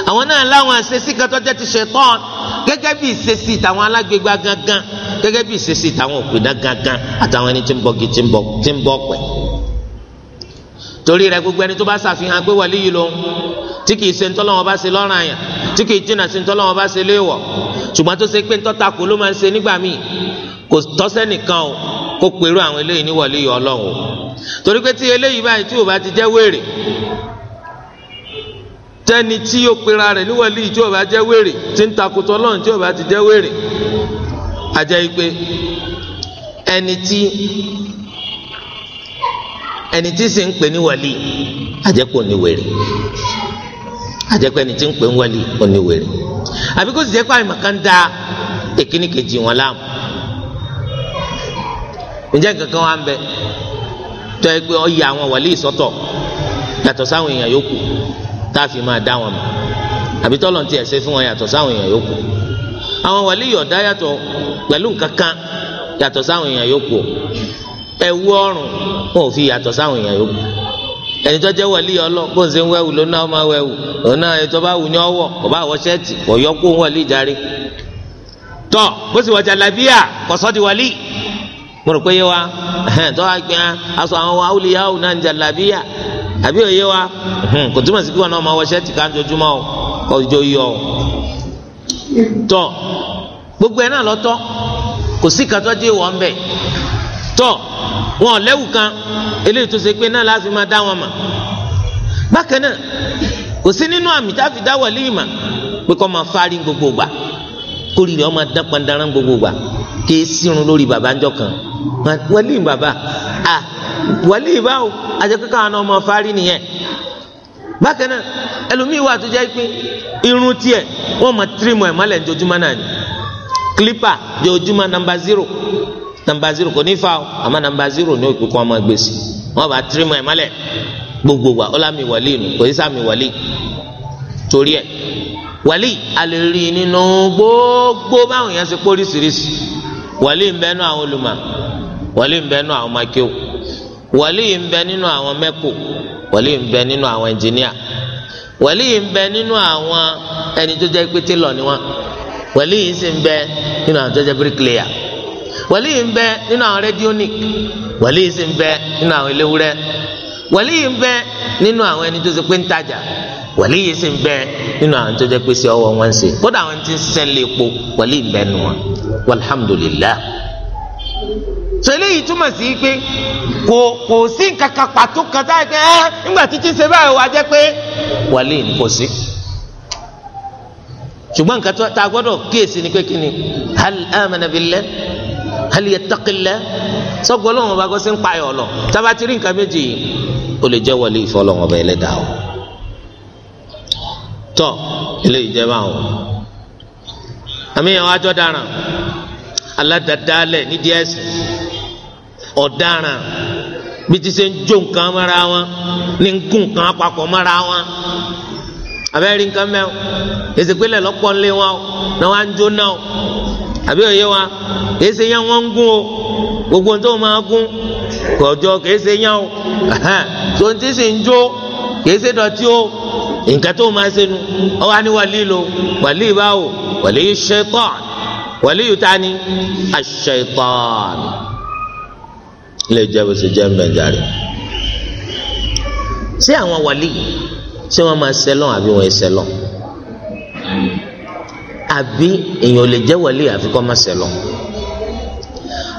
àwọn náà láwọn àṣesí kan tó jẹ́ ti ṣẹ̀tán gẹ́gẹ́ bí ìṣesí tàwọn alágbègbè gangan gẹ́gẹ́ bí ìṣesí tàwọn òpinna gangan àtàwọn ẹni tí ń bọgi tí ń bọ tí ń bọ pẹ̀ torí rẹ gbogbo ẹni tó bá ṣàfihàn pé wàlíyìí lòun tí kìí ṣe ntọ́lọ́wọ́n bá ṣe lọ́rùn àyàn tí kìí jìnnà sí ntọ́lọ́wọ́n bá ṣe léèwọ̀ ṣùgbọ́n tó ṣe pé ntọ́ta kò ló máa ń ṣe nígbà míì kò tọ́sẹ́ nìkan o kó pẹ̀lú àwọn eléyìí níwọ̀lé yọ ọlọ́run o torí pé tí eléyìí báyìí tí ò bá ti jẹ́ wèrè tẹ́ni tí yóò pera rẹ̀ níwọ̀lé yìí tí ò bá jẹ́ wèrè tí ń takùtọ̀ ọlọ́run tí ò bá ti jẹ́ wèrè àjẹ́ ipe ẹni tí ẹni tí sì ń pè ní wàlí àjẹpọ̀ ní wèrè àjẹpẹ́ ni tí ń pè ń wẹ̀lì oníwèrè àbí kó sì jẹ́ pé àyùmọ̀ká ń da èkíní kejì wọn láàmú ǹjẹ́ kankan wà ń bẹ tó yẹ pé ó àwọn wàlí ìsọ́tọ̀ yàtọ̀ sáwọn èèyàn yòókù tá a fi máa dá wọn mọ̀ àbí tọ́lọ̀ ti ẹ̀sẹ̀ fún wọn yàtọ̀ sáwọn èèyàn yòókù àwọn wàlí yọ̀dá yàtọ̀ pẹ̀lú nǹkankan yàtọ̀ sáwọn èèyàn yòókù ẹ̀wú ọ̀rùn wọn ò fi yàtọ̀ sáwọn èèyàn yòókù ẹni tó jẹ́ wọlé ọlọ bó ń ṣe ń wẹ̀wù lónà ọmọ wẹ̀wù lónà ẹni tó bá wù ní ọwọ́ kò bá wọ ṣẹ́ẹ̀tì kò yọ kó ń wọlé ìjàre tọ bó sì wọjà làbíyà kò sọ́ di wọlé mo rò pé yé wa tó wá gbẹ́ aṣọ àwọn awúlíyàwó náà ń jà làbíyà àbí òye wa kò túmọ̀ sí kí wọn náà máa wọ ṣẹ́ẹ̀tì ká jojúmọ́ o kò jọ yọ o tọ gbogbo ẹ̀ náà lọ́tọ̀ kò sí kàtọ́ dé wọ́n bẹ̀ tọ́ wọn ò lẹ́wù kan eléyìí tó ṣe pé náà láti máa dá wọn mà bákan náà kò sí nínú àmì táfi dá wọlé ìmà pé kọ́ máa fárí gbogbo gbà kórìrì ọmọ gbogbo gbà kì sírun lórí bàbá kan wọlé bàbá à wọlé báwo àjẹkẹ́kọ̀ àwọn ọmọ fárí nìyẹn bákan náà ẹlòmíì wà tó jẹ́ pé irun tiẹ̀ wọ́n máa tírímù ẹ̀ mọ́lẹ̀ ní ojúmọ́ náà ni clipper nàmbà zero kò ní fa o àmọ́ nàmbà zero ní òkú kó ọmọ gbèsè wọn bá tírímù ẹ̀ mọ́lẹ̀ gbogbo wa ó lámì wàlí nù kò sí sàmì wàlí torí ẹ̀ wàlí alẹ́ rí nínú gbogbo báwọn yẹn ṣe póríṣiríṣi wàlí ń bẹ nínú àwọn olùmọ̀ wàlí ń bẹ nínú àwọn makéw wàlí ń bẹ nínú àwọn mẹ́kò wàlí ń bẹ nínú àwọn ẹnjìníà wàlí ń bẹ nínú àwọn ẹni tó jẹ́ pété lọ ni wọn wàlí yìí sì ń bẹ nínú àwọn tó jẹ́ bíríkìlẹ̀yà wàlí yìí ń bẹ nínú àwọn rẹdíónì wàlí yìí sì ń bẹ nínú àwọn eléwúrẹ́ wàlí yìí ń bẹ nínú àwọn ẹni tó ṣe pé ń tajà wàlí yìí sì ń bẹ nínú àwọn tó jẹ pé sí ọwọ́ wọn ṣe kódà àwọn tí ń ṣiṣẹ́ ń lé epo wàlí ń bẹ nù wọn walhamdulillah so eléyìí túmọ̀ sí pé kò kò sí nǹkan pàtó kan ẹ nígbà títí ṣe báyìí wà á pé wàlí ni kò sí ṣùgbọ́n nǹkan tá a gbọ́dọ̀ kíyèsí ni pé kí ni hal amana hal yattaqillah sọgbọn Ọlọ́run ọba kò sí ń payọ lọ tába ti rí nǹkan méjì yìí ó lè jẹ wọlé ìfọlọrun ọba Ẹlẹ́dàá o tọ ilé ìjẹba o àmì ìyàwó àjọ dáràn aládàdálẹ nídìí ẹsẹ ọ̀daràn bí ti ṣe ń jó nǹkan mọ́ra wọn ní ń gún nǹkan papọ̀ wọn abẹ́rẹ́ nǹkan mẹ́ o ezekele lọ́pọ̀ ńlẹ̀ wọn o náà wọn á ń jóná o àbí òye wa kìí ṣe yẹn wọ́n ń gún o gbogbo tó máa gún kọjọ kìí ṣe yẹn o tó ń tí sì ń jó kìí ṣe dọ̀tí o nǹkan tó máa ṣe nu ọ wá ní wàlí lo wàlí bá o wàlí ṣẹtọ́n wàlí yìí ta ni àṣẹtọ́n ilé ìjẹ́bù ṣe jẹ́ ń bẹ̀ jáde ṣé àwọn wàlí yìí ṣé wọ́n máa sẹ́lọ̀ àbí wọ́n sẹ́lọ̀ àbí èèyàn lè jẹ́ wàlí àfi kọ́ máa sẹ́lọ̀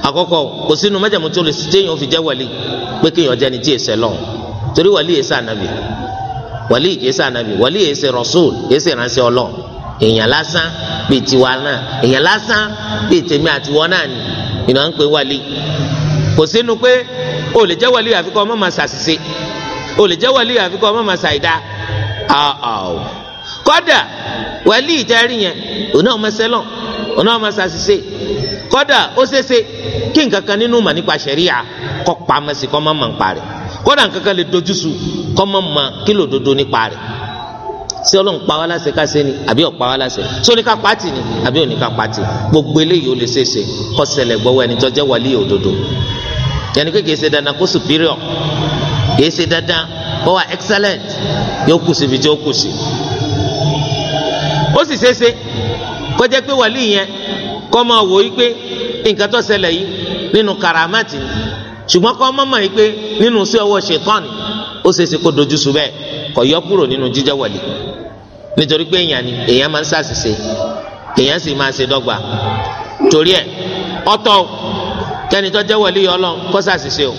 àkọ́kọ́ kò sínú májàmú tó lè sùn tí èèyàn fi jẹ́ wàlí pé kéèyàn jẹ́ ni tí èsẹ̀ lọ́hùn torí wàlí èsè ànábì wàlí èsè ànábì wàlí èsè rọ̀ṣùl èsè ránṣẹ́ ọlọ́ọ̀ èèyàn lásán bíi tiwa náà èèyàn lásán bíi tèmi àtiwọ́ náà ni ìná ń pè wàlí kò sínú pé o lè jẹ́ wàlí àfi kọ́ ọmọ máa ṣàṣìṣe o lè jẹ́ wàlí àfi kọ́ ọmọ máa ṣàìdá àwọ ah, ah, oh. kódà wàlí ìtẹ́rì yẹn òun náà máa sẹ́lọ̀ òun náà máa ṣàṣìṣe kódà ó ṣeéṣe kí nǹkan kan nínú mọ̀ nípa ṣẹ̀ríà kọ́ pamọ́ sí kọ́ mọ́ mọ̀ nípa rẹ̀ kódà nǹkan kan lè dojú su kọ́ mọ́ mọ̀ kí ló dodo nípa rẹ̀ sí ọlọ́run pa wá láṣẹ ká ni àbí ọ̀pá wá láṣẹ sí oníkà pàtì ni àbí oníkà pàtì gbogbo eléyìí ó lè ṣeéṣe kọ́ ṣẹlẹ̀ gbọ́wọ́ ẹni tó jẹ́ wàlí òdodo yẹnni kékeré ṣe dandan kó superior kìí ṣe dandan bó wà excellent yóò kù síbi tí ó kù sí. ó sì ṣeéṣe kó jẹ́ pé wàlí yẹn kó máa wò yí pé nǹkan tó ṣẹlẹ̀ yìí nínú karamati ṣùgbọ́n kó máa mọ̀ yí pé nínú sí ọwọ́ ṣètọ́ni ó ṣeéṣe kó dojú sú bẹ́ẹ̀ kó yọ kúrò nínú jíjẹ́ wàlí nítorí pé èèyàn ni èèyàn máa ń ṣàṣìṣe èèyàn sì máa ṣe dọ́gba torí ẹ̀ ọ̀tọ̀ kẹ́ni tó jẹ́ wàlí yọ ọlọ́run kó ṣàṣìṣe o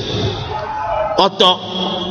ọ̀tọ̀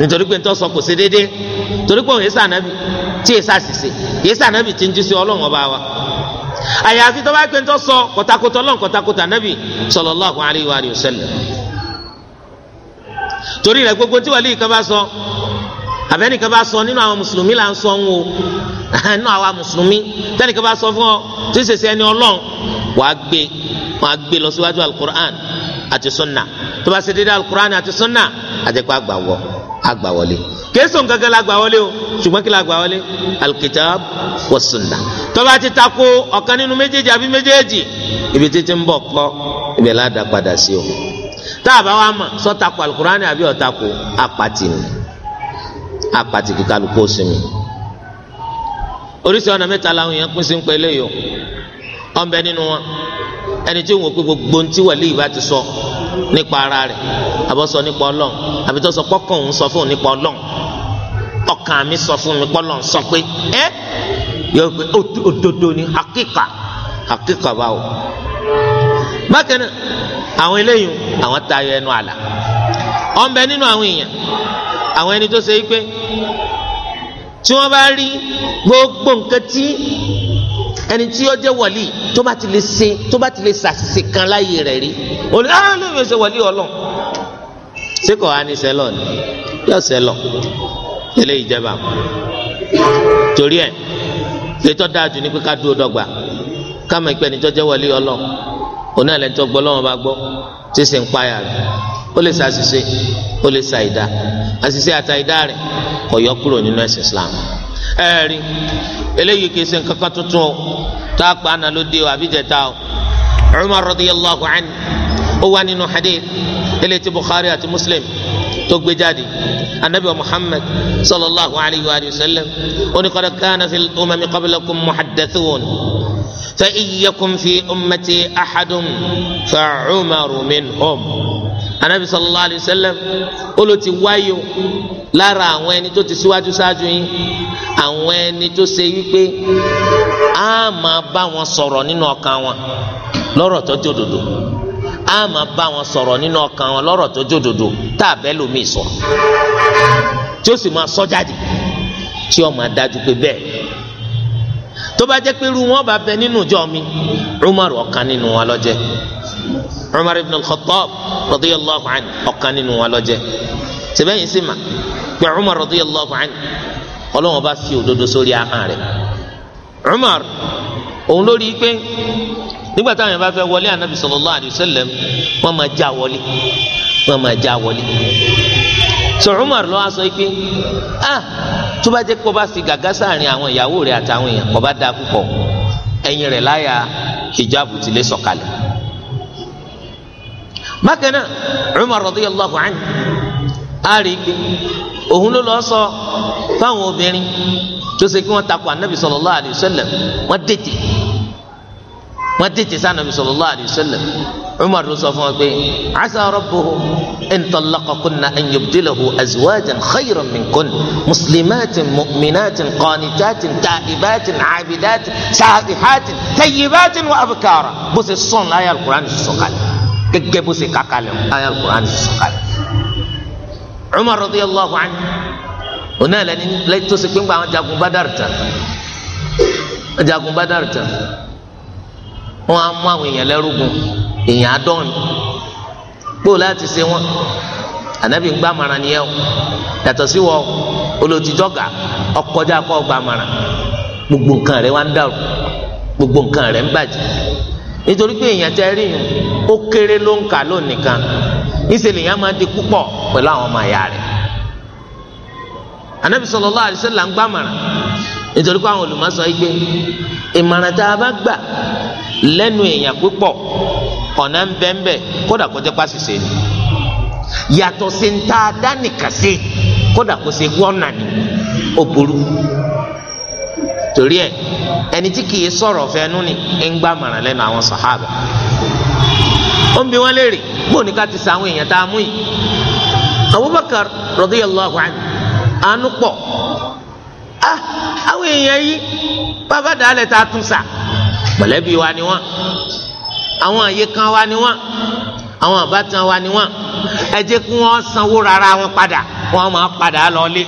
nítorí pé ntọ́ sọ kò ṣe déédéé torí pé òun yéé sànàbì tí yéé sàṣìṣe yéé sànàbì tí ń jí sí ọlọ́run ọba wa àyàfi tó bá pé ntọ́ sọ kọ̀tàkùtà ọlọ́run kọ̀tàkùtà nàbì sallallahu alayhi wa sallam torí rẹ̀ gbogbo tí wàlíì kan bá sọ àbẹ́nìkan bá sọ nínú àwọn mùsùlùmí là ń sọ ń wo nínú àwa mùsùlùmí tẹ́nìkan bá sọ fún ọ tí ṣèṣe ẹni ọlọ́run wàá gbé wàá gbé lọ síwájú alukur'an àti sunna tó bá ṣe déédéé alukur'an àti sunna àtẹ̀kọ́ àgbàwọ̀ àgbàwọlé kéésùn gángan la gbàwọlé o ṣùgbọ́n kí la gbàwọlé alikitab wa sunna tó bá ti tako ọ̀kan nínú méjèèjì àbí méjèèjì ibi títí ń bọ̀ kọ́ ibẹ̀ la dá padà sí o tá a bá wà mọ̀ sọ tako alukur'an àbí ó tako apàtì ni apàtì kíkálukú sinmi oríṣi ọ̀nà mẹ́ta làwọn èèyàn pín sí ń pẹ́ lẹ́yìn o ọ̀nbẹ nínú wọn ẹni tí òun ò pé gbogbo ohun tí wàlíì bá ti sọ nípa ara rẹ̀ àbọ̀ sọ nípa ọlọ́run àbí tó sọ pọ́kàn òun sọ fún òun nípa ọlọ́run ọkàn mi sọ fún mi pọ́lọ́run sọ pé ẹ́ yọ pé òdodo ni hakika hakika báwo. bákan náà àwọn eléyìí àwọn tayọ ẹnu àlà ọ̀nbẹ nínú àwọn èèyàn àwọn ẹni tó ṣe é pé tí wọ́n bá rí gbogbo nǹkan tí ẹni tí ó jẹ́ wọ̀lì tó bá ti lè ṣe tó bá ti lè ṣàṣìṣe kan láyé rẹ̀ rí olè ah ló fi ṣe wọ̀lì ọlọ́ ṣé kò wá ní sẹ́lọ̀ ni yóò sẹ́lọ̀ eléyìí jẹba torí ẹ̀ létọ́ dájú ní pé ká dúró dọ́gba ká mọ̀ ìpẹ́ni tó jẹ́ wọ̀lì ọlọ́ oní ẹlẹ́tọ́ gbọ́ lọ́wọ́ bá gbọ́ tí sì ń payà rẹ̀ ó lè ṣàṣìṣe ó lè ṣàìdá àṣìṣe àtàìdá rẹ̀ kò yọ kúrò nínú ẹ̀sìn Islam. ẹ eléyìí kìí ṣe nkankan tuntun o tó a kpa àná ló o àbí jẹta o Umar radiyallahu anhu ó wà nínú hadith eléyìí ti Bukhari àti Muslim tó gbé jáde anabi wa Muhammad sallallahu alayhi wa sallam ó ní qad kana fil umami qablakum muhaddathun fa iyyakum fi ummati ahadun fa Umaru minhum. anabi sallallahu alayhi wa sallam ó ti wáyé o lára àwọn ẹni tó ti síwájú ṣáájú yín àwọn ẹni tó ṣe wípé a máa bá wọn sọ̀rọ̀ nínú ọkàn wọn lọ́rọ̀ tó jòdòdò a máa bá wọn sọ̀rọ̀ nínú ọkàn wọn lọ́rọ̀ tó jòdòdò tá a bẹ́ẹ̀ lómi sọ tí ó sì máa sọ jáde tí ó máa dájú pé bẹ́ẹ̀ tó bá jẹ́ pé irú wọn bá bẹ nínú ìjọ mi Umar ọ̀kan nínú wọn ló umar ibn al-khattab radiyallahu anhu ọ̀kan nínú wa lọ́jẹ́ sẹ́bẹ̀yìn sì mà pé umar radiyallahu anhu ọlọ́wọ́n bá fi òdodo sórí ahọ́n rẹ̀ umar òun lórí pé nígbà táwọn yẹn bá fẹ́ wọlé anabi sallallahu alayhi wa sallam wọ́n máa já wọlé wọ́n máa já wọlé so umar ló wá sọ pé ah tó bá jẹ́ kó bá fi gàgá sáàrin àwọn ìyàwó rẹ̀ àtàwọn èèyàn kó bá dáa púpọ̀ ẹ̀yìn rẹ̀ láyà hijab tilé sọ̀kalẹ̀. So, ما عمر رضي الله عنه اريك وهو لو صار فهو بيني تسكن تقوى النبي صلى الله عليه وسلم ودتي ودتي سنة النبي صلى الله عليه وسلم عمر رضي الله عسى ربه ان طلقكن ان يبدله ازواجا خيرا منكن مسلمات مؤمنات قانتات تائبات عابدات سائحات طيبات وابكارا بص الصون لا القران الصون gẹ́gẹ́ bó ṣe kakalẹ̀ o ayé alukur'an ti sọ kalẹ̀ Umar radiyallahu anhu oní ẹlẹni lẹ́yìn tó ṣe pé ńgbà àwọn jagun Badar tán jagun Badar tán wọn á mú àwọn èèyàn lẹ́rúgun èèyàn àádọ́rin kpó láti ṣe wọn ànábì ń gbà mara o yàtọ̀ sí wọ olótìjọ́gà ọkọjá kọ́ gbà gbogbo nǹkan rẹ̀ wá ń dàrú gbogbo nǹkan rẹ̀ ń bàjẹ́. nítorí pé èèyàn tẹ rí yẹn ó kéré ló ń kà lónìí kan níṣẹ́ lèèyàn máa di púpọ̀ pẹ̀lú àwọn ọmọ ìyá rẹ̀ anabi sallallahu ń nítorí pé àwọn sọ tá a bá gbà lẹ́nu èèyàn púpọ̀ ọ̀nà ń bẹ́ńbẹ́ kódà kó ni torí ẹ ẹni tí kìí sọ̀rọ̀ fẹnu ni ń gbà mọ̀ràn lẹ́nu àwọn sàhábà ó ń bi wọ́n léèrè bóun ni ká ti sa àwọn èèyàn tá a mú yìí Abubakar radiyallahu anhu àánú pọ̀ ah àwọn èèyàn yìí bàbá dàálẹ̀ tá a tún sà mọ̀lẹ́bí wa ni wọ́n àwọn àyè kan wa ni wọ́n àwọn àbátan wa ni wọ́n ẹ jẹ́ kí wọ́n sanwó rárá wọn padà wọ́n máa padà lọ́lé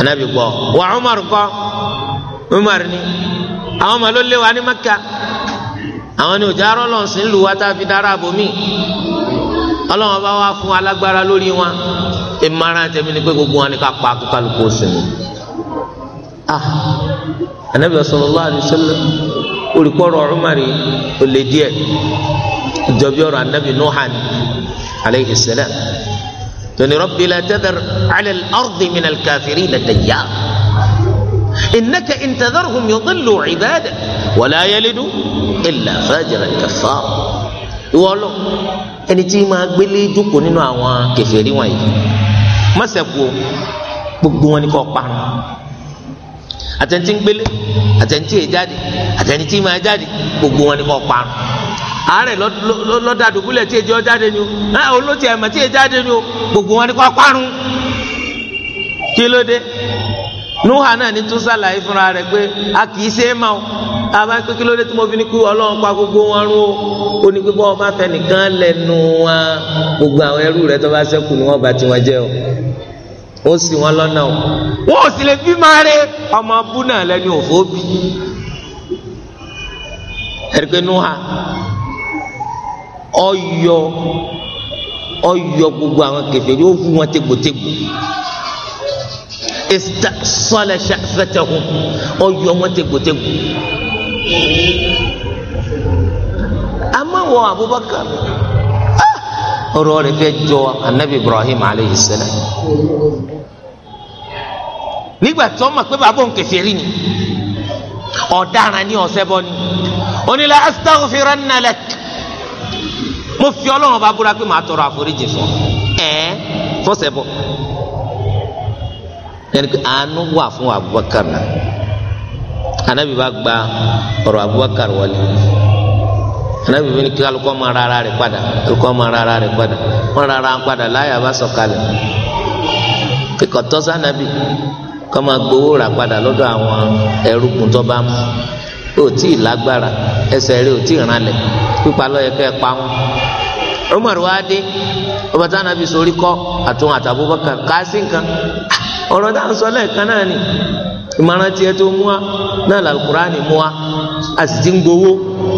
anabi gbọ́ wà Umar kọ́ Umar ni àwọn ọmọ ló lé wa ní Mẹ́kà àwọn ni òjò arọ lọ sí lu wa tá a fi dára àbòmí Ọlọ́run bá wá fún alágbára lórí wọn ìmọ̀ràn tẹ̀mí ni pé gbogbo wọn ni ká pa kálukú sinmi ah anabi sallallahu alaihi olùkọ́rọ̀ Umar olè díẹ̀ ìjọba ọ̀rọ̀ anabi nuhani aleyhi salam. ربي لا تذر على الأرض من الكافرين ديار إنك إن تذرهم يضلوا عبادك ولا يلدوا إلا فاجر الكفار ولو أن تيما قبلي جوكوني نوعا كفيري وعي ما سيبقوا بقواني كوقبان أتنتين قبلي أتنتين جادي أتنتين ما جادي بقواني كوقبان àárẹ̀ lọ́dà dùbúlẹ̀ tí èjì ọjáde ni o ẹ ẹ̀mọ̀ tí èjì ni o gbogbo wọn ni kò parun kí ló dé nuha náà ni tún sàlàyé fúnra pé a kì í ṣe é ma àbá pé kí ló dé tí mo fi ni kú ọlọ́run pa gbogbo wọn rún o ó ní pípọ́ ọba fẹ́ nìkan lẹ́nu wọn gbogbo àwọn ẹrú tó bá ṣẹ́kù ni wọ́n bá jẹ́ o ó sì wọn lọ́nà o wọn ò sì lè máa rẹ ọmọ náà lẹ́nu bí ọyọ ọyọ gbogbo àwọn kèfèrí ó fún wọn tégbòtégbò ìsítà sọlẹ fẹtẹhùn ọyọ wọn tégbòtégbò amáwọ Abubakar ah! ọ̀rọ̀ rẹ̀ fẹ́ jọ anabi Ibrahim alayhi salam nígbà tí wọ́n mọ̀ pé bàbá òun kèfèrí ni ọ̀daràn ni ọsẹ bọ ni onílà astaghfiranna mo fi ọlọ́run bá búra pé màá tọrọ àforíjì fún ẹ fọ́sẹ̀ bọ̀ yẹnni pé àánú wà fún Abubakar náà anabi bá gba ọ̀rọ̀ Abubakar wọlé anabi bí kí alukọ́ máa ra ara rẹ̀ padà alukọ́ máa ra ara rẹ̀ padà wọ́n ra ara padà láyà bá sọ̀kalẹ̀ kíkọ́ tọ́sí anabi kọ́ máa gbowó rà padà lọ́dọ̀ àwọn ẹrúkùn tó bá mú o tí ì lágbára ẹsẹ̀ rẹ̀ o tí ì rànlẹ̀ pípa lọ́yẹ kẹ́ ẹ pa wọn Umar wa dé ọba tí anabi sori kọ àtún àtàbúbọkàn káàsì nǹkan ọ̀rọ̀ tá à ń sọ lẹ́ẹ̀kan náà ni ìmọ̀ràn tiẹ̀ tó mú wa náà làlùkùránì mú wa a sì ti ń gbowó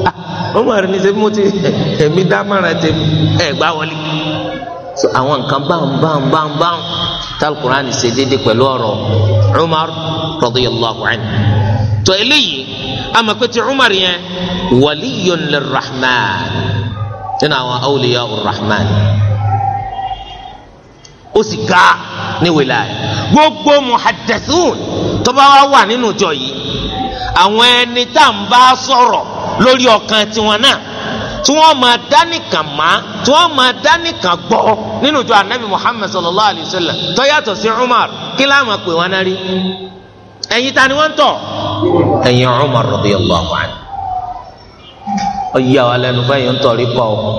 ah, Umar ní sẹ́fí mo ti ẹ̀mí dámọ̀ràn tẹ̀mí ẹ̀ gbá wọlé àwọn nǹkan báwọn báwọn báwọn báwọn tàlùkùránì ṣe déédéé pẹ̀lú ọ̀rọ̀ Umar radiyallahu anhu tó eléyìí amakweti Umar yẹn waliyun lirrahman nínú àwọn awliya urrahman ó sì ga ní wìláyà gbogbo muhaddathun tó bá wá wà nínú ìjọ yìí àwọn ẹni tá à ń bá sọ̀rọ̀ lórí ọkàn tiwọn náà tí wọ́n máa dánìkan má tí wọ́n máa dánìkan gbọ́ nínú ìjọ anabi muhammad sallallahu alayhi wa sallam tó sí umar kí la máa pè wọ́n náà rí ẹ̀yin ta ni wọ́n ń tọ̀ ẹ̀yin umar radiyallahu anhu ọyà wà lẹ́nu báyìí ń tọrí kọ ọ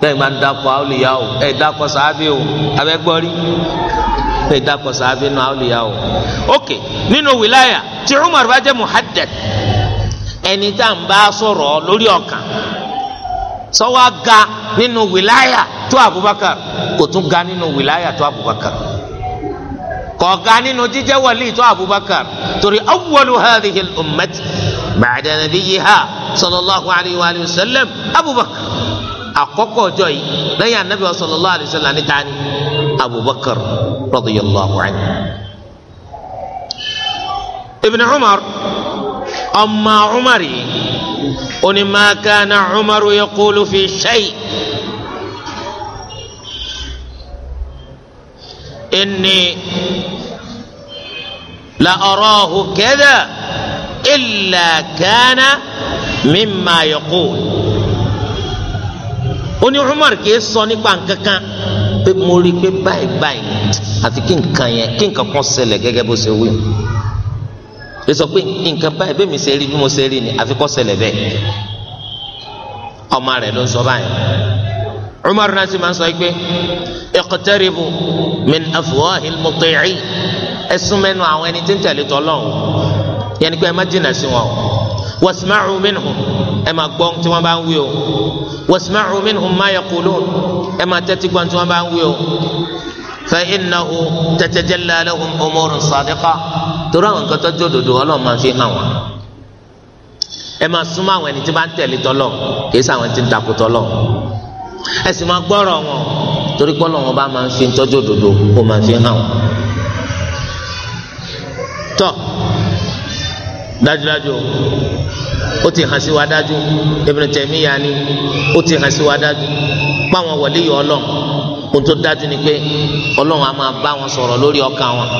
bẹ́ẹ̀ máa ń dakọ àwòlìyá o ẹ dakọ sàábì o abẹgbọrí ẹ dakọ sàábì nù àwòlìyá o. ok nínú wìláyà tí Umar bá jẹ muhaddad ẹni tá à ń bá sọ̀rọ̀ lórí ọkàn sọwọ ga nínú wìláyà tó Abubakar kò tún ga nínú wìláyà tó Abubakar kọ̀ọ̀kan nínú jíjẹ́ wàlí tó abubakar torí awwalu hadhihi ummati ba'da nabiyyiha sallallahu alayhi wa sallam abubakar àkọ́kọ́ ọjọ́ yìí lẹ́yìn anabi wa sallallahu alayhi wa sallam ní tani abubakar radiyallahu anhu. ibn umar ọmọ umar yìí onímọ̀ kana umar yaqulu fi shay. إني la arahu kadha illa kana mimma yaqul ó ní Umar kì í sọ nípa nǹkankan pé mo rí i pé báyìí báyìí àfi kí nǹkan yẹn kí nǹkan kan ṣẹlẹ̀ gẹ́gẹ́ bó ṣe wí ẹ sọ pé nǹkan báyìí bẹ́ẹ̀ mi ṣe rí bí mo ṣe rí ni àfi kó ṣẹlẹ̀ bẹ́ẹ̀ ọmọ rẹ̀ ló ń sọ báyìí umar nasi máa ń sọ pé iqtaribu min afwahil muti'in ẹsùn mẹ́nu àwọn ẹni tí ń tẹ̀lé tọ́lọ́hún yẹn ni pé ẹ má jìnnà sí wọn wasma'u minhum ẹ máa gbọ́ tí wọ́n bá ń wí o wasma'u minhum ma yaqulun ẹ máa tẹ́tí gbọ́ tí wọ́n bá ń wí o fa innahu tatajalla lahum umurun sadiqa torí àwọn nǹkan tó jódodo ọlọ́run máa fi hàn wọ́n ẹ máa súnmọ́ àwọn ẹni tí bá ń tẹ̀lé tọ́lọ́ kì í sàwọn ẹni ń takò tọ́lọ́ ẹ sì máa gbọ́rọ̀ wọn torí pé Ọlọ́run bá máa ń fi tọ́jú òdodo kó máa fi hàn wọn. tọ́ dájúdájú ó ti hàn sí wa dájú Ibn Taymiyyah ni ó ti hàn sí wa dájú páwọn wọlé yọ Ọlọ́run ohun tó dájú ni pé Ọlọ́run á máa bá wọn sọ̀rọ̀ lórí ọkàn wọn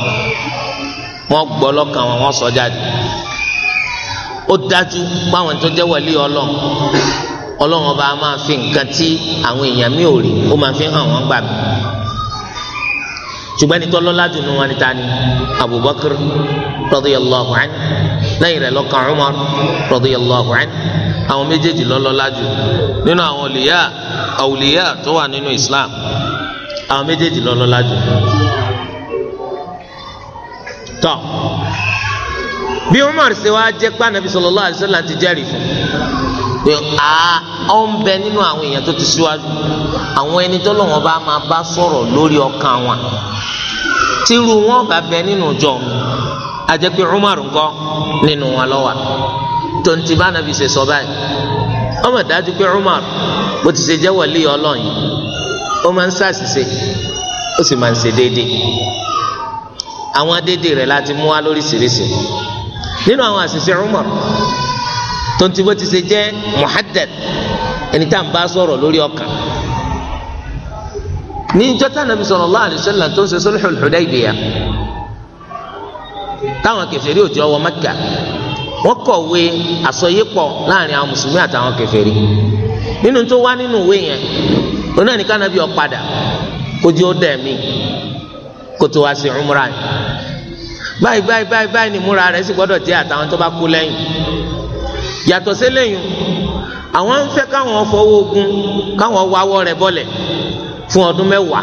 wọ́n gbọ́ lọ́kàn wọn wọ́n sọ jáde ó dájú páwọn tó jẹ́ wọlé Ọlọ́run ọlọ́run ọba máa fi nǹkan tí àwọn èèyàn mi ò rí ó máa fi hàn wọ́n gbà mí ṣùgbọ́n ẹni tó lọ́lá jù nínú wọn ni ta ni Abubakar radiyallahu anhu lẹ́yìn rẹ̀ lọ́kàn Umar radiyallahu anhu àwọn méjèèjì lọ́lọ́lá jù nínú àwọn olùyà àwùlíyà tó wà nínú Islam àwọn méjèèjì lọ́lọ́lá jù tọ́ bí Umar ṣe wá jẹ́ pé anabi sallallahu alaihi ti jẹ́rìí fún pé a ọ ń bẹ nínú àwọn èèyàn tó ti síwájú àwọn ẹni tó lọ́wọ́ bá máa bá sọ̀rọ̀ lórí ọkàn wọn tírú wọn bá bẹ nínú jọ àjẹ́ pé Umar ńkọ́ nínú wọn lọ́wọ́ tonti bá anabi ṣe sọ báyìí ọmọ dájú pé Umar bó ti ṣe jẹ́ wọlé ọlọ́yin ó máa ń ṣàṣìṣe ó sì máa ń ṣe déédéé àwọn déédéé rẹ̀ láti mú wa lóríṣiríṣi nínú àwọn àṣìṣe Umar tó ń ti bó ti ṣe jẹ́ muhaddad ẹni tá à ń bá sọ̀rọ̀ lórí ọkàn ní ìjọ tá nàbí sallallahu alaihi wasallam tó ń ṣe sulhul Hudaybiyah táwọn kèfèrí òjò wọ Mẹ́kà wọ́n kọ̀wé àsọyépọ̀ láàrin àwọn mùsùlùmí àtàwọn kèfèrí nínú tó wá nínú ìwé yẹn onáà ní ká nàbí padà kó di ó dẹ̀ kó tó wá sí umrah yìí. báyìí báyìí báyìí báyìí ni múra rẹ̀ sì gbọ́dọ̀ jẹ́ àtàwọn tó bá kú lẹ́yìn yàtọ̀ sí àwọn ń fẹ́ káwọn fọwọ́ ogun káwọn wáwọ́ rẹ̀ bọ́lẹ̀ fún ọdún mẹ́wàá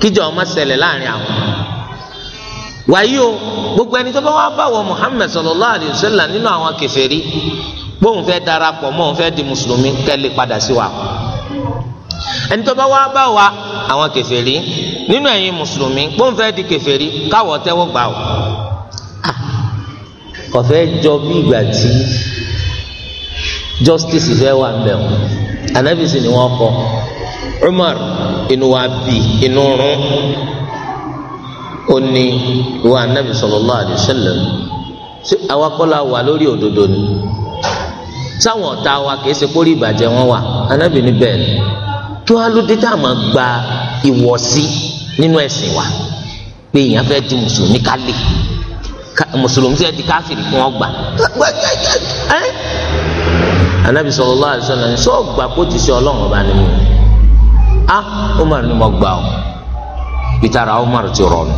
kíjà ọmọ ṣẹlẹ̀ láàrin àwọn wàyí o gbogbo ẹni tó bá wá bá wọ Muhammad sallallahu nínú àwọn kèfèrí bóun fẹ́ darapọ̀ mọ́ òun fẹ́ di mùsùlùmí kẹ́lẹ́ padà sí wa. ẹni tó bá wá wa àwọn kèfèrí nínú ẹ̀yin mùsùlùmí pọ́nfẹ́ di kèfèrí káwọ̀ tẹ́wọ́ gbà o ah. kọ̀fẹ́ jọ bí ìgbà tí justice fẹ́ wà mbẹ́ o anabi ni wọ́n kọ́ Umar inú wa bí inú rún ó ní anabi sallallahu alaihi wasallam ṣé àwa kọ́ la wà lórí òdodo ni sáwọn ọ̀tá wa kìí ṣe kórìí ìbàjẹ́ wọn wà anabi ní bẹ́ẹ̀ ni tó wá ló dé tá a máa gba ìwọ̀sí nínú ẹ̀sìn wa pé èèyàn fẹ́ di mùsùlùmí ká lè mùsùlùmí fẹ́ di káfíìrì kí wọ́n anabi sallallahu alaihi wasallam sọ gbà kó ti ṣe Ọlọ́run ọba ni mu a Umar ni mo gbà o ìtara Umar ti rọrùn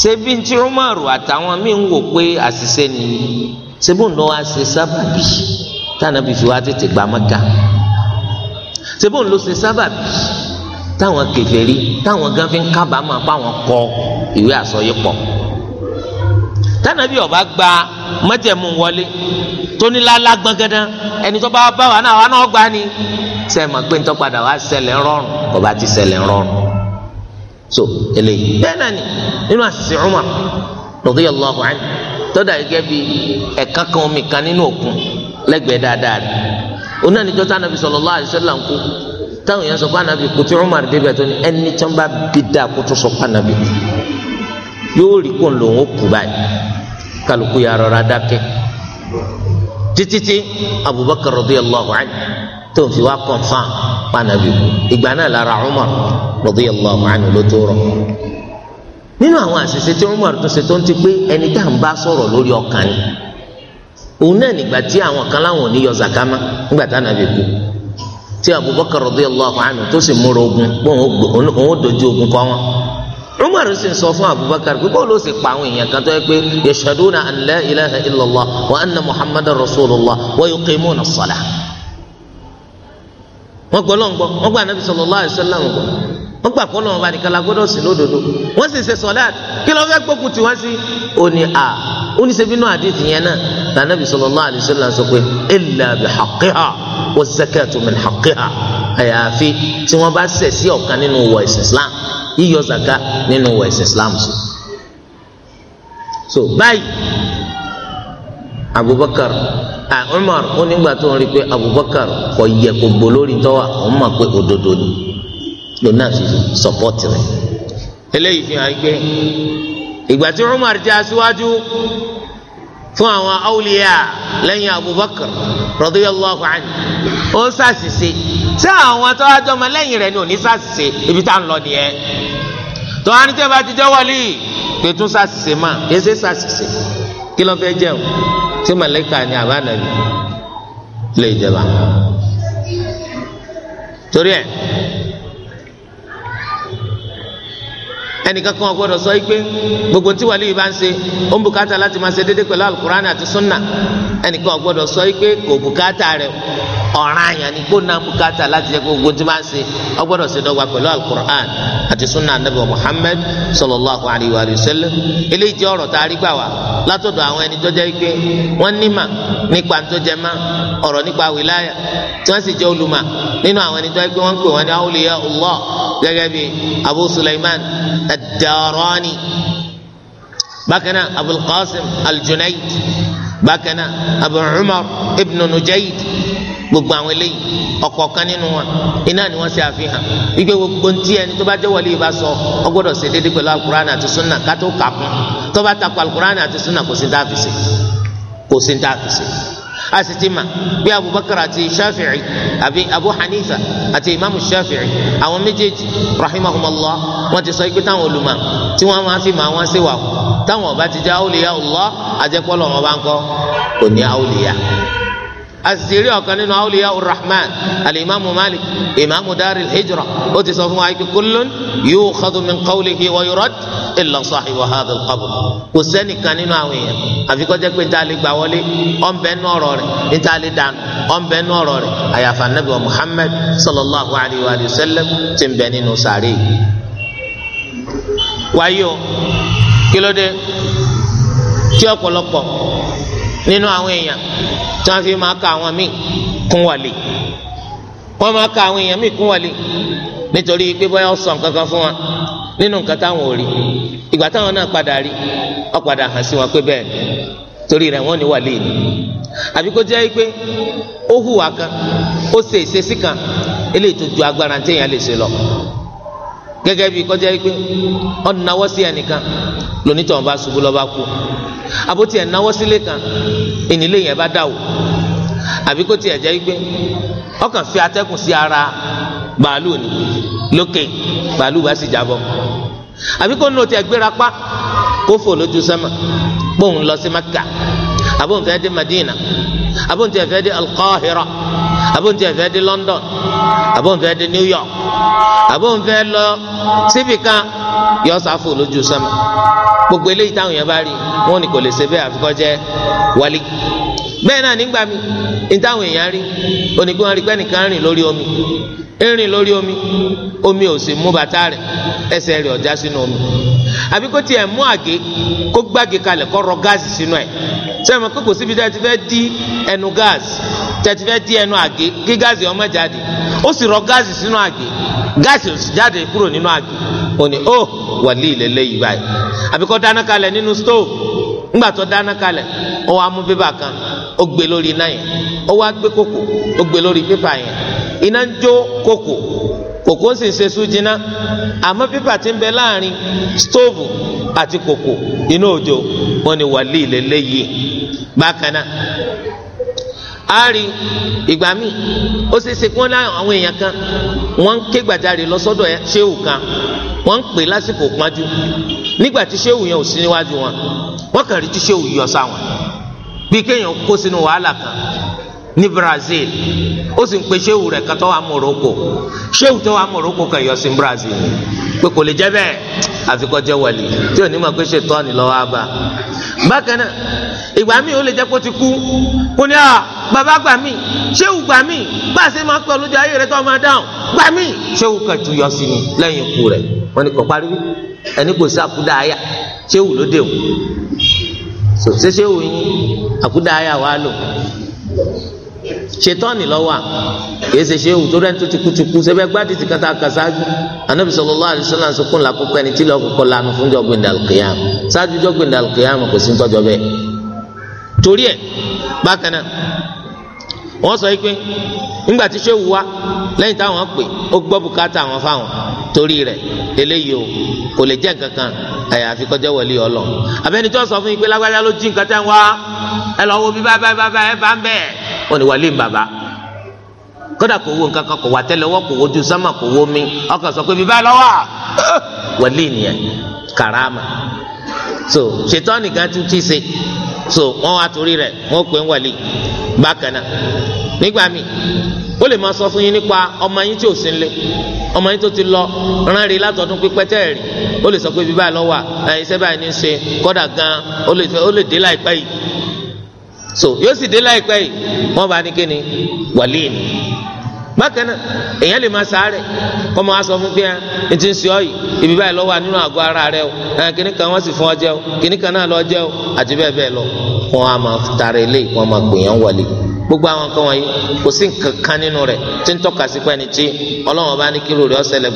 ṣebí ntí Umar àtàwọn míì ń wò pé àṣìṣe ni ṣebí ń lọ wá sábàbí tànàbí fi wá tètè gbà Mẹ́kà ṣebí òun ló ṣe sábàbí táwọn kèfèrí táwọn gan fi ń kábàámọ̀ páwọn kọ ìwé àsọyípọ̀ tánàbí ọba gba mọ́jẹ̀mú wọlé tóní lálá gbọ̀ngàdán ẹni tó bá bá wà náà wà náà gbá ni sẹ́ẹ̀mọ̀ pé nítorí padà wá ṣẹlẹ̀ rọrùn ọba ti ṣẹlẹ̀ rọrùn so eléyìí bẹ́ẹ̀ náà ni nínú àṣìṣe Umar radiyallahu anhu tọ́da gẹ́gẹ́ bí ẹ̀ka kan omi kan nínú òkun lẹ́gbẹ̀ẹ́ dáadáa rẹ̀ oní àníjọ́ tá anabi sallallahu alaihi wasallam ńkú táwọn yẹn sọ pé anabi kú tí Umar débẹ̀ tó ní ẹni tí wọ́n bá bí dá kó tó sọ pé anabi kú yóò rí kó ń lò ó kú báyìí kálukú ya rọra dákẹ́ títítí Abubakar radiyallahu anhu tó ń fi wá kọ̀ǹfàm pa anabi kú ìgbà náà lára Umar radiyallahu anhu ló tó rọ nínú àwọn àṣìṣe tí Umar tó ṣe tó ń ti pé ẹni tá à ń bá sọ̀rọ̀ lórí ọkàn ni òun náà nígbà tí àwọn kan láwọn ò ní yọ zakama nígbà tá ànábì kú tí Abubakar radiyallahu anhu tó sì múra ogun pọ̀ òun ò dojú ogun kọ́ wọn umar sì ń sọ fún abubakar pé bọ́ọ̀lù ó sì pa àwọn èèyàn kan tó yẹ pé yashaduna an ilaha illallah wa anna muhammadan rasulullah wa yuqimuna as-salah wọn gbọ́ lọ́ngbọ́ wọn gbọ́ anabi sallallahu alayhi wa gbọ́ wọ́n gbà kọ́ lọ́wọ́ bá nìkan la gbọ́dọ̀ sí lódodo wọ́n sì ṣe sọ́lá kí ló fẹ́ gbókùn tí wọ́n sí òní à oníṣẹ́bí náà àdìtì yẹn náà lànàbì sallallahu alaihi wasallam sọ pé illa bi haqqiha wa zakatu min haqqiha àyàfi tí wọ́n bá ṣẹ̀ sí ọ̀kan nínú wọ̀ ẹ̀sìn islam yíyọ zaka nínú wọ̀ ẹ̀sìn islam sí. so báyìí abubakar ah umar nígbà tó ń rí pé abubakar kò yẹ kò gbó lórí tọ́wà òun pé òdodo ni lòun náà fi sọpọ́tì rẹ̀ eléyìí fi hàn gbé ìgbà tí Umar jẹ́ aṣíwájú fún àwọn awliya lẹ́yìn Abubakar radiyallahu anhu ó ń ṣàṣìṣe ṣé àwọn tó wá jọmọ lẹ́yìn rẹ̀ ni ò ní ṣàṣìṣe ibi tá à ń lọ nìyẹn tó wá ní tẹ́ bá ti jẹ́ wọlé pẹ̀tún ṣàṣìṣe mà èsè ṣàṣìṣe kí ló fẹ́ jẹ́ o tí màlẹ́kà ni àbá nàbì lè jẹba torí ẹ̀. ẹnìkan kan gbọ́dọ̀ sọ pé gbogbo tí wàlíì bá ń ṣe ó ń bùkátà láti máa ṣe déédéé pẹ̀lú alukurani àti sunna ẹnìkan gbọ́dọ̀ sọ pé kò bùkátà rẹ̀ ọ̀ràn àyàn ni kó na bùkátà láti jẹ́ gbogbo tí máa ń ṣe ó ṣe dọ́gba pẹ̀lú alukurani àti sunna anabi muhammed sallallahu alayhi wa sallam eléyìí jẹ́ ọ̀rọ̀ tá a rí gbà wá látọ̀dọ̀ àwọn ẹni tó jẹ́ pé wọ́n nímà nípa tó jẹ mọ́ ọ̀rọ̀ nípa wìláyà tí wọ́n sì jẹ́ olùmọ̀ nínú àwọn ẹni tó jẹ́ pé wọ́n ń pè wọ́n ní awliya Allah gẹ́gẹ́ bí abu suleiman الداراني، darani أبو القاسم الجنيد، Qasim أبو عمر ابن náà Abu Umar ibn Nujayd gbogbo àwọn eléyìí ọ̀kọ̀ọ̀kan nínú wọn iná ni wọ́n ṣe àfihàn wípé gbogbo ntí ẹni tó bá jẹ́ wọlé yìí bá sọ ọ gbọ́dọ̀ ṣe déédéé pẹ̀lú alukur'an àti sunna kátó kàkún tó bá takò alukur'an àti sunna kò sí ní tá a fi ṣe kò sí ní tá a fi ṣe a sì ti mà bí abubakar àti shafi'i àbí abu hanifa àti imaamu shafi'i àwọn méjèèjì rahimahumallah wọn ti sọ ikú táwọn olùmọ̀ tí wọn máa fi mà wọn sí wà táwọn ọba ti jẹ awliya Allah àjẹpọlọ wọn bá ń kọ kò ní awliya asiri ọ̀kan nínú awliya urrahman alimami malik imaamu daril hijra ó ti sọ fún wa kí kullun yukhadhu min qawlihi wa yurad illa sahibu hadha al-qabr kò sẹ́nìkan nínú àwọn èèyàn àfi kó jẹ́ pé níta lè gbà wọlé ọ̀nbẹ nú ọ̀rọ̀ rẹ̀ níta lè dànù ọ̀nbẹ nú ọ̀rọ̀ rẹ̀ àyàfà nàbì wa Muhammad sallallahu alayhi wa sallam ti ń bẹ nínú sàárè yìí. wáyé o kí ló dé tí ọ̀pọ̀lọpọ̀ nínú àwọn èèyàn tí wọ́n fi máa ka àwọn míì kún wàlé wọ́n máa ka àwọn èèyàn míì kún wàlé nítorí pé bóyá ó nínú nǹkan táwọn ò rí ìgbà táwọn náà padà rí ó padà hàn sí wọn pé bẹ́ẹ̀ torí rẹ̀ wọ́n ní wà léyìn àbí kó jẹ́ pé ó hùwà kan ó ṣe ìṣesí kan eléyìí tó ju agbára téèyàn lè ṣe lọ gẹ́gẹ́ bí kó jẹ́ pé náwó sí ẹnìkan àbí kó tiẹ̀ jẹ́ gbé ọkàn fi atẹ́kùn sí ara bàálù ni lókè bàálù bá sì jábọ́ àbí kó nù tiẹ̀ gbéra pa kó fò lójú sẹ́mà bóun lọ sí Mẹ́kà àbóun fẹ́ dé Madina àbóun tiẹ̀ fẹ́ dé Al-Qahira àbóun tiẹ̀ fẹ́ dé London àbóun fẹ́ dé New York àbóun fẹ́ lọ síbì kan yọ sáfò lójú sẹ́mà gbogbo eléyìí táwọn yẹn bá rí wọn ni kò lè ṣe bẹ́ẹ̀ àfikọ́ jẹ́ wálé. bẹ́ẹ̀ náà nígbà mi ní èèyàn rí onígbé rí pé rìn lórí omi rìn lórí omi omi ò sì mú bàtà rẹ̀ ẹsẹ̀ rẹ̀ ọ̀já sínú omi àbí kó tiẹ̀ mú àgé kó gbági kalẹ̀ kó rọ gáàsì sínú ẹ̀ sẹ́wọ̀n kó kò síbi tẹ́tí fẹ́ di ẹnu gáàsì tẹ́tí fẹ́ di ẹnu àgé kí gáàsì ọmọ jáde ó sì rọ gáàsì sínú àgé gáàsì ò sì jáde kúrò nínú àgé òní ó wà ní ilẹ̀ oh, lẹ́yìn báyìí àbí kó dáná kalẹ̀ nínú ńgbà tó dáná kalẹ̀ ó wá mú pépà kan ó gbé lórí iná yẹn ó wá gbé kòkò ó gbé lórí pépà yẹn iná ń jó kòkò kòkò ń sì ṣe àmọ́ pépà ti ń bẹ láàrin stóòvù àti kòkò iná òjò wọn ni bákan a rí ìgbà míì ó ṣeé ṣe kí wọ́n láwọn àwọn èèyàn kan wọ́n ń ké gbàjarè lọ sọ́dọ̀ ṣéwù kan wọ́n ń pè lásìkò pọ́njú nígbà tí ṣéwù yẹn ò sí níwájú wọn wọ́n kàn rí tí ṣéwù yọ sáwọn bí kéèyàn kó sínú wàhálà kan ní Brazil ó sì ń pe sehu rẹ̀ kan tó wà Morocco sehu tó wà Morocco kan yọ sí Brazil pé kò lè jẹ́ bẹ́ẹ̀ àfi kó jẹ́ wàlí tí ò ní mọ̀ pé ṣètò ni lọ́wọ́ àbá bákan náà ìgbà míì ó lè jẹ́ kó ti kú kó ní à bàbá gbà mí sehu gbà mí bá a ṣe máa pẹ́ olójú ayé rẹ̀ tó máa dáhùn gbà mí sehu kan ju yọ sí ni lẹ́yìn ikú rẹ̀ wọ́n ní kò pariwo ẹni kò sí àkúdà àyà sehu ló dé o ṣe sehu yín àkúdà àyà wà lò ṣètọ́ni lọ́wọ́ kìí ṣe ṣéwù tó rẹ́ni tó ti kutuku ṣẹbẹ́ gbádìí ti kàtà kà ṣáájú anabi sallallahu alaihi wasallam sọkún làkúkọ ẹni tí lọ́kùkọ lanu fún jọgbìn dàlùkìyàm ṣáájú jọgbìn dàlùkìyàm kò sí tọ́jọ bẹ́ẹ̀ torí ẹ̀ bákan náà wọ́n sọ pé ńgbà tí ṣéwù wá lẹ́yìn táwọn pè ó gbọ́ bùkátà àwọn fáwọn torí rẹ̀ eléyìí o kò lè jẹ́ nǹkan kan àyàfi kọjá wọlé ọlọ àbẹ́ni tó fún yín pé lágbájá jí nǹkan tẹ́ ń wá ẹ lọ wo wọn ni wàlíì bàbá kódà kò wo nǹkan kan kò wà tẹ́lẹ̀wọ́ kò wojú sánmà kò wo mi ọkàn sọ pé bíbá lọ́wọ́ wàlíì nìyẹn karama so ṣètọ́ nìkan tún ti ṣe so wọn wá torí rẹ̀ wọn pè ń wàlíì bákan náà nígbà míì ó lè máa sọ fún yín nípa ọmọ yín tí ò sí nílé ọmọ yín tó ti lọ rán rí látọdún pípẹ́ tẹ́ẹ̀rì ó lè sọ pé bíbá lọ́wọ́ iṣẹ́ báyìí ní í ṣe kódà gan ó lè dé láìpẹ́ yìí so yóò sì dé láìpẹ́ yìí wọ́n bá ní kíni wàlí ni bákan náà èèyàn lè máa sáré kọ́ máa sọ fún pé ẹ ti ń sọ yìí ibi báyìí lọ́wọ́ nínú àgọ́ ara rẹ o kíní kan wọ́n sì fún ọ jẹ o kíní kan náà lọ jẹ o àti bẹ́ẹ̀ bẹ́ẹ̀ lọ wọ́n á máa tara eléyìí wọ́n máa pè wọlé gbogbo àwọn kan wọ̀nyí kò sí nǹkan kan nínú rẹ̀ tí ń tọ́ka sí pẹ́ni tí ọlọ́wọ́n bá ní kí lóore ọ̀sẹ̀ lẹ̀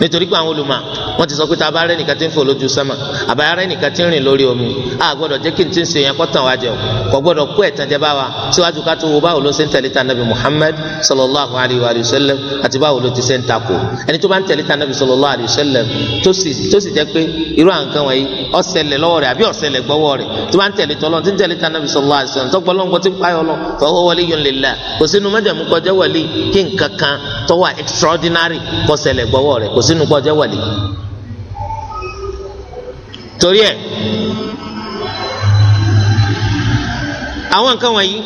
nítorí pé àwọn olùmọ̀ wọ́n ti sọ pé tá a bá rẹ́ nìkan tí ń fò lójú sánmà àbá rẹ́ nìkan tí ń rìn lórí omi a gbọ́dọ̀ jẹ́ kí n ti ń ṣe yẹn kọ́ tàn jẹ o kò gbọ́dọ̀ kó ẹ̀tàn jẹ bá wa síwájú ká tó wo báwo ló ṣe ń tẹ̀lé ta nabi Muhammad sallallahu alayhi wa sallam àti báwo ló ti ṣe ń takò ẹni tó bá ń tẹ̀lé ta sallallahu alayhi wa sallam tó sì jẹ́ pé irú àwọn kan wọ̀nyí ó ṣẹlẹ̀ lọ́wọ́ rẹ̀ àbí ó ṣẹlẹ̀ gbọ́wọ́ rẹ̀ tó bá ń tẹ̀lé tọ́lọ́ tí ń tẹ̀lé ta sallallahu alayhi wa sallam tọ́gbọ́ lọ́ngbọ́ tí ń payọ́ lọ fọwọ́ waliyyun lillah kò extraordinary kó ṣẹlẹ̀ sínú pọ̀ jẹ́ wàlí torí ẹ̀ àwọn nǹkan wọ̀nyí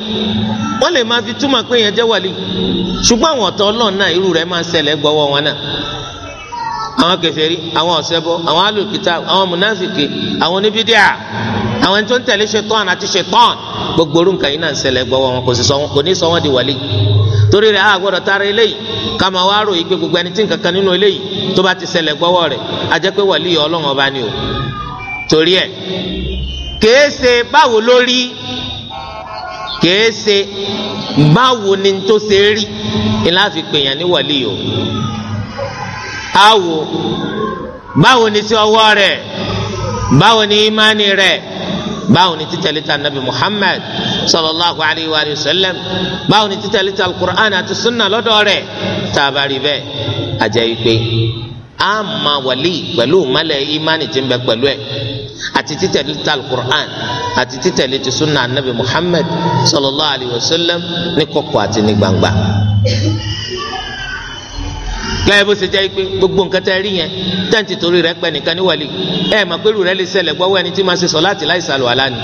wọ́n lè máa fi túmọ̀ pé yẹn jẹ́ wàlí ṣùgbọ́n àwọn ọ̀tọ̀ ọlọ́run náà irú rẹ̀ máa ń ṣẹlẹ̀ gbọ́wọ́ wọn náà àwọn kèfèrí àwọn ọ̀sẹ́bọ àwọn alùkìtà àwọn mùnáfìkì àwọn oníbídíà àwọn ẹni tó ń tẹ̀lé ṣetán àti ṣetán gbogbo orúkọ yìí náà ń ṣẹlẹ̀ gbọ́wọ́ wọn kò ní sọ wọn di wàlí torí rẹ̀ àgbọ̀dọ̀ tara eléyìí kama wá ròyìn pé gbogbo ẹni tí nǹkan kan nínú eléyìí tó bá ti ṣẹlẹ̀ gbọ́wọ́ rẹ̀ a jẹ́ pé wàlíì ọlọ́run ọba ni o torí ẹ̀ kèé ṣe báwo ló rí kèé ṣe báwo ni tó ṣe rí ni láti pèèyàn ní wàlíì o àwo báwo ni sí ọwọ́ rẹ̀ báwo ni ìmánì rẹ̀ báwo ni títẹ̀lé ta nabi muhammad sallallahu alayhi wa sallam báwo ni títẹ̀lé ta alukur'an àti sunna lọ́dọ̀ rẹ̀ tá a bá rí bẹ́ẹ̀ a jẹ́ wípé a máa wàlí pẹ̀lú mọ́lẹ̀ imani tí ń bẹ pẹ̀lú ẹ̀ àti títẹ̀lé ta alukur'an àti títẹ̀lé ti sunna nabi muhammad sallallahu alayhi wa sallam ní kọ̀kọ̀ àti ní gbangba gẹ́gẹ́ bó ṣe jẹ́ pé gbogbo nǹkan tẹ́ rí yẹn tẹ́ǹtì torí rẹ pẹ́ nìkan ní wàlí ẹ mọ̀ pé rú rẹ lè ṣẹlẹ̀ gbọ́wọ́ ẹni tí máa ṣe sọ̀láàtì láì ṣàlùwàlá ni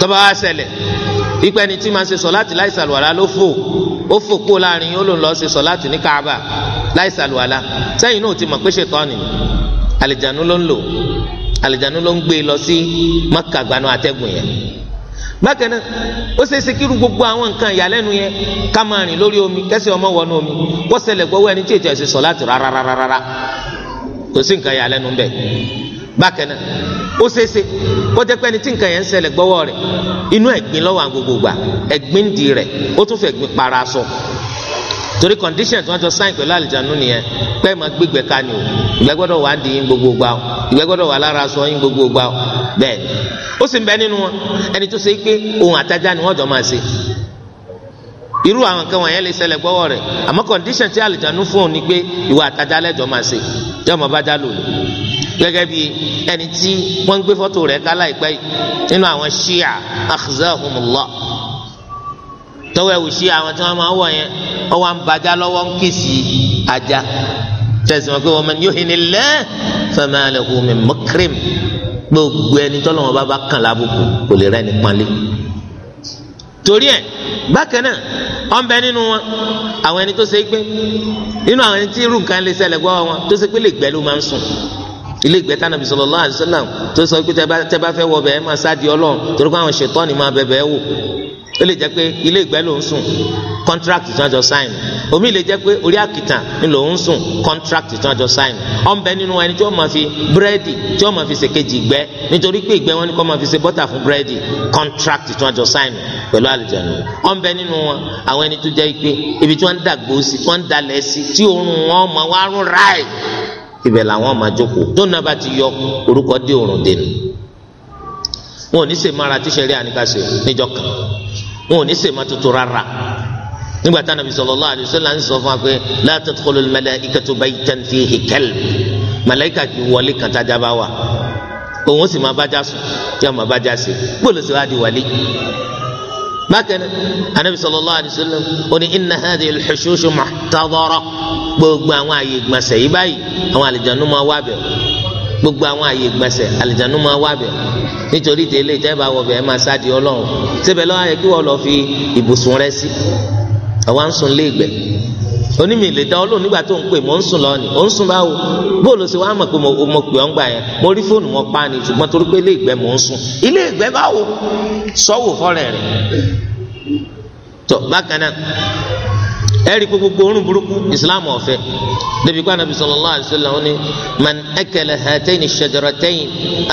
tọ́ba wa ṣẹlẹ̀ ipa ẹni tí máa ṣe sọ̀láàtì láì ṣàlùwàlá ló fò ó fò kó láàrin yín ó lòun lọ ṣe sọ̀láàtì ní Káàbà láì ṣàlùwàlá sẹ́yìn náà ti mọ̀ pé ṣètọ́ ni àlìjánu ló ń lò àlìjánu ló ń gbé lọ sí mọ́kàgbánu atẹ́gùn yẹn bákan náà ó ṣeé ṣe gbogbo àwọn nǹkan ìyàlẹ́nu yẹn ká máa omi kẹ́sì ọmọ wọnú omi kó ṣẹlẹ̀ gbọ́wọ́ ẹni tí ètò ẹ̀sìn sọ láti rárárárá kò sí nǹkan ìyàlẹ́nu bẹ́ẹ̀ bákan náà ó ṣeé ṣe kó jẹ́ pé ẹni tí nǹkan yẹn ń ṣẹlẹ̀ gbọ́wọ́ rẹ̀ inú ẹ̀gbin lọ́wọ́ àwọn gbogbo gbà ẹ̀gbin dì rẹ̀ ó tún fẹ́ gbin torí condition tí wọ́n jọ sáìn pẹ̀lú àlìjánu nìyẹn pé ẹ máa gbígbẹ ká ni o ìgbẹ́ gbọ́dọ̀ wà á di yín gbogbo gbà o ìgbẹ́ gbọ́dọ̀ wà lára aṣọ yín gbogbo gbà o bẹ́ẹ̀ ni ó sì ń bẹ nínú wọn ẹni tó ṣe pé ohun àtajà ni wọ́n jọ máa ṣe irú àwọn nǹkan wọ̀nyẹn lè ṣẹlẹ̀ gbọ́wọ́ rẹ̀ àmọ́ condition tí àlìjánu fún òun ni pé ìwà àtajà lẹ́jọ́ máa ṣe jọ́mọ bá dá lòlù gẹ́gẹ́ bí ẹni tí wọ́n gbé fọ́tò rẹ̀ ká yìí nínú àwọn shia akhzahumullah tọwọ́ ẹ̀wù sí àwọn tí wọ́n máa ń wọ̀ yẹn wọ́n wá ń bàjá lọ́wọ́ ń kì sí ajá tẹ̀sán pé waman yuhinillah fama lahu min mukrim gbogbo ẹni tọ́lọ́ wọn bá bá kàn lábùkù kò lè rẹ́ni pọ́nlé torí ẹ bákan náà ọ̀n bẹ nínú wọn àwọn ẹni tó ṣe é gbé nínú àwọn ẹni tí irú nǹkan lè ṣẹlẹ̀ gbọ́ wọn tó ṣe pé lè gbẹ́ ló máa ń sùn ilé ìgbẹ́ tánà bí sallallahu tó sọ pé tẹ bá fẹ́ wọ bẹ́ẹ̀ máa sáà di ọlọ́run torí pé àwọn ṣètọ́ máa bẹ bẹ́ẹ̀ wò ó lè jẹ́ pé ilé ìgbẹ́ ló ń sùn contract tí wọ́n jọ sign omi lè jẹ́ pé orí àkìtàn ni ló ń sùn contract tí wọ́n jọ sign ọ̀nbẹ nínú ẹni tí wọ́n máa fi búrẹ́dì tí wọ́n máa fi ṣe kejì ìgbẹ́ nítorí pé ìgbẹ́ wọn ni kò máa fi ṣe bọ́tà fún búrẹ́dì contract tí wọ́n jọ sign pẹ̀lú àlùjànnú ọ̀nbẹ nínú wọn àwọn ẹni tó jẹ́ pé ibi tí wọ́n ń dàgbò sí tí wọ́n ń dalẹ̀ sí tí oorun wọn máa wá rún ráì ibẹ̀ làwọn máa jókòó tó wọn ò ní ṣe ìmọ́tótó rárá nígbà tá nàbì sallallahu alaihi wasallam sọ fún wa pé la tadkhulul malaikatu baytan fihi kalb màláìkà kì í wọlé kàn tájà bá wà òun sì máa bájà sùn yóò máa bájà sí gbọ́dọ̀ sì wáá di wàlí. bákan náà anabi sallallahu alaihi wasallam ó ní inna hadhihi al-hushushu muhtadara gbogbo àwọn àyè ìgbọ̀nsẹ̀ yìí báyìí àwọn àlejò ànú máa wá bẹ̀rù gbogbo àwọn àyè gbọ̀nsẹ̀ àlìjánu máa wà bẹ̀ nítorí tẹ́lẹ̀ ìtẹ́bà wọ̀ bẹ̀ ẹ̀ máa sáàdì ọlọ́run síbẹ̀ lọ́wọ́ ayẹ kí wọ́n lọ fi ibùsùn rẹ sí àwa ń sùn léègbẹ́ onímì lè dá ọlọ́run nígbà tó ń pè mọ́ ń sùn lọ́ọ̀nì ó ń sùn báwo bóòlù sí wàá mọ̀ pé mo pè ọ́ ń gbà yẹn mo rí fóònù wọn pa ni ṣùgbọ́n torí pé iléègbẹ́ mò ń sùn iléègbẹ́ báwo sọ́wọ́ fọ́rẹ̀ rẹ̀ tó bákan náà ẹ̀rí pé gbogbo orun burúkú islam ọ̀fẹ́ débi kó anabi sallallahu alayhi wa sallam ni man akala hatayni shajaratayn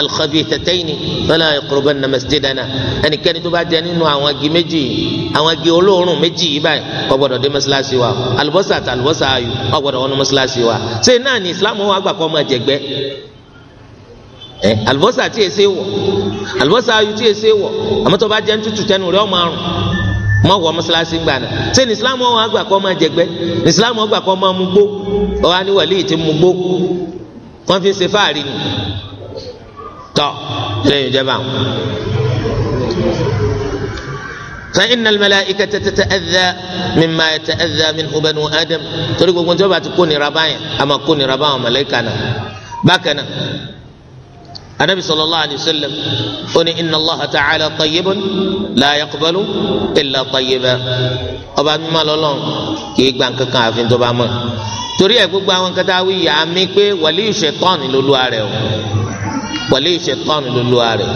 alkhabithatayn fala yaqrubanna masjidana ẹnikẹ́ni tó bá jẹ nínú àwọn agi méjì àwọn agi olóòórùn méjì yìí báyìí kò gbọdọ̀ dé mọ́sálásí wa alùbọ́sà àti alùbọ́sà ayù kò gbọdọ̀ wọnú mọ́sálásí wa ṣé náà ni islam wọn àgbà kọ́ máa jẹgbẹ́ alùbọ́sà tí èsè alùbọ́sà ayù tí èsè wọ̀ bá jẹ́ ń tẹnu rẹ̀ ọ̀ máa rùn mọ wọ mọ́sálásí gbà náà ṣé ní islam wọn àgbà kọ́ máa jẹgbẹ́ ní islam wọn àgbà kọ́ máa mú gbó ọ̀hún àníwọ̀lì yìí ti mú gbó wọ́n fi ń ṣe fáàrí ni tọ́ lẹ́yìn ìjọba àwọn. فإن الملائكة تتأذى مما يتأذى منه بنو آدم تقول قلت بات كوني رباين أما كوني رباين ملائكة بكنا anabi صلى الله عليه وسلم قل إن الله تعالى طيب لا يقبل إلا illa tayyiba ọba mímọ́ lọ́lọ́run kì í gba nǹkan kan àfi tó bá mọ́ torí ẹ gbogbo àwọn nǹkan tá a wí yà á mi pé wàlí ìṣẹ̀tọ́ọ̀nì lolúwa rẹ̀ o wàlí ìṣẹ̀tọ́ọ̀nì lolúwa rẹ̀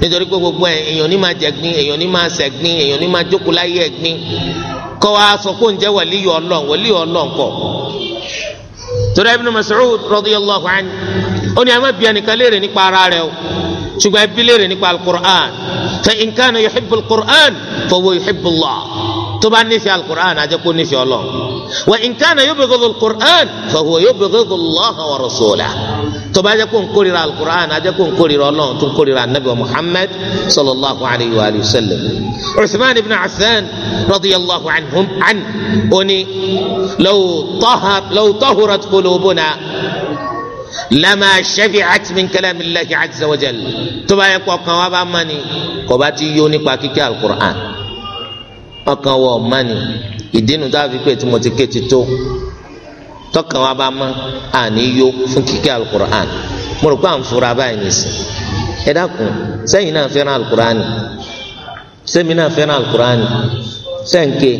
nítorí pé gbogbo èèyàn ní máa jẹ̀gbin èèyàn ní máa ṣẹ̀gbin èèyàn ní máa jókòó láyé ẹ̀gbin kọ́ wa sọ pé òun jẹ́ wàlí ọlọ́run wàlí ọlọ́run kọ́ torí Ibn Mas'ud radiyallahu anhu ó ní àmọ́ bí ẹnìkan léèrè nípa ara rẹ̀ o ṣùgbọ́n ẹbí léèrè nípa alukur'an fa in kana yuhibbu alukur'an fa huwa yuhibbu Allah tó bá nífẹ̀ẹ́ alukur'an àjẹ́ kó nífẹ̀ẹ́ Ọlọ́run wa in kana yubghidu alukur'an fa huwa yubghidu Allah wa rasulahu tó bá jẹ́ kó ń kórira alukur'an àjẹ́ kó ń kórira Ọlọ́run tó ń kórira anabi wa Muhammad sallallahu alayhi wa sallam Uthman ibn Affan radiyallahu anhum an oni law tahurat lama ṣẹ́fi min kalamillahi azza wa jal tó bá yẹ kó ọkàn wa bá mani kò bá ti yó nípa kíkẹ́ alukur'an ọkàn wa mani ìdínú tó a fi pé tí mo ti ké ti tó tọkàn wa bá mọ àní yó fún kíkẹ́ alukur'an mo rò pé à ń fura báyìí nìsín ẹ alukur'an sẹ́mi náà fẹ́ràn alukur'an sẹ́ǹke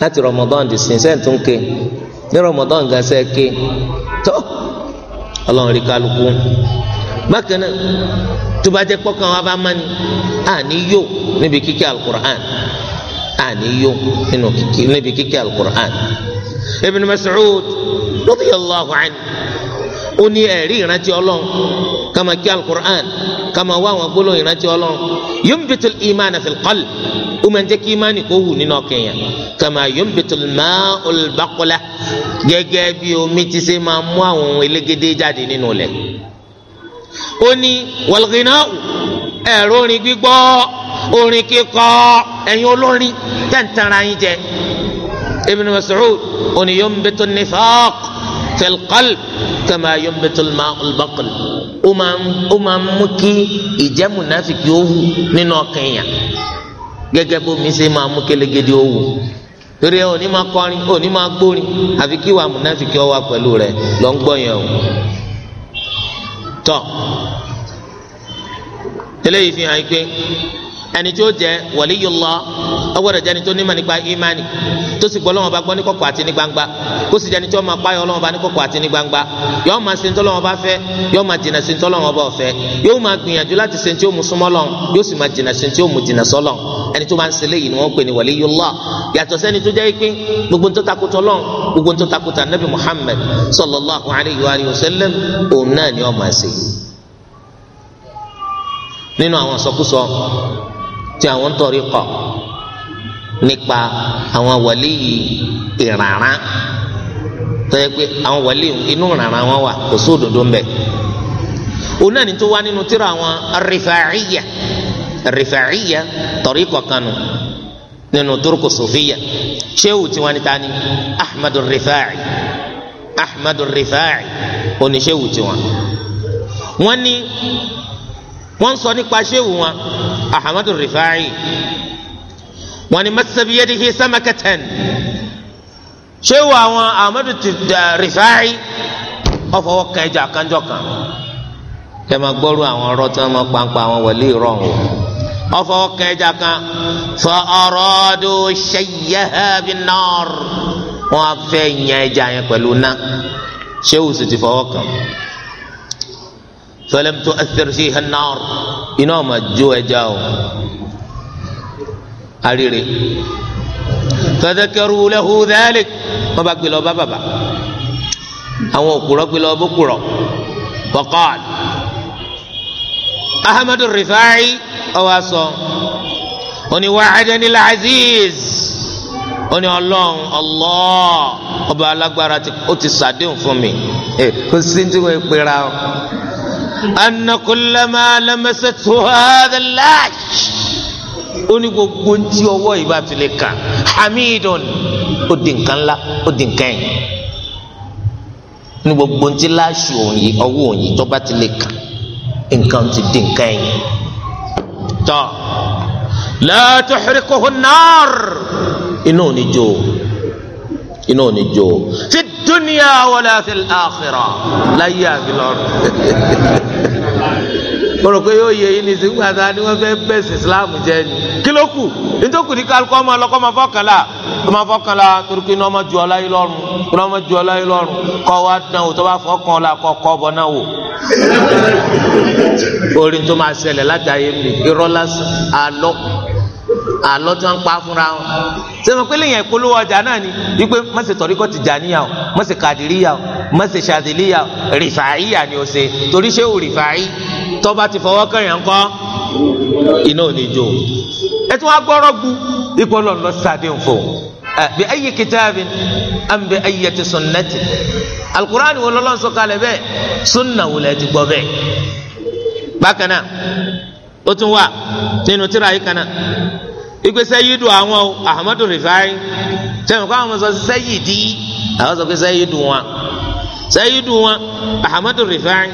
láti rọmọdọ́n dì sin sẹ́ǹtúnke ní rọmọdọ́n gan sẹ́ǹke tó ọlọ́run rí kálukú bákan náà tó bá jẹ́ pọ́kàn wa bá mání àní yó níbi kíkẹ́ alukur'an àní yó níbi kíkẹ́ alukur'an Ibn Mas'ud radiyallahu anhu ó ní ẹ̀rí ìrántí ọlọ́run kama kí alukur'an kama wá àwọn gbólóhùn ìrántí ọlọ́run yombitul iman fil qalb ó máa ń jẹ́ kí imani kó wù nínú ọkàn yẹn kama yombitul ma'ul baqla gẹ́gẹ́ bí omi ti ṣe máa mú àwọn elégédé jáde nínú ilẹ̀ ó ní wal ẹ̀rọ orin gbígbọ́ orin kíkọ ẹ̀yin olórin tẹ̀ntẹ̀ra yín jẹ Ibn Mas'ud ó yumbitul qalb kama yumbitul ma'ul baql ó máa ó máa mú kí ìjẹ́ mùnáfìkì ó wù nínú ọkàn èèyàn gẹ́gẹ́ bó mi ṣe máa mú kélégédé ó wù torí ẹ òní máa kọrin òní máa gbórin àfi kí wàá mùnáfìkì ó wà rẹ lọ ń gbọ́ yẹn o tọ́ eléyìí fi hàn pé ẹni tí ó jẹ́ waliyullah ó gbọ́dọ̀ jẹ́ ẹni tó nímọ̀ nípa imani tó sì gbọ́ lọ́wọ́ bá gbọ́ ní kọ̀kọ̀ àti ní gbangba kó sì jẹ́ni tí ó máa páyọ̀ lọ́wọ́ bá ní kọ̀kọ̀ àti ní gbangba yóò máa ṣe ntọ́ lọ́wọ́ bá fẹ́ yóò máa jìnnà ṣe ntọ́ lọ́wọ́ bá fẹ́ yóò máa gbìyànjú láti ṣe ntí ó mu súnmọ́ lọ́n yóò sì máa jìnnà ṣe ntí ó mu jìnnà sọ́lọ́n ẹni tó máa ń ṣe léyìí ni wọ́n ń pè ní waliyullah yàtọ̀ sẹ́ni tó Muhammad sallallahu alayhi wa sallam òun náà ni ó máa ṣe nínú àwọn sọkúsọ tí àwọn tọrí kọ nípa àwọn wàlí ìrànràn tó yẹ pé àwọn wàlí inú ìrànràn wọn wà kò sódodo ń bẹ òun náà ní tó wá nínú tírà àwọn rìfàáyà rìfàáyà tọrí kọkànnù nínú turuku sofiya sehu tiwọn ni tani ahmadu rifaaci ahmadu rifaaci oníṣehu tiwọn wọn ni wọ́n sọ nípa ṣéwù wọn Ahmadu Rifai wọ́n ní masabiyadihi samakatan ṣéwù àwọn Ahmadu eh, Rifai ọfọwọ́ kan ẹja kanjọ kan kẹ máa gbọ́rú àwọn ọ̀rọ̀ tí wọ́n máa pàǹpà àwọn wọlé ìrọ̀ wọn ọfọwọ́ kan ẹja kan fa aradu shayyaha bin-nar wọ́n á fẹ́ yan ẹja yẹn pẹ̀lú náà ṣéwù sì ti fọwọ́ kan. فلم تؤثر فيها النار iná ọmọ jó ẹja o arire fẹsẹkẹrù lẹhu dẹẹlì wọn bá gbé lọ bá bàbá àwọn òkúrọ gbé lọ bó kúrọ kọkọọd ahmadu rifai ọwọ asọ oní wàhádẹni làzíz oní Ọlọ́run Allah ọba alágbára ó ti sàdéhùn fún mi ẹ eh, kó sí ní tí wọn pera ọ. أن kullama lamasatu hadha lash ó ní gbogbo ntí ọwọ́ yìí bá fi lè kàn hamidun ó di nǹkan ńlá ó di nǹkan yìí ní gbogbo ntí láṣù òyìn ọwọ́ òyìn tó bá ti lè kàn nǹkan ti di nǹkan yìí tọ́ la tuhriquhu an-nar iná ò ní jó iná ò dúníà wọlé fi àkìrà láyé àbí lọ́rùn. mo rò pé yóò yẹ yín ní sígbà tá a ní wọ́n fẹ́ bẹ̀sẹ̀ islam jẹ́ ni kí ló kù nítòkù ní kálukọ́ ọmọ ọlọ́kọ́ máa fọ́kàn la máa fọ́kàn la torí pé iná ju ọlá yìí lọ́rùn iná ọmọ ju ọlá yìí lọ́rùn kọ́ wa dán o tó bá fọ́kàn la kọ́ kọ́ bọ́ náà wò. orin tó máa ṣẹlẹ̀ látàyè mi irọ́ lásán àlọ́ tí wọ́n ń pa fúnra wọn sẹ́mi pé lèyìn ìpolówó ọjà náà ni wípé mọ̀sẹ̀ tọ̀ríkọ̀ Tìjàníyà o mọ̀sẹ̀ kàdìríyà o mọ̀sẹ̀ ṣàdìlíyà o rìfàáyà ni o ṣe torí ṣé o rìfàáyì tọ́ba ti fọwọ́ kẹ̀yàn kọ́ iná ò ní jó ẹ tí wọ́n á gbọ́rọ̀ gbu ipò lọ́nà sàdéhùn fún bi ayi an bi ayi ti sunnati alukuraan wo lọlọrun sọ kalẹ̀ bẹ́ẹ̀ sunna wo ti gbọ́ bẹ́ẹ̀ bákan náà ó tún wà nínú yìí kan náà. ìpè seyidu àwọn o ahmadu rifai sẹ́yìn kó àwọn sọ sẹ́yìdì àwọn sọ pé sẹ́yìdù wọn wọn ahmadu rifai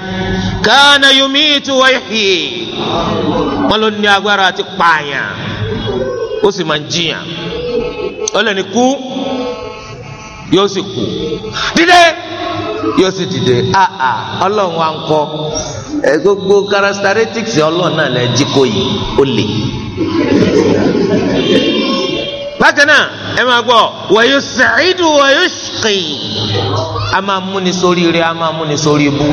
wa yuhyi wọn ló ní agbára àti pààyàn ó sì máa ń jiyàn ó lè kú yóò sì kú dídé yóò sì wa ń bákan náà ẹ máa gbọ́ wọ̀nyí sàìdù wọ̀nyí ṣìkì a máa múni sórí rẹ a máa múni sórí ibú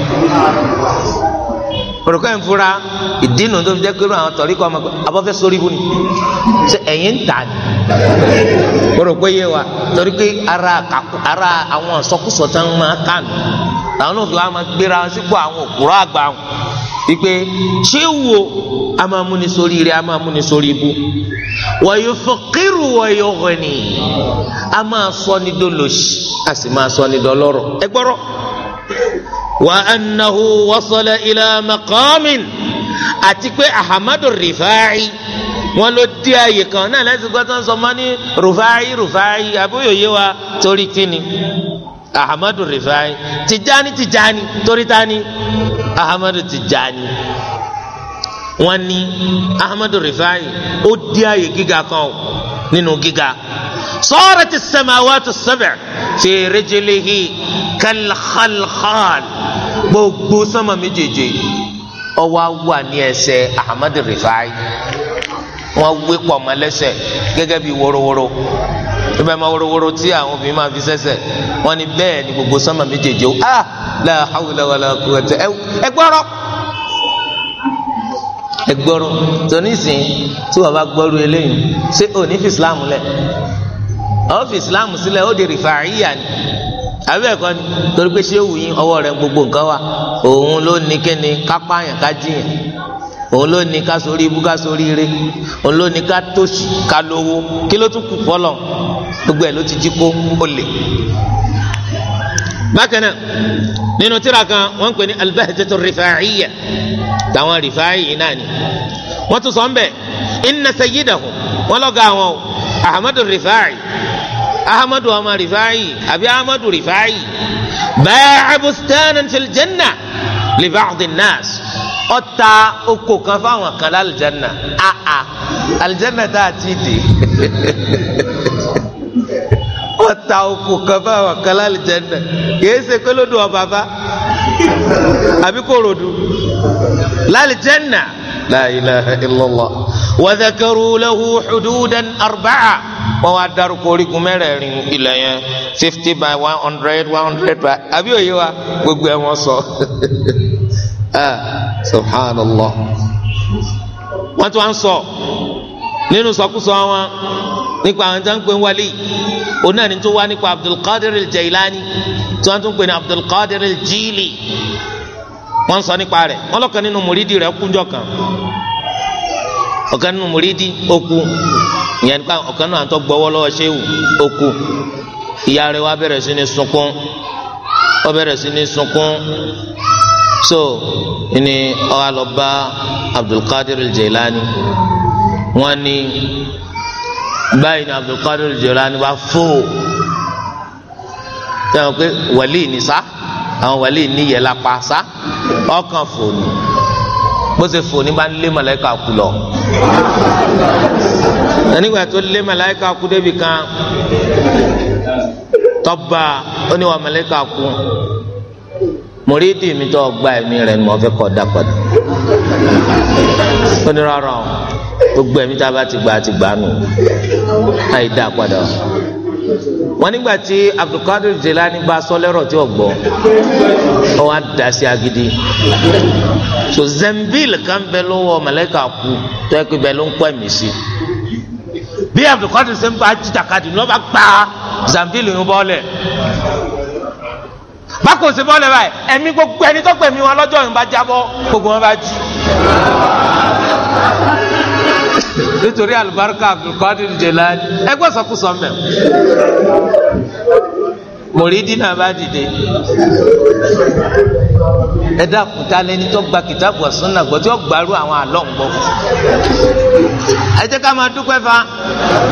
pọ̀lọ́kọ́ yẹn fura ìdínà tó fi jẹ́ pé àwọn tọ̀rí kọ́ ọmọ pé abọ́fẹ́ sórí ibú ni ṣe ẹ̀yìn ń tà ní pọ̀lọ́kọ́ yẹ wa torí pé ara ara àwọn sọkúsọ tán máa kà nù làwọn náà fi wá máa gbéra sípò àwọn òkúrọ̀ àgbà wọn ipe ṣéwò a máa múni sórí rẹ a máa múni sórí ibu wàyò fọkírù wàyò ọ̀hìnì a máa sọ ní dolóṣì a sì máa sọ ní dọlọ́rọ̀ ẹ gbọ́rọ̀ wà anahu wasala ilà maqamin àti pé ahamadu rifai wọn ló dé ààyè kan náà lẹsìn gbọ́dọ̀ sọ ma ní rufai rufai àbúyòye wa torí kíni ahamadu rifai tìjáni tìjáni torí tani. Ahmadu Tijani wọ́n ní Ahmadu Rifai ó dé àyè gíga kan nínú gíga sọ́ọ́rẹ́ ti samawatu sab'a fi rijlihi kal-khalkhal gbogbo sánmà méjèèjì ó wá wà ẹsẹ̀ Ahmadu Rifai wọ́n wé pọ̀ mọ́ lẹ́sẹ̀ gẹ́gẹ́ bí worowóró tó bá ma worowóró tí àwọn obìnrin máa fi sẹ́sẹ̀ wọ́n ní bẹ́ẹ̀ ni gbogbo sánmà méjèèjì ó a ah, la hawla wala quwwata ẹ gbọ́rọ̀ ẹ gbọ́rọ̀ tó nísìn tí wọ́n bá gbọ́rọ̀ eléyìí ṣé o ní fi islam lẹ̀ ọ̀ fi islam sílẹ̀ ó di rìfàáyà ni àbí ẹ̀kọ́ ni torí pé ṣé wù yín ọwọ́ rẹ̀ gbogbo nǹkan wa òun ló ní kíni kápá yẹn ká jiyàn òun ló ní ká sórí ibú ká sórí ire òun ló ní ká tòṣì ká lówó kí ló tún kù fọlọ gbogbo ẹ ló ti jí kó ó lè. bákan náà nínú tíra kan wọ́n ń pè ní albahjatu rifaaciya táwọn rifaaciya náà ni wọ́n tún sọ ń bẹ inna sayyidahu wọ́n lọ ga àwọn o ahmadu rifaaci ahmadu ọmọ rifaaci àbí ahmadu rifaaci baaca bustanan fil janna li ọta oko kan fáwọn kan lálùjáná àà ah, ah. àlùjáná tá a ti dè ọta oko kan fáwọn kan lálùjáná kìí ṣe pé lódò ọba bá àbí kò ròdù lálùjáná la ilaha illallah wa dhakaru lahu wọn wá dárúkọ orígun mẹ́rẹ̀ẹ̀rin ilẹ̀ yẹn fifty by one hundred one hundred by àbí òye wa gbogbo ẹ wọn sọ. Ah, subhanallah wọ́n tún wá ń sọ nínú sọkúsọ wọn nípa àwọn tó ń pè ń wálé òun náà ni tó wá nípa abdulkadir jailani tí wọ́n tún pè ní abdulkadir jili wọ́n sọ nípa rẹ̀ wọ́n lọ́kàn nínú mùrídìí rẹ̀ kúnjọ kan ọ̀kan nínú mùrídìí okú ìyẹn nípa ọ̀kan náà tó gbọ́wọ́ lọ́wọ́ ṣéwù okú ìyá rẹ̀ wá bẹ̀rẹ̀ sí ní sunkún ó bẹ̀rẹ̀ sí ní sunkún so ni ọ̀hà lọ bá Abdulkadir Jelani wọ́n ní báyìí ni Abdulkadir Jelani wá fò sẹ́wọ̀n pé wàlí ni sá àwọn wàlí ni yẹ lápá sá ọkàn fò ní bó ṣe fò ní bá ń lé màláìka kú lọ nígbà tó lé màláìka kú débi tọ́ba ó ní wà màláìka kú mọ̀rídìí mi tó gba ẹ̀mí rẹ̀ ni mo fẹ́ kọ́ da padà ó ní rárá o gbogbo ẹ̀mí tá a bá ti gbà á ti gbà nù láì dá a padà wọn nígbà tí Abdulkadir Jelani bá sọ tí ò gbọ́ ọ wá dá sí agídí so zambil kan bẹ lọ́wọ́ mẹlẹ́kà kú tó ẹ pé bẹ ló ń pọ̀ ẹ̀mí sí bí Abdulkadir sẹ́ńpà jìtàkadì ló bá gbà zambil ń bọ́ lẹ̀ bákò sí bọ́ọ̀lù báyìí ẹ̀mí gbogbo ẹni tó gbẹ̀mí wọn lọ́jọ́ yìí ń bá jábọ́ gbogbo wọn bá jí. nítorí àlùbáríkà Abdulkadir Jelani ẹgbẹ́ sọkúsọ mẹ́. mori náà bá dìde ẹ dákun ta lẹni tó gba kìtàbù ọ̀sán náà gbọ́ tí ó gbàrú àwọn àlọ́ ń gbọ́ ẹ jẹ́ ká máa dúpẹ́ fa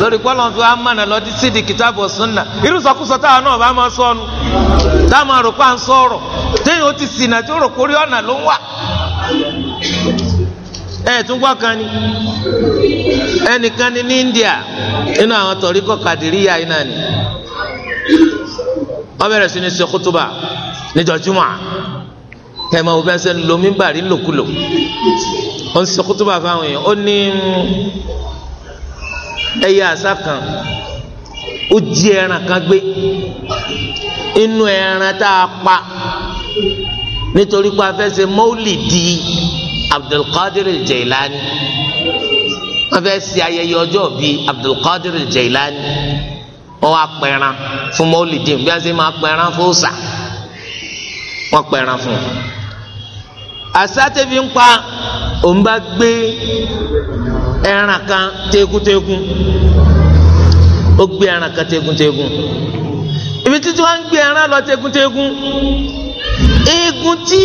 lórí pọ́lọ́n fi mọ̀nà lọ sí kìtàbù ọ̀sán náà irú táwọn náà bá máa na táwọn ń téèyàn ti sìnà tí ó rò kórí ọ̀nà ló kan ó bẹ̀rẹ̀ sí ní ṣe kútúbà níjọ́ júmọ̀ kẹmọ òbí ẹsẹ ló mímbàrí lòkulò ó ń ṣe kútúbà fáwọn èèyàn ó ní ẹyẹ àṣà kan ó jí ẹran kan gbé inú ẹran tá a pa nítorí pé a fẹ́ ṣe mọ́lìdì Abdulkadir Jailani a fẹ́ ṣe ayẹyẹ ọjọ́ bíi Abdulkadir Jailani. wọ́n wá fún mọ́lìdín bí wọ́n ṣe máa fún ọ̀sà wọ́n pẹran fún un. àṣàtẹ̀fí ń pa òun bá gbé ẹran kan tẹ́gùntẹ́gùn ó gbé ẹran kan ibi títí wọ́n ń gbé ẹran lọ tẹ́gùntẹ́gùn eegun tí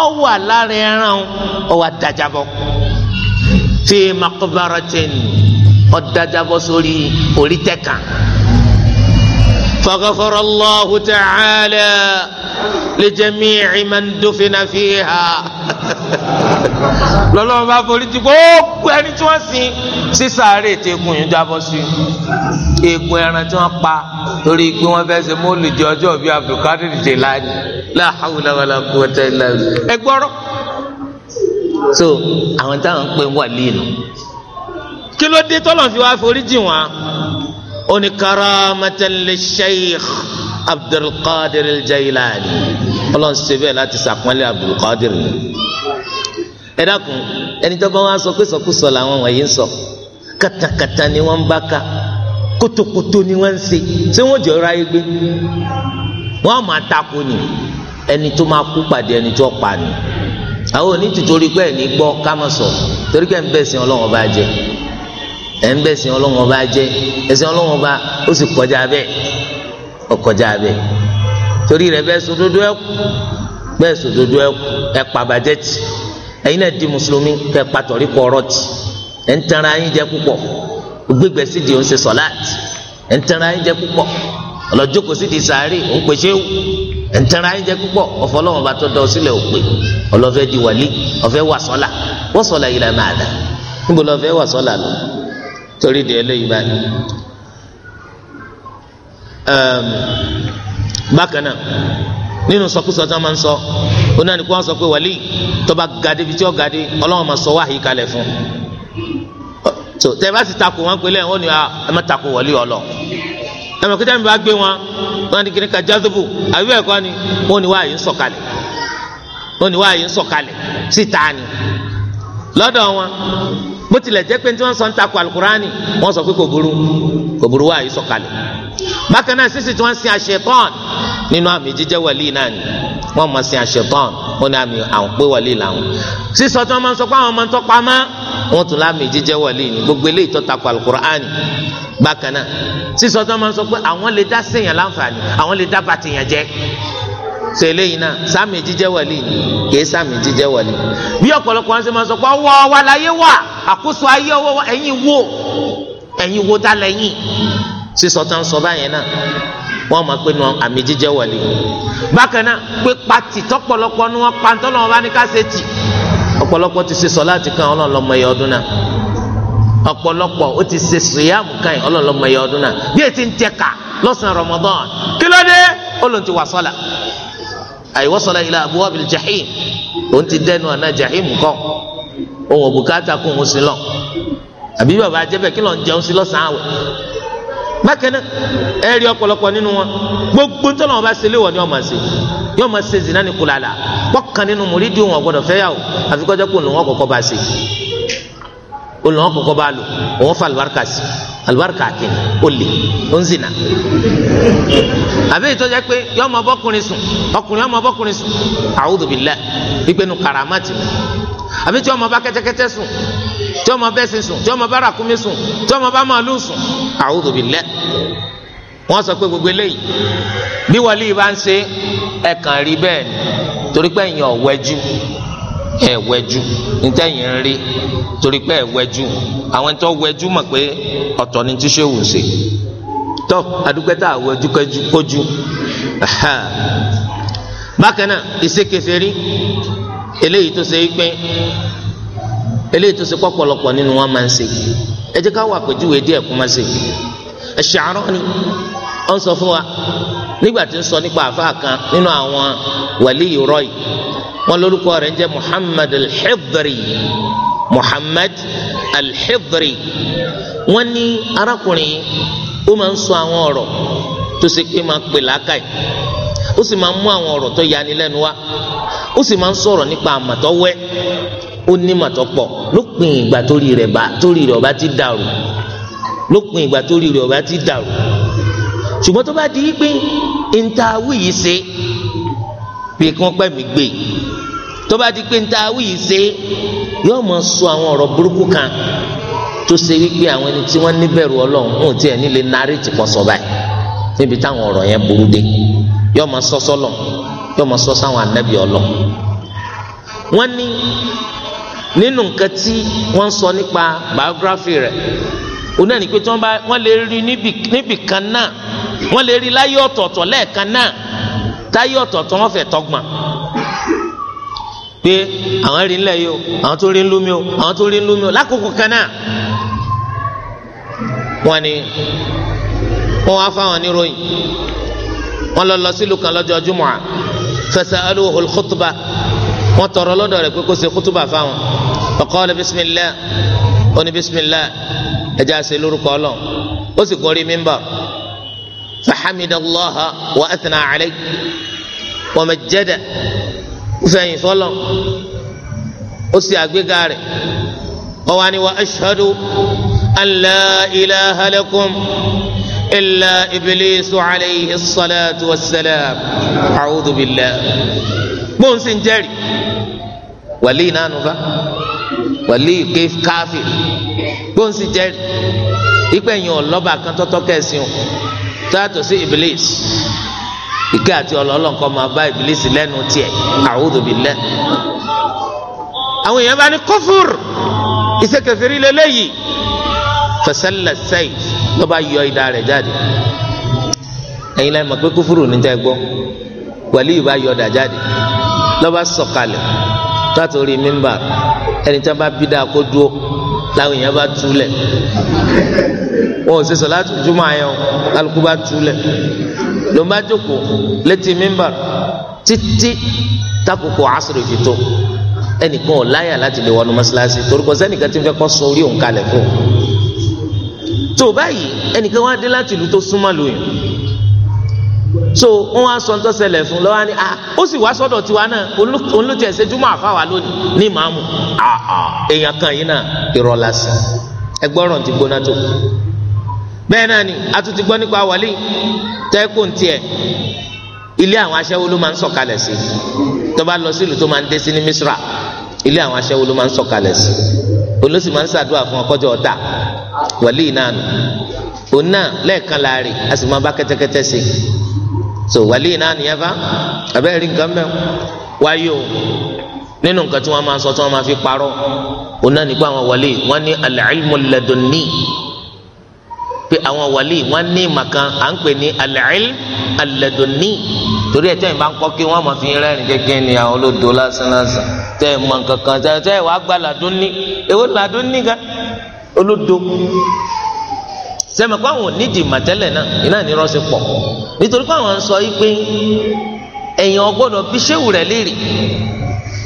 ó wà ẹran fi ọ̀dájábọ́ sórí orí tẹ̀ka. فغفر الله تعالى لجميع من دفن فيها lọ́lọ́run bá forí ti gbogbo ẹni tí wọ́n sin sísàárè tí egun yìí jábọ́ sí egun ẹran tí wọ́n pa torí pé wọ́n fẹ́ẹ́ ṣe mólùdí ọjọ́ bíi Abdulkadir Jelani la hawla wala quwwata illa billah ẹgbọrọ so àwọn táwọn ń pè wà líìnù kí ló dé tọ́lọ̀ fi wá forí jì wọ́n ó ní karamatan li sheikh abdulkadir jailani ọlọ́run ṣe bẹ́ẹ̀ láti ṣàpọ́nlé abdulkadir ẹ dákun ẹni tó bá wọn sọ pé sọkúsọ làwọn wọ̀nyí ń sọ katakata ni wọ́n ń bá ka kótókótó ni wọ́n ń ṣe ṣé wọ́n jọ ra yé gbé wọ́n máa tako ni ẹni tó máa kú pàdé ẹni tó pa ni àwọn onítìtorí pé ẹni gbọ́ ká torí kẹ́ ń bẹ̀sìn ọlọ́run ọba jẹ́ ẹ̀ ń bẹ̀sìn ọlọ́run ọba jẹ́ ẹ̀sìn ọlọ́run ọba ó sì kọjá bẹ́ẹ̀ ó kọjá bẹ́ẹ̀ torí rẹ̀ bẹ́ẹ̀ sòdodo ẹ̀ kú bẹ́ẹ̀ sòdodo ẹ̀ kú ẹ̀ pa bàjẹ́ tì ẹ̀yin náà di mùsùlùmí kẹ́ pa tọ̀rí kọ ọ̀rọ̀ tì ẹ̀ ń tanra púpọ̀ gbígbẹ́ sí di òun ṣe sọ̀láàtì ẹ̀ ń tanra púpọ̀ ọlọ́jókòó sí di sàárè òun pèsè wù ntẹ̀ra yín jẹ́ púpọ̀ ọ̀fọ̀ torí di eléyìí báyìí ehm, bákan náà nínú sọkúsọ tí wọn máa ń sọ ó náà ní kí wọn sọ pé wàlí tọba gàdé bíi tí ó gàdé Ọlọ́run máa sọ wáhìí kalẹ̀ fún so tẹ bá ti takò wọn pélé wọn ni ẹ má takò wàlí ọlọ ẹ mọ̀ kíta mi bá gbé wọn wọn ni kíni ka jádùbù àbí bẹ́ẹ̀ kọ́ ni wọn ni wáhìí ń sọ wọn ni wáhìí ń sọ síta ni lọ́dọ̀ wọn bó tilẹ̀ jẹ́ pé tí wọ́n sọ ń takò alukurani wọ́n sọ pé kò burú kò burú wáyé sọ̀kalẹ̀ bákan náà sísè tí wọ́n sin àṣetán nínú àmì jíjẹ́ wàlíì náà ni wọ́n mọ̀ sin àṣetán wọ́n ní àmì àwọn pé wàlíì làwọn sísọ tí wọ́n máa ń sọ pé àwọn ọmọ ń tọ́pa mọ́ wọ́n tún lámì jíjẹ́ wàlíì ni gbogbo eléyìí tó takò alukurani bákan náà sísọ tí wọ́n máa ń sọ pé àwọn lè dá ṣèyàn láǹfààní àwọn lè dá bàtìyàn jẹ́ ṣe eléyìí náà sáàmì jíjẹ́ wàlí kìí sáàmì jíjẹ́ wàlí bí ọ̀pọ̀lọpọ̀ wọn ṣe máa sọ pé ọwọ́ wa láyé wà àkóso ayé ọwọ́ wa ẹ̀yin wo ẹ̀yin wo ta lẹ́yìn sísọ tán sọ báyẹn náà wọn máa pe nu àmì jíjẹ́ wàlí bákan náà pé pati tọ́pọ̀lọpọ̀ ni wọn pa ntọ́nà wọn bá ní ká tì ọ̀pọ̀lọpọ̀ ti ṣe sọ láti kàn ọlọ́ọ̀lọ́mọ ẹ̀yọ ẹ̀yọ ọdún náà bí Ramadan kí ló ay wasala ila abwabil jahim òun ti dẹnu ọ̀nà jahim kọ́ òun òbúkátà kún òun sí lọ àbí bàbá ajẹ́bẹ̀ kí ló ń jẹun sí lọ́sàn-án àwẹ̀ bákan náà ẹ rí ọ̀pọ̀lọpọ̀ nínú wọn gbogbo ń tọ́lọ́wọ́n bá ṣe léwọ̀ ni wọ́n máa ṣe yóò máa ṣe zina ní kulala kọ́kàn nínú mùrídìí òun ọ̀gbọ́dọ̀ fẹ́ yà o àfikọ́jọ́ pé òun lòun bá ṣe òun lòun bá lò òun fà lùbáríkà sí i alibarika kini olè onzina àbí ìtọ́jà pé yọ ọmọ ọbọkùnrin sùn ọkùnrin ọmọ ọbọkùnrin sùn a'udhu billah gbígbénu karamati àbí tí ọmọ bá kẹ́tẹ́kẹ́tẹ́ sùn tí ọmọ bẹ́sẹ̀ sùn tí ọmọ bá ràkúnmí sùn tí ọmọ bá màálù sùn a'udhu billah wọ́n sọ pé gbogbo eléyìí bí wọlé yìí bá ń ṣe ẹ̀ rí bẹ́ẹ̀ torí pé èèyàn ọ̀wẹ́jú ẹ wẹjú nítẹ̀yìn ń rí torí pé ẹ wẹjú àwọn ẹni tó wẹjú mọ̀ pé ọ̀tọ̀ ni tí ṣéwù ń ṣe tó adúgbẹ́ tá a wẹjú kójú bákan náà ìṣekèfèrí eléyìí tó ṣe pé eléyìí tó ṣe pọ̀pọ̀lọpọ̀ nínú wọn máa ń ṣe ẹ jẹ́ ká wà pẹ̀júwe díẹ̀ kó má ṣe Ṣàáránì ó ń sọ fún wa nígbà tí ń sọ nípa àfa kan nínú àwọn wàlíì rọ́ì wọn lórúkọ rẹ̀ ń jẹ́ muhammad al-hidri muhammad al-hidri wọn ní arákùnrin ó máa ń sọ àwọn ọ̀rọ̀ tó ṣe pé máa pè lákàì ó sì máa ń mú àwọn ọ̀rọ̀ tó yani lẹ́nu wá ó sì máa ń sọ̀rọ̀ nípa àmàtọ́ ó ní màtọ́ lópin ìgbà torí rẹ̀ bá torí rẹ̀ ọba ti dàrú lópin ìgbà torí rẹ̀ ọba ti dàrú ṣùgbọ́n tó bá di pé ntàwí yìí ṣe bí kí wọ́n pẹ́ mi gbé tó bá di pé ń ta awí yìí ṣe yóò mọ sọ àwọn ọ̀rọ̀ burúkú kan tó ṣe wípé àwọn ẹni tí wọ́n níbẹ̀rù ọlọ́run ń tiẹ̀ nílé nárètì pọ̀ sọ báyìí níbi táwọn ọ̀rọ̀ yẹn burú dé yóò mọ sọ sọlọ yóò mọ sọ sáwọn anábì ọlọ wọ́n ní nínú nǹkan tí wọ́n sọ nípa biography rẹ̀ òun náà ní pé tí wọ́n bá wọ́n lè rí níbì kan náà wọ́n lè rí láyé ọ̀tọ̀ọ̀tọ̀ lẹ́ẹ̀kan náà táyé ọ̀tọ̀ọ̀tọ̀ wọn fẹ́ tọ́gbọ̀n pé àwọn rí ńlẹ̀ yìí o àwọn tó rí ń lómi o àwọn tó rí ń lómi o lákòókò kan náà wọn ni wọn wá fáwọn oníròyìn wọn lọ lọ sílùú kan lọ́jọ́ júmọ̀ à fasaluhu al-khutba wọn tọrọ lọ́dọ̀ rẹ̀ pé kó ṣe kútùbà fáwọn faqala bismillah ó ní bismillah ẹ̀jẹ̀ àṣẹ lórúkọ ọlọ́run ó sì gorí mímbà. فحمد الله وأثنى عليه ومجده وفين صلى أسي أقبقاري وأني وأشهد أن لا إله لكم إلا إبليس عليه الصلاة والسلام أعوذ بالله مونسن جري ولي نانوفا ولي كيف كافر مونسن جري إكبر يون لبا كان تتوكسيون tààtọ̀ sí iblis ìkẹ́ àti ọlọ́lọ́n kọ́ máa bá iblis lẹ́nu tiẹ̀ a'udhu billah àwọn èèyàn bá ní kófùr ìṣèkèfèrí lélẹ́yìí fẹsẹ̀lẹ̀ sẹ́yìn ló bá yọ idà rẹ̀ jáde ẹ̀yin lẹ́yìn mọ̀ pé kófùrù ní tẹ́ gbọ́ wàlí yìí bá yọ ọ̀dà jáde ló bá sọ̀kalẹ̀ látòrí mímbà ẹni tí wọ́n bá bí dáa kó dúró láwọn èèyàn bá túlẹ̀ wọn ò ṣe sọ láti jùmọ̀ àyàn kálukú bá túlẹ̀ ló ń bá jókòó létí mímbà títí takoko asiri fi tó ẹnìkan ò láyà láti lè wọnú mọ́ṣáláṣí torí kò sẹ́nìkan ti fẹ́ kọ́ sọ orí òun kalẹ̀ fún un tó báyìí ẹnìkan wá dé láti ìlú tó súnmọ́ lóyún so wọn á sọ ń tọ́sẹ̀lẹ̀ fún lọ́wọ́ ni ah ó sì wá sọ́dọ̀ tiwa náà òun ló tiẹ̀ ṣe jùmọ̀ àfáwà lónìí ní màámu ah ah èèyàn kan yìí náà ìrọ̀lá sí ẹgbọ́ràn ti gbóná tó bẹ́ẹ̀ náà ni a tún ti gbọ́ nípa wàlí tẹ́kùn tiẹ̀ ilé àwọn aṣẹ́wó ló máa ń sọ̀kalẹ̀ sí tó bá lọ sí ìlú tó máa ń dé sí ní Misra ilé àwọn aṣẹ́wó ló máa ń sọ̀kalẹ̀ sí olóṣì máa ń ṣàdúrà fún ọkọ́jọ́ ọ̀tá wàlí náà nù òun náà lẹ́ẹ̀kan láàrin a sì máa bá kẹ́tẹ́kẹ́tẹ́ sí so wàlí náà nìyẹn fa abẹ́rẹ́ rí nǹkan mẹ́wọ́ wáyé o nínú nǹkan tí wọ́n máa sọ tí wọ́n máa fi parọ́ òun náà nípa àwọn wàlí wọ́n ní al-ilmu ladunni pé àwọn wàlíì wọn ní màkàn à ń pè ní al-ilm al torí ẹ tẹ́yìn bá ń kọ́ kí wọ́n máa fi rẹ́rìn kékeré ni àwọn olódò lásán lásán tẹ́yìn mọ kankan tẹ́yìn wàá gba ladunni èwo ladunni gan olódò sẹ́mẹ̀kọ́ àwọn onídìí màtẹ́lẹ̀ náà iná nírọ́ sí pọ̀ nítorí pé àwọn ń sọ yìí pé ẹ̀yìn ọgbọ́dọ̀ bí sẹ́wù rẹ̀ léèrè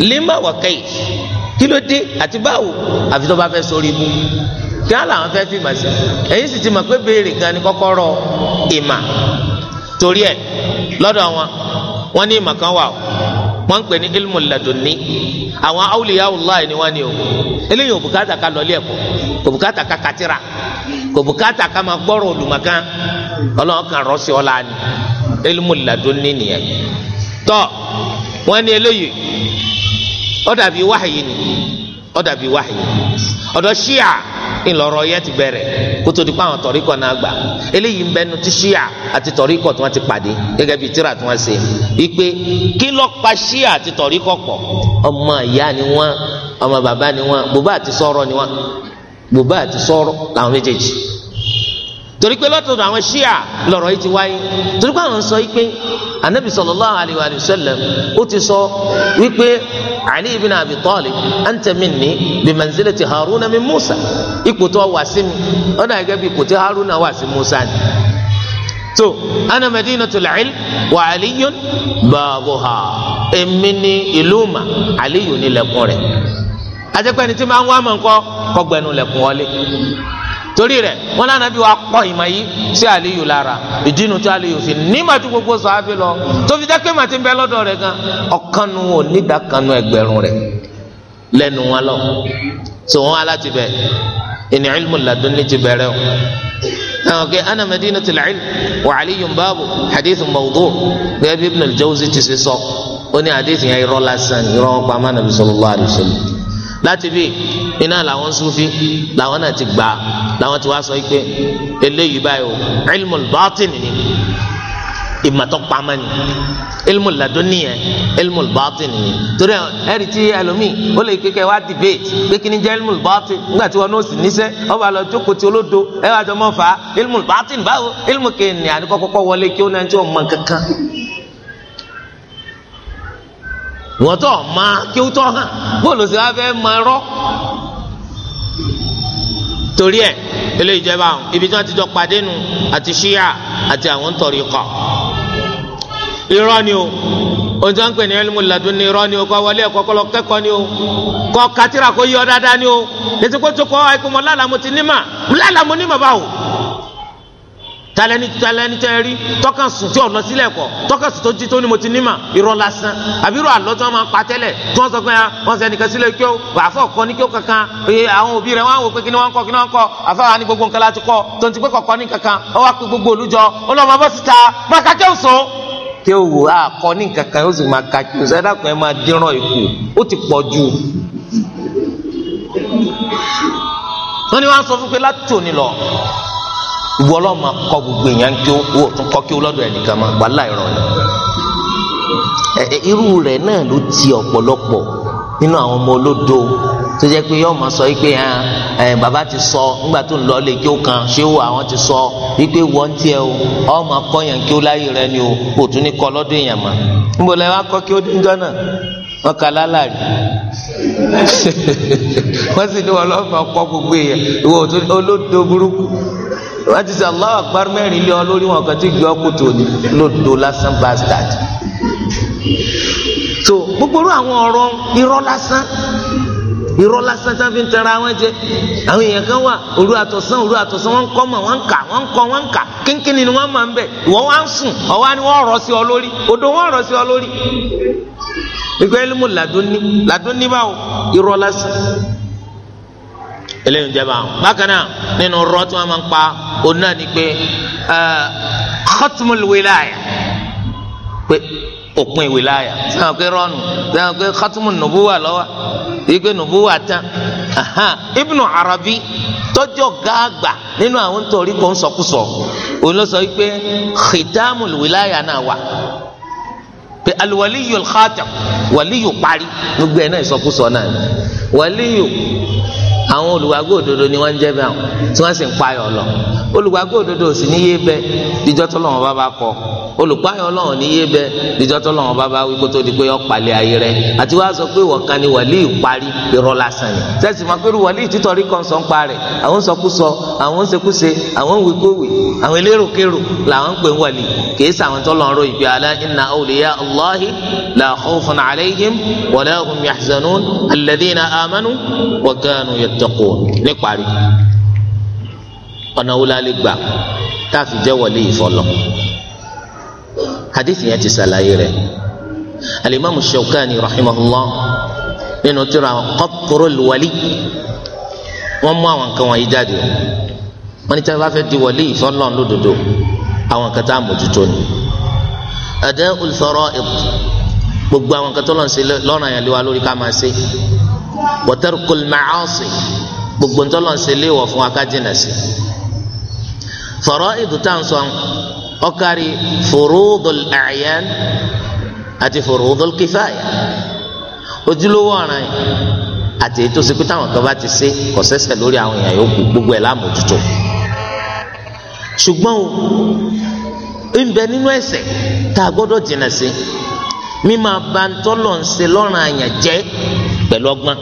lè má wà kẹ́yì kí àti báwo àfi tó bá fẹ́ sórí ibú kí á làwọn fẹ́ fi mà sí èyí sì ti mọ̀ pé béèrè gan ni kọ́kọ́rọ́ ìmà torí ẹ̀ lọ́dọ̀ wọn wọn ní ìmà kan wà o wọn ń pè ní ilmu ladunni àwọn awliyawullahi ni wọn ni o eléyìí ò bùkátà ká lọ ilé ẹ̀kọ́ kò bùkátà ká katira kò bùkátà ká máa gbọ́rọ̀ olùmọ̀kan ọlọ́run kan rọ́ sí ọlá ni ilmu ladunni nìyẹn tọ́ wọn ní eléyìí ó dàbí wáhìí ni ọ̀dà bíi wáyé ọ̀dọ̀ ṣíà ńlọrọ̀ yẹn ti bẹ̀rẹ̀ kó tó di pa àwọn tọ̀ríkọ̀ náà gbà eléyìí ń bẹnu ti ṣíà àti tọ̀ríkọ̀ tí wọ́n ti pàdé gẹ́gẹ́ bíi tíra tí wọ́n ṣe ipe kí ló pa ṣíà àti tọ̀ríkọ̀ pọ̀ ọmọ ìyá ni wọ́n ọmọ bàbá ni wọ́n bùbá àti sọ̀rọ̀ ni wọ́n bùbá àti sọ̀rọ̀ làwọn méjèèjì torí pé lọ́tọ̀dọ̀ àwọn ṣíà lọ̀rọ̀ yìí ti wáyé torí pé àwọn sọ yìí pé anabi sallallahu alayhi wa sallam ó ti sọ wípé ali ibn abi talib anta minni bi manzilati haruna min musa ipò tó wà sí mi ó dà gẹ́gẹ́ bí ipò tí haruna wà sí musa ni so ana madinatul ilm wa aliyun babuha èmi ni ìlú mà aliyun ni lẹ̀kùn rẹ̀ ajẹ́pẹ́ni tí máa ń wá mọ̀ nǹkan kọ́gbẹ́nu lẹ̀kùn wọlé torí rẹ̀ wọn lànà bí wàá kọ́ ìmọ̀ yìí sí Aliyu lára ìdí inú tí Aliyu fi nímàtú gbogbo sàhábì lọ tó fi jẹ́ pé màtí ń bẹ lọ́dọ̀ rẹ̀ gan ọ̀kanu onídàkanu ẹgbẹ̀rún rẹ̀ lẹ́nu wọn lọ so wọn aláti bẹ ìní ilmu ladunni ti bẹ̀rẹ̀ o àwọn kẹ ana madinatul ilm wa aliyun babu hadith mawdu' gẹ́gẹ́ bí ibn ti ṣe sọ ó ní hadith yẹn irọ́ lásán irọ́ pamọ́ nàbí sallallahu alaihi wasallam láti bí iná làwọn sufi làwọn náà ti gbà làwọn ti wá sọ pé eléyìí báyìí o ilmul batin ni ìmọ̀tọ́ pamọ́ ni ilmul ladunni yẹn ilmul batin ni torí ẹ̀rí tí ẹlòmíì ó lè kékeré wá debate pé kí ni jẹ́ ilmul batin nígbà tí wọn ó sì níṣẹ́ ọba lọ jókòó tí olódo ẹ wá jọ mọ́ fà á ilmul batin báwo ilmul kìíní àdìkọ́kọ́kọ́ wọlé kí ó náà tí wọ́n mọ kankan wọ́n tọ̀ ma kí ó tọ̀ hàn bóòlù sí wàá fẹ́ ma rọ́ torí ẹ eléyìí jẹ báwọn ibi tí wọ́n ti jọ pàdé nu àti ṣíyà àti àwọn tọ̀rí kọ̀ irọ́ ni o ohun tí wọ́n ń pè ní ẹlẹ́mu ladun ni irọ́ ni o kọ́ wọlé ẹ̀kọ́ kọ́lọ́ kẹ́kọ̀ọ́ ni o kọ́ katira kó yí ọ dáadáa ni o lẹ́sìn kó tó kọ́ ẹ̀kọ́ mọ́ lálàmú ti ní mà lálàmú ní mà báwo talẹni talẹni tẹ rí tọkàn sùn tí ọlọ sílẹ̀ kọ tọkàn sùn tó jí tó ní mo ti ní mà irọ́ lásán àbí irọ́ àlọ tí wọn máa ń pa tẹ́lẹ̀ tí wọn sọ pé ah, wọn sẹ nìkan sílẹ̀ kí ó àfọ kọ ní kí ó kankan ee àwọn òbí rẹ wọn àwọn pé kí ni wọn kọ kí ni wọn kọ àfọ àwọn ní gbogbo nǹkan láti kọ tó ń ti pé kọkọ ní kankan wọn wá pé gbogbo olùjọ ọlọmọ bọ síta máa ka kéwù sùn kéwù wò á ah, kọ ní kankan ó sì máa ka kéwù sẹ dákun ẹ máa dínrán ikú ó ti pọ̀ jù wọn ni wọn sọ fún pé láti tòní lọ wọlọ́ máa kọ́ gbogbo èèyàn kí o tún kọ́ kí ó lọ́dọ̀ ẹnìkan máa gbà láìrọ̀ ni irú rẹ̀ náà ló ti ọ̀pọ̀lọpọ̀ nínú àwọn ọmọ olódo tó jẹ́ pé yọ́ọ́ máa sọ wípé ah, bàbá ti sọ nígbà tó ń lọ lè kí ó kan ṣé ó àwọn ti sọ wípé wọ́n tiẹ̀ o ọ́ máa kọ́ yàn kí ó láyè rẹ ni o kò tún ní kọ́ lọ́dọ̀ èèyàn mà níbo lẹ́ wá kọ́ kí ó dín jọ́nà wọ́n kà lálàrí wọ́n sì ní wọn lọ́ọ́ máa kọ́ gbogbo èèyàn ìwọ olódo burúkú wọ́n ti sọ Allahu Akbar mẹ́rin lé ọ lórí wọn kan tí gbé ọkùtù lòdò lásán bastard so gbogbo irú àwọn ọ̀rọ̀ irọ́ lásán irọ́ lásán tí wọ́n fi ń tẹ̀ra wọn jẹ àwọn èèyàn kan wà òru àtọ̀sán òru àtọ̀sán wọ́n ń kọ́ mọ̀ wọ́n kà wọ́n kọ́ wọ́n kà kínkínni ni wọ́n máa ń bẹ̀ wọ́n wá ń sùn ọ̀wá ni wọ́n rọ̀ sí ọ lórí odò wọ́n rọ̀ sí ọ lórí ìgbà ilmu ladunni ladunni báwo irọ́ lásán eléyìí ń jẹba àwọn. bákan náà nínú rọ tí wọn máa ń pa òun náà ni pé khatmul wilaya pé òpin wilaya sáwọn pé rọnù sáwọn pé khatmul nubuwa lọ́wọ́ yìí pé nubuwa tán ibnu arabi tọjọ gàgbà nínú àwọn torí kò ń sọkúsọ òun ló sọ wípé khitamul wilaya náà wà pé alwaliyu alkhatam waliyu parí gbogbo ẹ náà ìsọkúsọ náà waliyu àwọn olùwàgbọ́ òdodo ni wọ́n ń jẹ́ bẹ́ẹ̀ tí wọ́n sì ń payọ̀ lọ olùwàgbọ́ òdodo sì ní yé bẹ́ẹ̀ díjọ́ tó lọ́wọ́ bá bá kọ olùpáyọ̀ ọlọ́run ní yé bẹ́ẹ̀ díjọ́ tó bá bá wí tó di pé ọ̀pàlẹ̀ ayé rẹ̀ àti wàá sọ pé wọ̀kan ni wàlíì parí irọ́ lásán ni tẹ́sí ma pé wàlíì títọ́ kan sọ ń pa rẹ̀ àwọn sọkúsọ àwọn sekúse àwọn wíkówì àwọn elérokérò làwọn ń pè ń wàlíì kìí sàwọn tó lọ́n ròyìn bí alá inna allahi la khawfun alayhim wala hum yahzanun alladhina amanu wa kanu yẹ yattaqun níparí ọ̀nà wo la lè gbà tá a fi jẹ́ wọlé ìfọlọ́ hadith yẹn ti ṣàlàyé rẹ̀ alimami Shawkani rahimahullah nínú tírà Qatrul Wali wọ́n mú àwọn nǹkan wọ̀nyí jáde wọ́n ní tí a bá fẹ́ di wọlé ìfọlọ́ lódodo àwọn nǹkan mójútó ni ada'ul fara'id gbogbo àwọn nǹkan tó yẹn lé wa lórí ká máa ṣe wa tarkul ma'asi gbogbo ntọ́lọ̀ ń ṣe léèwọ̀ fún wa ká jìnnà sí faraidu tá à ń sọ ó kárí furudul a'yan àti furudul kifaya ojúlówó ọ̀ràn àti èyí tó ṣe pé táwọn kan bá ti ṣe kò lórí àwọn èèyàn yòókù gbogbo ẹ̀ lámòjútó ṣùgbọ́n o ń nínú ẹ̀ṣẹ̀ tá a gbọ́dọ̀ jìnnà sí mímọ abantọ́lọ̀ ń ṣe àyàn jẹ́ pẹ̀lú ọgbọ́n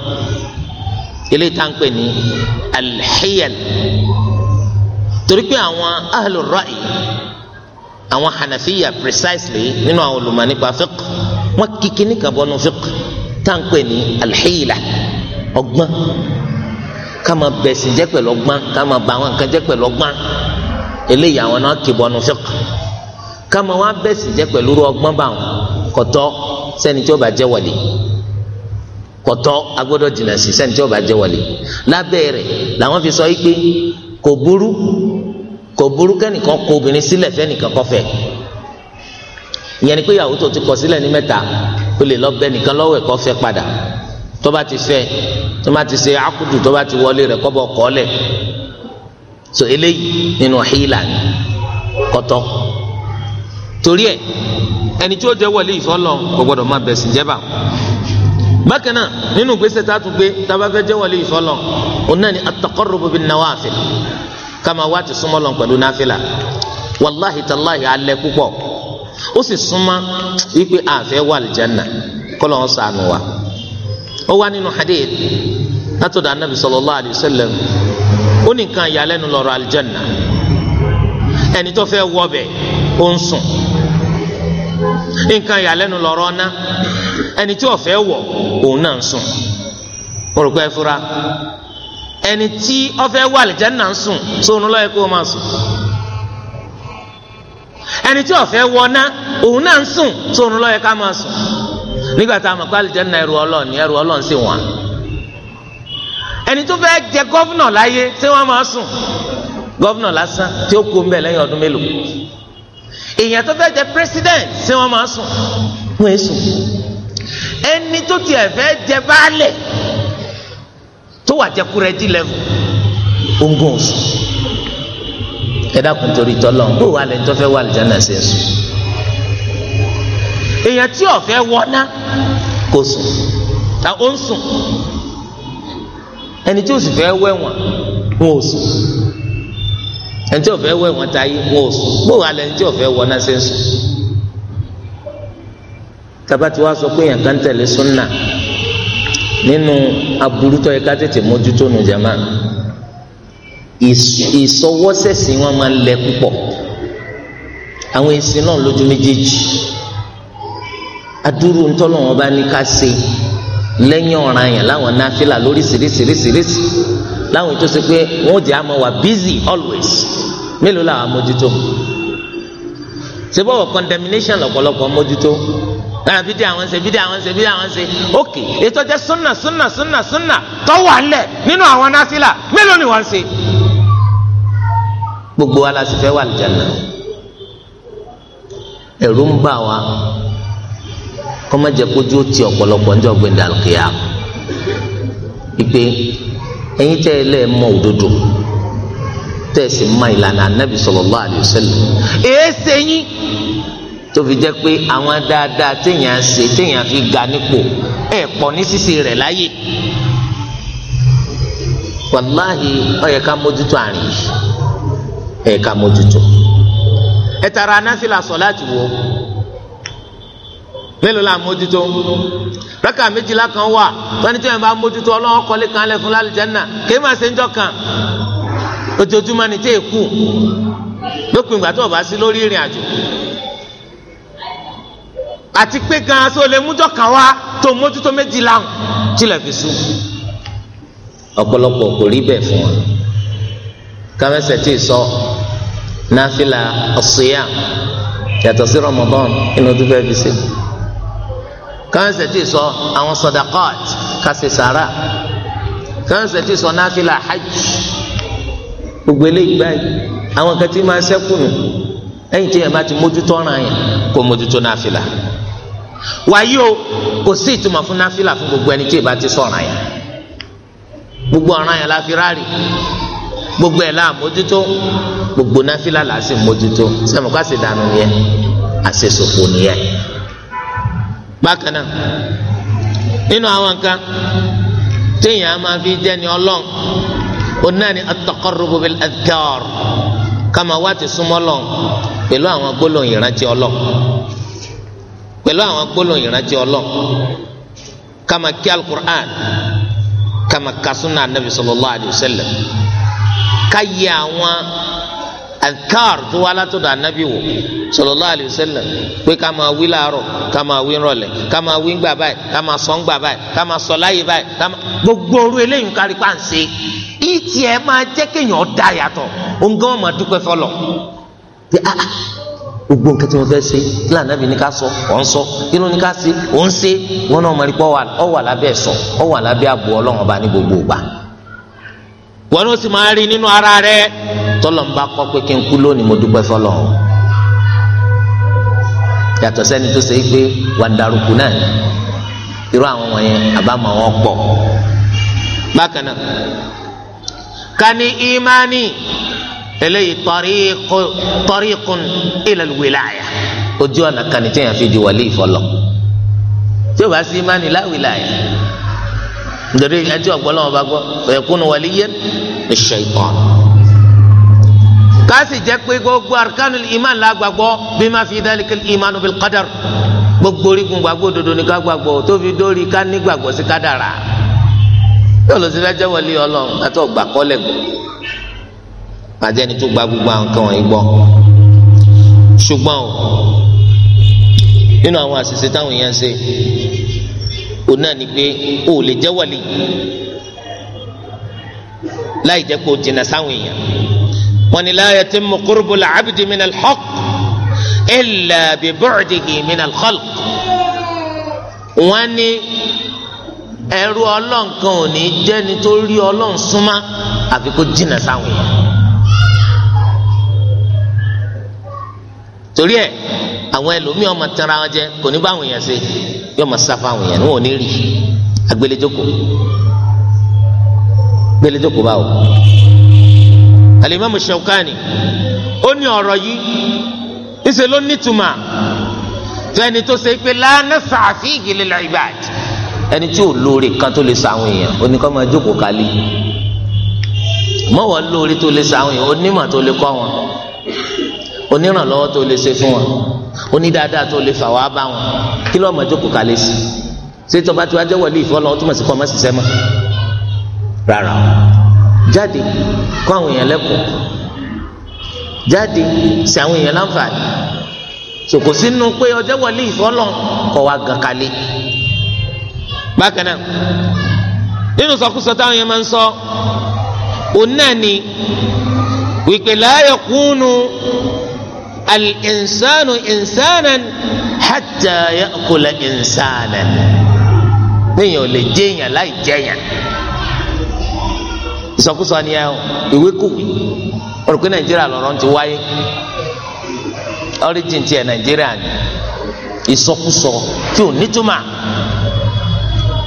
eléyìí tá à ń pè ní alhiyal torí pé àwọn ahlu àwọn hanafiya precisely nínú àwọn olùmọ̀ nípa fiqh wọn kí kíní kan bọ́nu fiqh tá à ń pè ní alhiyla ọgbọ́n ká máa bẹ̀sìn jẹ́ pẹ̀lú ọgbọ́n ká máa bà àwọn nǹkan jẹ́ pẹ̀lú ọgbọ́n eléyìí àwọn náà kì bọ́nu fiqh ká máa bẹ̀sìn jẹ́ pẹ̀lú ọgbọ́n bá wọn kọ̀tọ́ sẹ́ni tí ó bá jẹ́ wọlé kọtọ agbọ́dọ̀ jìnnà sí sẹni tí ó bá jẹ wàlí lábẹ́ rẹ̀ làwọn fi sọ yìí pé kò burú kò burú kẹ́nìkan kọ obìnrin sílẹ̀ fẹ́nìkan kọfẹ ìyẹn ni pé ìyàwó tó ti kọ sílẹ̀ ní mẹ́ta ó lè lọ bẹ nìkan lọ́wọ́ ẹkọ padà tó ti fẹ́ tó ti ṣe akudu tó ti wọlé rẹ̀ kọbọ kọọlẹ so eléyìí nínú hílà ni kọtọ torí ẹ ẹni tí ó jẹ wọlé ìfọlọ kò gbọ́dọ̀ má bẹ bákan náà nínú ìgbésẹ̀ tá a tún gbé tábà fẹ́ jẹ́ wàlíyù fọlọ́ òun náà ni at-taqarrubu bin-nawafil kama wá ti súnmọ́ lọ pẹ̀lú náfìlà wàláhi tàláhi alẹ́ púpọ̀ ó sì súnmọ́ wípé àfẹ́ wà lìjánà kọ́lọ́ ń sànù wa ó wá nínú hadith látọ̀dọ̀ anabi sallallahu alayhi ó ní nǹkan lọ́rọ̀ àlìjánà ẹni fẹ́ wọ bẹ̀ ó ń sùn. nǹkan ìyàlẹ́nu lọ́rọ́ ná ẹni tí ó wọ̀ òun náà ń sùn mo rò pé ẹ fura ẹni tí ọ fẹ́ wà àlìjánnà ń sùn sóònù lọ́yẹ o máa sùn ẹni tí wọ ná òun náà ń sùn sóònù lọ́yẹ ká máa sùn nígbà tá a mọ̀ pé ẹrù wọ́n ẹni tó fẹ́ jẹ láyé tí wọ́n máa sùn gọ́vnọ̀ lásán tí ó kú ń bẹ̀ lẹ́yìn ọdún èèyàn tó fẹ́ jẹ president ṣé wọ́n máa sùn wọ́n èé sùn ẹni tó tiẹ̀ fẹ́ jẹ baálẹ̀ tó wà jẹkúrẹ́jì lẹ́fù ongun sùn ẹ dákun torí tọ́lọ̀ bó wà lẹ́ni tó fẹ́ wà lìjánà ṣe sùn èèyàn tí ó fẹ́ wọ́ná kò sùn ta ó ń sùn ẹni tí ó sì fẹ́ wẹ̀wọ̀n wọn ò sùn. ẹnití ọ̀fẹ́ wẹ̀ wọ́n ta yí wọ́n sùn bóun alẹ́ ẹnití ọ̀fẹ́ wọ́n náà ṣe ń sùn. tabati wa sọ pé èèyàn kan tẹ̀lé súnà nínú aburú yẹ ká tètè mójútó nu jama ìsọwọ́sẹ̀sì wọn máa ń lẹ púpọ̀ àwọn èsì náà lójú méjèèjì adúrú ntọ́lọ́wọ́n bá ní ká ṣe lẹ́yìn láwọn lórí láwọn ètò ṣe pé wọn ò jẹ́ àmọ́ wà busy always mélòó làwọn amójútó ṣe bọ́wọ̀ condemnation lọ́pọ̀lọpọ̀ mójútó náà bídí àwọn ṣe bídí àwọn ṣe bídí àwọn ṣe ok ètò jẹ́ súnà súnà súnà súnà tọ́wọ́ alẹ̀ nínú àwọn násìlà mélòó ni wọ́n ṣe gbogbo wa la sì fẹ́ wà lìjànà ẹ̀rù ń bà wá kọ́mọ́jẹ́ kójú ó ti ọ̀pọ̀lọpọ̀ ń jọ gbẹ̀dẹ̀ àlùkìyà ẹ̀yin tẹ́ ẹ lẹ́ mọ òdodo tẹ́ ẹ sì mọ ìlànà anabi sallallahu alayhi wa sallam èé ṣe yín tó fi jẹ́ pé àwọn dáadáa téèyàn ṣe téèyàn fi ga nípò ẹ̀ pọ̀ ní ṣíṣe rẹ̀ láyè wàláhì ó yẹ ká mójútó àrùn yìí ó ká mójútó ẹ tara anáfíà sọ láti wò mélòó la mójútó rákà méjìlá kan wà tọ́ni tí wọ́n bá mójútó ọlọ́wọ́ kọ́lé kan lẹ̀ fún lálùjáná kéé máa ṣe ń jọ ojoojúmọ́ ni tí èkú lópin ìgbà tó o bá sí lórí ìrìn àjò àti pé gan aṣọ lè mújọ kan wá tó mójútó méjìlá tilẹ̀ fi sùn ọ̀pọ̀lọpọ̀ kò rí bẹ́ẹ̀ fún wa kámẹ́sẹ̀ tí ì sọ náfìlà ọ̀sùnyà yàtọ̀ sí Ramadan inú tó fẹ́ fi sí kánsẹ̀ tí sọ àwọn sọdakọ́t kásẹ̀ sàrà kánsẹ̀ tí sọ náfìlà hajj gbogbo eléyìí báyìí àwọn kan tí máa ṣẹ́kù nù ẹ̀yìn tí yẹn bá ti mójútó ọ̀ràn yẹn kó mójútó náfìlà wàyí o kò sí ìtumọ̀ fún náfìlà fún gbogbo ẹni tí yẹn bá ti sọ ọ̀ràn yẹn gbogbo ọ̀ràn yẹn la fi rárì gbogbo ẹ̀ la mójútó gbogbo náfìlà la mójútó sẹ́mu ká sì dànù nìyẹn àṣesòfò nìyẹn bákan náà nínú àwọn nǹkan téèyàn máa fi jẹ́ ni ọlọ́n onáà ni at-taqarrubu bil adhkar kama wá ti súnmọ́ lọ́n pẹ̀lú àwọn gbólóhùn ìrántí ọlọ́n pẹ̀lú àwọn gbólóhùn ìrántí ọlọ́n kama kí al-Qur'an kama ka anabi sallallahu alayhi wa sallam ká yẹ àwọn. adkar tó wá látọ̀dọ̀ anabi wò sallallahu alayhi wa sallam pé ká máa wí láàárọ̀ ká máa wí rọ̀lẹ́ ká máa wí ngbà báyìí ká máa sọ ngbà báyìí ká máa sọ láyè báyìí ká máa gbogbo orú eléyìí kárí pa ń ṣe ìtì ẹ máa jẹ́ kéèyàn dá yàtọ̀ òǹgá wọn máa dúpẹ́ fọlọ̀ pé ah, ah gbogbo nǹkan tí fẹ́ kí sọ ọ̀ ń sọ kí ló ní ká ń wọn náà wà lábẹ́ sọ ọ̀ gbogbo wọn ló sì máa rí nínú ara rẹ tọ́lọ̀ ń bá kọ́ pé kí n kú lónìí mo dúpẹ́ fọlọ́ yàtọ̀ sẹ́ni tó ṣe é pé wà dárúkú náà irú àwọn wọ̀nyẹn àbámọ̀ wọn pọ̀ bákan náà ká ní ìmánì eléyìí tariqun ila al-wilaya ojú ọ̀nà kan fi di wàlíì fọlọ́ tí o bá sí ìmánì la nítorí ẹtí ọ̀pọ̀lọpọ̀ bá gbọ́ ẹ̀kúnnù wàlíyé ṣaitan. káàsì jẹ́ pé gbogbo arkanu iman la gbàgbọ́ bí ma fi dhalika imanu bil qadar gbogbo orígun gbàgbọ́ òdodo ni ká gbàgbọ́ tó fi dórí ká ní gbàgbọ́ sí kádàrá yóò lọ sí fẹ́ jẹ́ wọlé ọlọ́run àti ọgbà kọ́lẹ̀ gbọ́ bàjẹ́ ni tó gba gbogbo àwọn nǹkan wọ̀nyí gbọ́ ṣùgbọ́n o nínú àwọn àṣìṣe táwọn èèyàn ṣe òun náà ni pé o ò lè jẹ́ wàlí láì jẹ́ pé o jìnnà sáwọn èèyàn wọn ni la yatimmu qurbul abdi minal haqq illa bi bu'dihi minal khalq wọn ni ẹrú ọlọ́run kan ò ní jẹ́ nítorí ọlọ́run àfi kó jìnnà sáwọn èèyàn. torí ẹ àwọn ẹlòmíràn máa tẹnra wọn jẹ kò ní bá èèyàn ṣe yóò máa sáfà àwọn èèyàn níwọ̀n ní rí agbélejoko agbélejoko báwo. alimami Shawkani ó ní ọ̀rọ̀ yìí níṣẹ́ ló nítumọ̀ fẹ́ni tó ṣe pé lánàá sàáfì ìgìlélẹ̀ ìbàdí ẹni tí ò lóore kan tó lè sa àwọn èèyàn oníkan máa jókòó kálí mọ́wọ́ lóore tó lè sa àwọn èèyàn onímọ̀ tó lè kọ́ wọn onírànlọ́wọ́ tó lè ṣe fún wọn onídàádáa tó lè fà wá bá wọn kí lọ́ọ́ mọ̀jọ́ kò kálẹ̀ sí ṣé tọ́ba tí wàá jẹ́ wọlé ìfọlọ́ ọtún mọ̀ sí kọ́ mọ́ sí sẹ́mọ́ rárá jáde kọ́ àwọn èèyàn lẹ́kọ̀ọ́ jáde sí àwọn èèyàn láǹfààní sòkò sínú pé ọjọ́ wọlé ìfọlọ́ kọ́ wa gàn kálẹ̀ bákan náà nínú sọkúsọ táwọn yẹn máa ń sọ òun náà ni wípé láàyè kúnnù al-insanu insanan hatta ya'kula insanan níyàn ò lè jẹyàn láì jẹyàn ìsọkúsọ ni ẹ o ìwé kòwé o rò pé nàìjíríà lọ́rọ̀ ti wáyé origin tiẹ̀ nàìjíríà ni ìsọkúsọ tí ò nítumà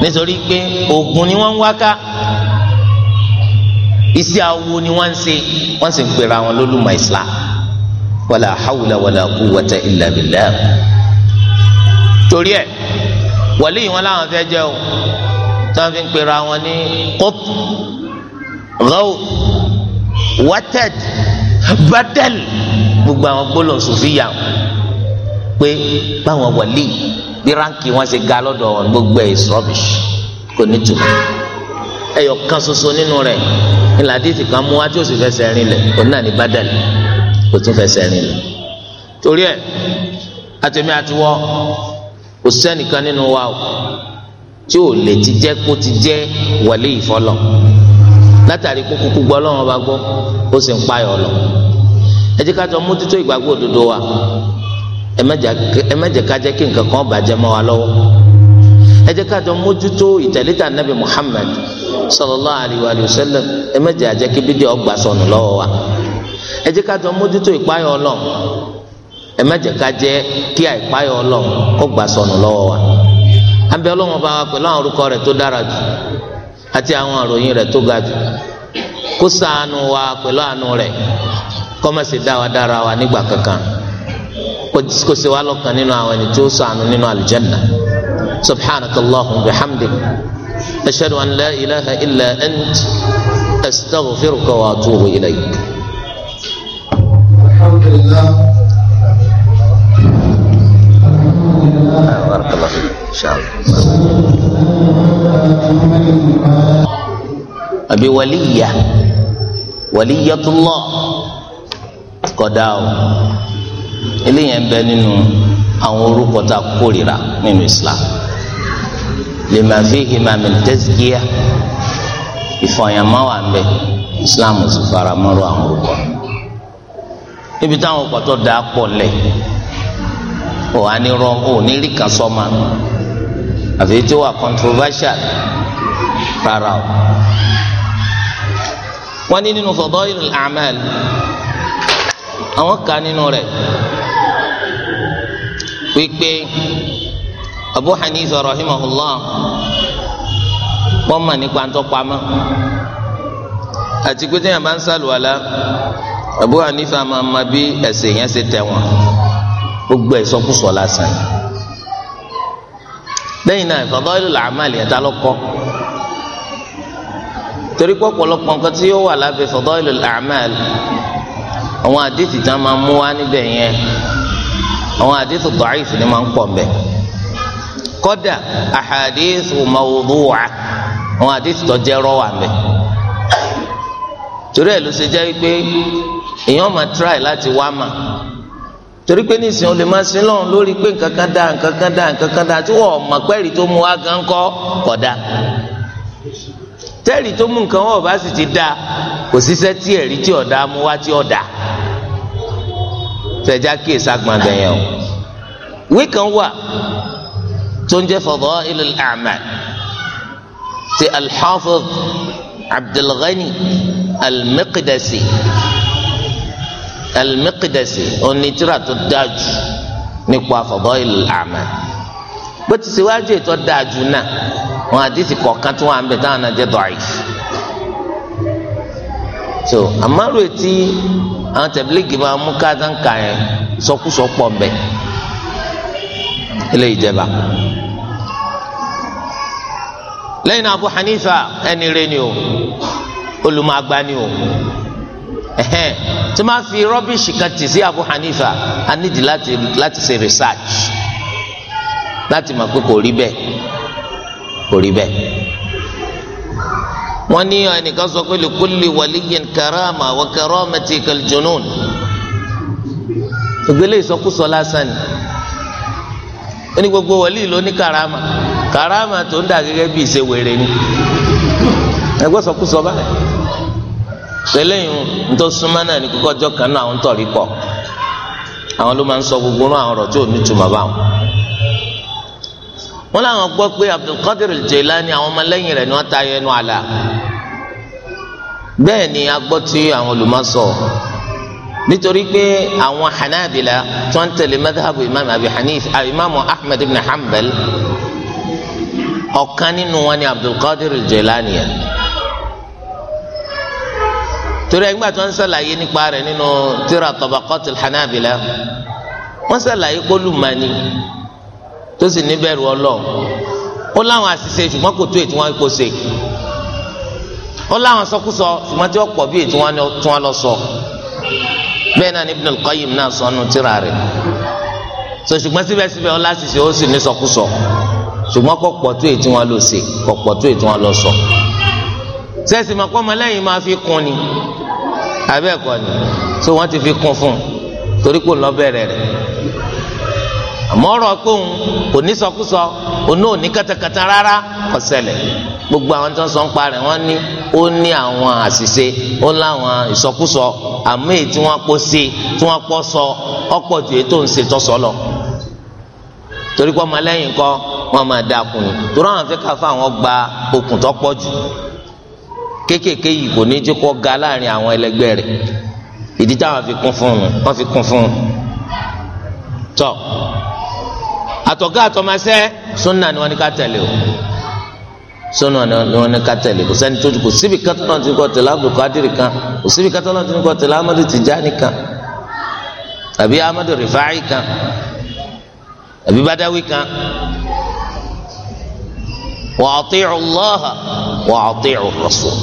nítorí pé oògùn ni wọ́n ń wá ká awo ni wọ́n ń ṣe wọ́n sì ń pera wọn lólùmọ̀ islam wala hawla wala quwwata illa billah torí ẹ wàlí yìí wọn làwọn fẹẹ jẹ o táwọn fi ń pera wọn ní kóp rọw wátẹd bàtẹl gbogbo àwọn gbólóhùn sùfìyà pé báwọn wàlí bí ránkì wọn ṣe ga lọ́dọ̀ wọn gbogbo ẹ is kò ní tù ẹyọ kan ṣoṣo nínú rẹ̀ ńlá díìtì kan mú wájú òsì fẹsẹ̀ rinlẹ̀ òun náà ní bàtẹl kò tún fẹsẹ̀ rìn lẹ̀ torí ẹ̀ àtẹ̀mí àtiwọ́ kò sẹ́nìkan nínú wa o tí ò lè ti jẹ́ kó ti jẹ́ wàlẹ́ ìfọlọ́ látàrí kó kúkú gbọ́ lọ́wọ́ bá gbọ́ ó sì ń payọ̀ lọ ẹ jẹ́ ká jọ mójútó ìgbàgbọ́ òdodo wa ẹ má ká jẹ́ kí nǹkan kan bàjẹ́ mọ́ wa lọ́wọ́ ẹ ká jọ mójútó ìtẹ̀lẹ́tà nabi Muhammad sallallahu alayhi wa sallam ẹ má jẹ́ àjẹ́ kí bídíà ọgbà sọnù lọ́wọ́ wa ẹ jẹ́ ká jọ mójútó ìpáyọ̀ ọlọ́run ẹ má jẹ́ ká jẹ́ kí àìpáyọ̀ ọlọ́run kó gbà sọnù lọ́wọ́ wa abẹ́ ọlọ́run bá wa pẹ̀lú àwọn orúkọ rẹ̀ tó dára jù àti àwọn àròyìn rẹ̀ tó ga jù kó ṣàánú wa pẹ̀lú àánú rẹ̀ kó má ṣe dá wa dára wa nígbà kankan kó ṣe wa lọ́kàn nínú àwọn ẹni tó ṣàánú nínú àlùjánnà subhanakallahum bihamdik ashhadu an la ilaha illa ant astaghfiruka wa atubu ilayk. الحمد لله بارك الله فيك ان شاء الله ابي وليه وليه الله kódà o eléyìí ń bẹ nínú àwọn orúkọ tá a kórìíra nínú islam lima fihima min tazkiya ìfọyàmọ wà ń bẹ islam sì fara mọ́rọ̀ àwọn orúkọ ibi táwọn pàtó da pọ̀ lẹ̀ ò á ní rọ ò ní rí kan sọ́ma àfi tí ó wà controversial rárá o. wọ́n ní nínú fadail al-a'mal àwọn kà nínú rẹ̀ wípé Abu Hanifa rahimahullah wọ́n mọ̀ nípa ntọ́pamọ́ àti pé téèyàn bá ń sàlùwàlá. Abu Hanifa máa ma bí ẹsẹ̀ yẹn ṣe tẹ̀ wọ́n gbogbo ẹ̀ sọkúsọ lásán lẹ́yìn náà fadailul a'mal yẹn ta ló kọ́ torí pé ọ̀pọ̀lọpọ̀ nǹkan tí ó wà lábẹ́ fadailul a'mal àwọn àdìsí tí wọ́n máa mú wá níbẹ̀ yẹn àwọn àdìsí da'if ni máa ń pọ̀ mbẹ́ kọ́dà ahadithu mawdu'a àwọn àdìsí tó jẹ́ rọ́wà mbẹ́ torí ẹ̀ ló ṣe jẹ́ pé èèyàn máa try láti wá mà torí pé nísìnyí o lè máa sin lọ́run lórí pé nǹkan kan dá nǹkan kan dá nǹkan kan dá tí wọ́n mọ̀ pẹ́ẹ́rì tó mú wá gan kọ́ kódà tẹ́ẹ̀rì tó mú nǹkan wọ́n bá sì ti dá kò síṣẹ́ tí ẹ̀rí tí ọ̀dà mú wá tí ọ̀dà fẹjá kí èsì agbọ̀ngàn yẹn o ìwé kan wà tó ń jẹ́ Fadaa'ilul A'mal ti Al-Hafiz Abdul al-Maqdisi onítìrà tó dájú nípa fadailul a'mal bó ti ṣe wájú ètò dájú náà wọn àdìsí kọ̀ọ̀kan tí wọn à táwọn náà jẹ́ da'if so àmàlù etí àwọn tẹ̀blígì máa mú káàdáǹkà yẹn sọkúsọ pọ̀ mbẹ́ ilé ìjẹba lẹ́yìn Abu Hanifa ẹni rẹ ni o olùmọ̀ àgbà o ẹhẹn tí máa fi rọbìṣì kan tì sí Abu Hanifa a nídìí láti láti ṣe research láti mọ̀ pé kò rí bẹ́ẹ̀ kò rí bẹ́ẹ̀ wọ́n ní ẹnìkan sọ pé likulli waliyin karama wa karamati kaljunun ìgbélé ìsọkúsọ lásán ni ó ní gbogbo wọlé ìlú ní karama karama tó ń dà gẹ́gẹ́ bí ìṣe wèrè ni ẹgbẹ́ sọkúsọ báyìí eléyìí ntọ́ súnmọ́ náà ní kókó ọjọ́ kan náà àwọn ń tọ̀rí kọ àwọn ló máa ń sọ gbogbo náà àwọn ọ̀rọ̀ tí ò ní tùmọ̀ báwọn. wọ́n láwọn gbọ́ pé Abdulkadir Jelani àwọn ọmọlẹ́yìn rẹ̀ ni wọ́n ta ẹnu àlà bẹ́ẹ̀ ni a gbọ́ tí àwọn olùmọ̀sọ nítorí pé àwọn Hanabila tó ń tẹ̀lé madhabu imam Abi Hanif ah, imam Ahmed ibn Hanbal ọ̀kan nínú wọn ni Abdulkadir Jelani yẹn torí ẹgbẹ́ àti wọ́n ń sàlàyé nípa rẹ̀ nínú tíra Tabaqatul Hanabila wọ́n sàlàyé pólùmọ́ni tó sì níbẹ̀rù Ọlọ́run ó láwọn àṣìṣe ṣùgbọ́n kò tó ètò wọn kò ṣe ó láwọn sọkúsọ ṣùgbọ́n tí wọ́n pọ̀ bí ètò wọn tí wọ́n lọ sọ bẹ́ẹ̀ náà ni Ibn al-Qayyim náà sọ nù tíra rẹ̀ so ṣùgbọ́n síbẹ̀síbẹ̀ ó láṣìṣe ó sì ní sọkúsọ ṣùgbọ́n kò pọ̀ tó ètò wọn lọ sẹ́sì máa kọ́ ọmọlẹ́yìn máa fi kún ni abẹ́ ẹ̀kọ́ ni so wọ́n ti fi kún fún un torí kò lọ bẹ̀rẹ̀ rẹ̀ àmọ́ ọ̀rọ̀ pé òun kò ní sọkúsọ òun ò ní kẹtẹkẹtẹ rárá kò ṣẹlẹ̀ gbogbo àwọn tó ń sọ ń pa rẹ̀ wọ́n ní ó ní àwọn àṣìṣe ó láwọn ìsọkúsọ àmọ́ èyí tí wọ́n pọ̀ sí tí wọ́n pọ̀ sọ ọ̀pọ̀ ju èyí tó ń ṣe tọ́sọ lọ torí pé ọmọlẹ́yìn kọ́ wọ́n máa dáa kùn torí àwọn afẹ́kàfẹ́ àwọn gba okùn tó pọ̀ jù kéékèèké yìí kò ní jẹ́ kó ga láàrin àwọn ẹlẹgbẹ́ rẹ̀ ìdí táwọn fi kún fún un wọ́n fi kún fún un tọ́ àtọ̀gá àtọ̀mọṣẹ́ sunna ni wọ́n ní ká tẹ̀lé o sunna ni wọ́n ní ká tẹ̀lé kò sẹ́ni tó kò síbi kátólọ́ ti ní kọ́ tẹ̀lé Abdul Qadir kan kò síbi kátólọ́ ti ní kọ́ tẹ̀lé Amadu Tijani kan àbí Amadu Rifai kan àbí Badawi kan wa ati'u Allah wa ati'u Rasul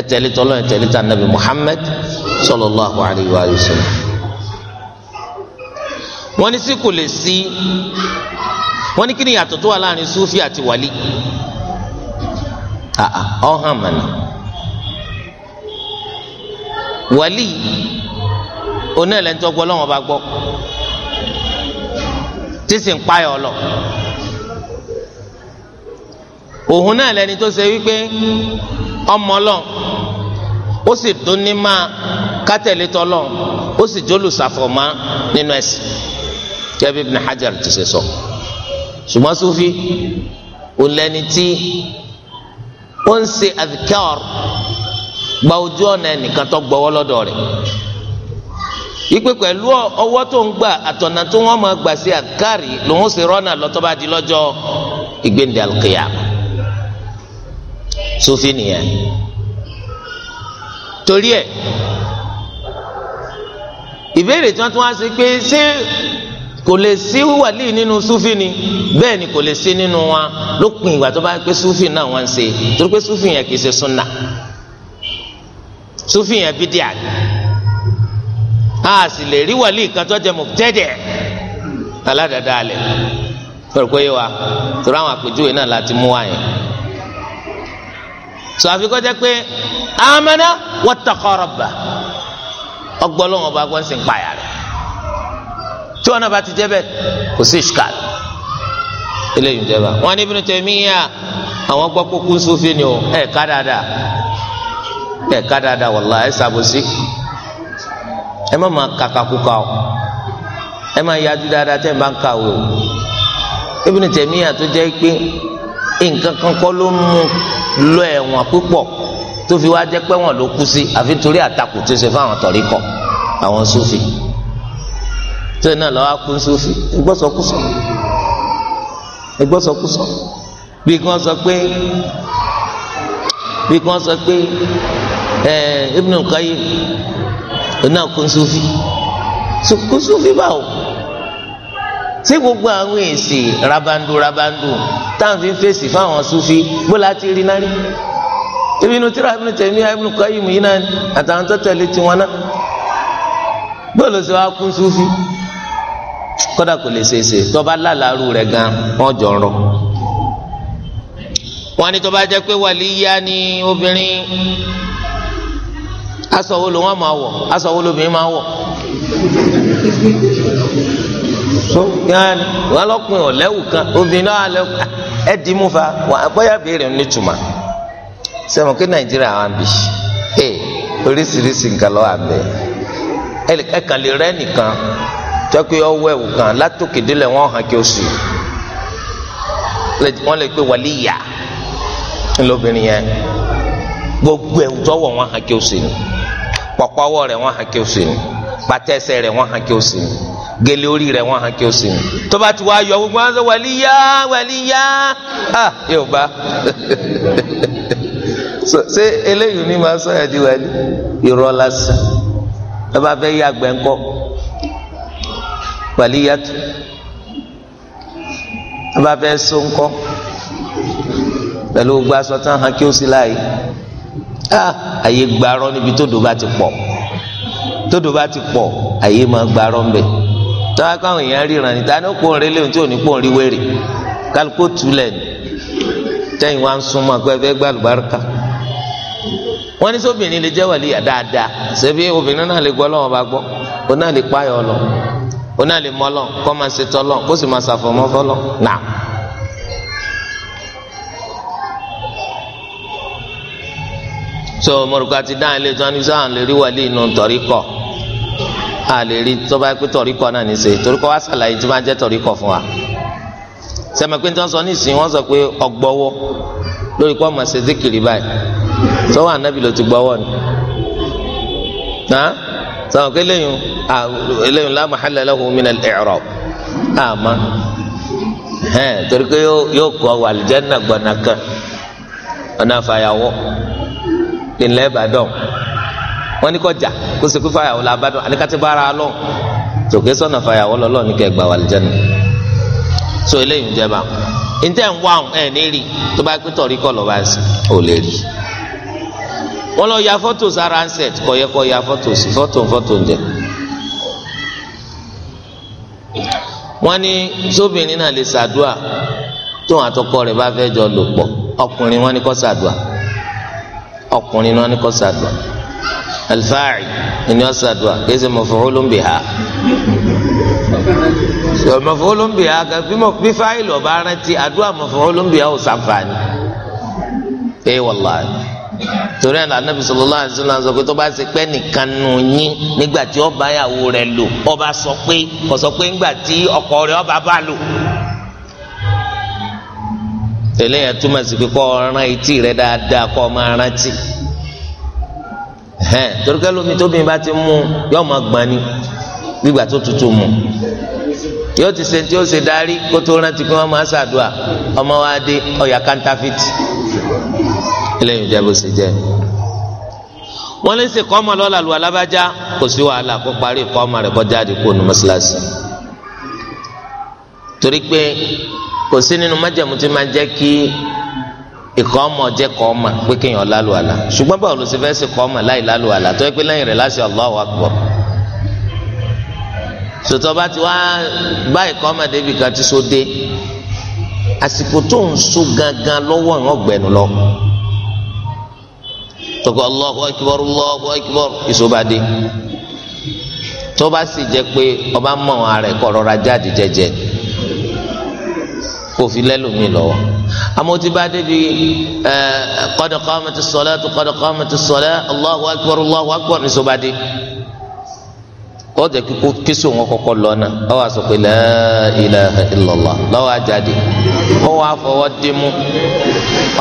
ẹ tẹ̀lé tọ́lọ́ ẹ tẹ̀lé tàn nàbì Muhammad sallallahu alayhi wa sallam wọ́n ní sí kò lè sí wọ́n ní kí ni yàtọ̀ tó wà láàrin sufi àti wàlí ọ̀hán mọ̀nà wàlí oní ẹlẹ́ntọ́ gbọ́ lọ́wọ́n bá gbọ́ tí sì ń lọ òhun náà lẹni tó ṣe wípé ọmọ lọ ó sì dún ní máa kátẹ̀lé tọ́lọ̀ ó sì jólùsàfọ̀mọ́ nínú ẹ̀sìn kẹ́bí ibn hajar ti ṣe sọ ṣùgbọ́n sufi ò lẹ́ni tí ó ń ṣe adhikar gba ojú ọ̀nà ẹnìkan tó gbọ́wọ́ lọ́dọ̀ rẹ̀ ìpè pẹ̀lú ọwọ́ tó ń gbà àtọ̀nà tó wọ́n máa gbà sí adhikari lòun ó sì rọ́nà lọ́tọ́ bá di lọ́jọ́ ìgbéǹde alqiyama sufi nìyẹn torí ẹ ìbéèrè tí wọ́n tún wá sí pé ṣé kò lè sí wàlíì nínú sufi ni bẹ́ẹ̀ ni kò lè sí nínú wa lópin ìgbà tó bá pé sufi náà wọ́n ń ṣe torí pé sufi yẹn kì í ṣe sunna sufi yẹn bídíà a sì lè rí wàlíì kan tó jẹ mọ̀tẹ́dẹ̀ aládàáda alẹ̀ pẹ̀lú pé wa torí àwọn àpèjúwe náà láti mú wa yẹn sọ àfikọ́ jẹ́ pé amana wattaqarabba ọgbọ́lọ́wọ́n ọba gbọ́n sì ń payà rẹ̀ tí wọn náà bá ti jẹ́ bẹ́ẹ̀ kò sí ìṣkàl eléyìí jẹba wọn ní Ibn Taymiyyah àwọn gbọ́ kókó sófì ni o ẹ̀ ká dáadáa ẹ̀ ká dáadáa wallahi ẹ̀ sàbòsí ẹ má máa kàkà kúkà o ẹ má yájú dáadáa tẹ́ ẹ bá ń kàwé o Ibn Taymiyyah tó jẹ́ pé nǹkan kan kọ́ ló mú lọ ẹ̀wọ̀n púpọ̀ tó fi wá jẹ́ pé wọ́n ló kú sí àfi torí àtakò tó ṣe fáwọn tọ̀rí kọ àwọn Súfì tó náà lọ́wọ́ kú Súfì ìgbọ́sọkúsọ ìgbọ́sọkúsọ bí kan sọ pé bí kan sọ pé ẹ Ibn Qayyim náà kú Súfì kú Súfì báwo ṣé gbogbo àwọn èsì rabandu rabandu táwọn fi ń fèsì fáwọn sufi bó la ti rí náà rí ibinu tíra ibinu tẹ̀mí ibinu Qayyim yìí náà àtàwọn tó tẹ̀lé tiwọn náà bóòlù sí wa kún sufi kódà kò lè ṣeéṣe tọba lálàárù rẹ gan wọn jọ rọ wọn ni tọba jẹ pé wàlíyá ni obìnrin aṣọ wọn máa wọ aṣọ wo máa wọ sókàn wọn lọkùnrin ọ̀lẹ́wù kan obìnrin náà lẹ́wù ah, ẹ dì í mú fa wọn àgbọ̀yà béèrè nítumọ̀ sẹ́wọ̀n kí nàìjíríà wà ń bì í oríṣiríṣi nǹkan lọ́wọ́ àbẹ̀ ẹ̀kan lè rẹ́ nìkan tọ́kì ọwọ́ ẹ̀wù kan látòkèdélẹ̀ wọ́n hàn kí o sì wọ́n lè pe wàlíyà lóbìnrin yẹn gbogbo ẹ̀wù tọ́wọ̀ wọ́n hàn kí o sì pọ̀pọ̀ ọwọ́ rẹ̀ wọ́n hàn kí o sì pàtẹ́sẹ̀ rẹ̀ wọ́n hàn kí o sì gèlè orí rẹ̀ wọ́n hàn kí ó sì mi tó bá ti wá yọ gbogbo wọn sọ wàlíyá wàlíyá ah yóò bá ṣe eléyìí ni màá sọyà di wàlí irọ́ lásán ẹ bá fẹ́ yá gbẹ̀ńkọ́ wàlíyá tó ẹ bá fẹ́ so ńkọ́ pẹ̀lú gbogbo aṣọ tán hàn kí ó sì láàyè ah àyè gbàrọ níbi tó dò bá ti pọ̀ tó dò bá ti pọ̀ àyè máa gbàrọ ńbẹ tọ́wá pé àwọn èèyàn ríran níta ní òpó òrèlè ohun tí ò ní pò ń rí wèrè kálukó túlẹ̀ ni tẹ́yìn wá ń súnmọ́ pé ẹgbẹ́ gbà lùbáríkà wọ́n ní sóbìnrin lè jẹ́ wàlíyà dáadáa ṣebí obìnrin náà lè gbọ́ lọ́wọ́ bá gbọ́ òun náà lè páyọ̀ lọ òun náà lè mọ́lọ̀ kọ́ máa ṣe tọ́lọ̀ kó sì máa ṣàfọ̀mọ́ fọ́lọ̀ náà. so mọ̀rùkà ti dáhùn ilé tí wọ́n sáà lè rí wàlíì nù tọ́rí kọ̀ a lè rí tó bá pé tọ̀ríkọ náà ní í ṣe torí kọ́ wá sàlàyé tí wọ́n jẹ́ tọ̀ríkọ fún wa sẹ́mi pé tí wọ́n sọ ní ìsìn wọ́n sọ pé ọgbọ́wọ́ lórí kọ́ ọmọ ṣe zikiri báyìí sọ́wọ́ ànábì ló ti gbọ́wọ́ ni sọ̀rọ̀ pé lẹ́yìn lẹ́yìn la mahalla lahu min al àmọ́ hẹ́n yóò kọ́ wà àlùjánnà gbọ̀nà kan ọ̀nà àfàyàwọ́ ìnlẹ̀ ìbàdàn wọn ní kọjá kó sèkú fàyàwó la bá dùn àníkàtí bá ara lọ tòkè sọnà fàyàwó lọ lọ́ọ̀ ní kẹ́ gbà wà lìjẹ́nu so eléyìí ń jẹba ntẹ́ ń wá ẹ̀ ní rí tó bá pé tọ̀rí kọ́ lọ́ba ẹ̀ sí ò lè rí wọn lọ ya fọ́tò sára ń sẹ̀t kọ́ yẹ ya fọ́tò sí fọ́tò ń ń jẹ wọn ní sóbìnrin náà lè ṣàdúà tóun àtọkọ rẹ̀ bá fẹ́ jọ lò pọ̀ ọkùnrin wọn ní kó ṣàdúà ọkùnrin wọn ní kó ṣàdúà. alifáàrì ẹni ọ̀sẹ̀ àdúrà kì í ṣe maf'ulun biha maf'ulun biha bí ilu ọba rántí àdúrà maf'ulun ẹ lànàbí sallallahu alaihi wasallam sọ tó bá ṣe pẹ́ nìkan nù yín nígbà tí ọba ìyàwó rẹ̀ lò ọba sọ pé kò sọ pé ńgbà tí ọkọ ọba bá lò tẹ̀lé yẹn túmọ̀ sí pé kọ́ ọ̀ràn etí rẹ̀ dáadáa kọ́ hẹn torúkẹ́ lómi tóbi bá ti mú yóò máa gbọ́n ni gbígbà tó tutù mu yóò ti ṣe tí ó ṣe darí kó tó rántí pé wọ́n máa ṣàdúà ọmọ wa dé ọ̀yà kántáfìtì eléyìí jẹ́ bó ṣe jẹ́ wọ́n lè ṣe kọ́mọ lọ́la lu alábàjá kò sí wàhálà kó parí kọ́mọ rẹ̀ kọjá àdìpọ̀ ní mọ́ṣáláṣí torí pé kò sí nínú májẹ̀mú tí máa jẹ́ kí ìkọ́ ọmọ jẹ́ kọ́ ọmọ pé kéèyàn lálù àlà ṣùgbọ́n báwo ló ṣe fẹ́ ṣe kọ́ ọmọ láì lálù àlà tó yẹ pé lẹ́yìn rẹ̀ láṣẹ Allahu Akbar sòtọ́ bá ti wá bá ìkọ́ ọmọ débi kan ti so dé àsìkò tó ń so gangan lọ́wọ́ ìwọ̀n gbẹ̀nu lọ tọkọ Allahu Akbar Allahu Akbar ìṣòbàdé tó bá sì jẹ́ pé ọba mọ̀ ara ẹ̀kọ́ rọra jáde jẹ́jẹ́ kò fi lẹ́lòmíì lọ́wọ́ àmọ́ tí bá débi ẹ qad qamatis salatu qad qamatis salatu Allahu akbar Allahu akbar ní sọ bá dé kọ́ọ̀tù kíkó kíso wọn kọ́kọ́ lọ náà lọ́wọ́ àṣọ pé la ilaha illallah lọ́wọ́ àjáde kọ́wọ́ àfọwọ́ dimu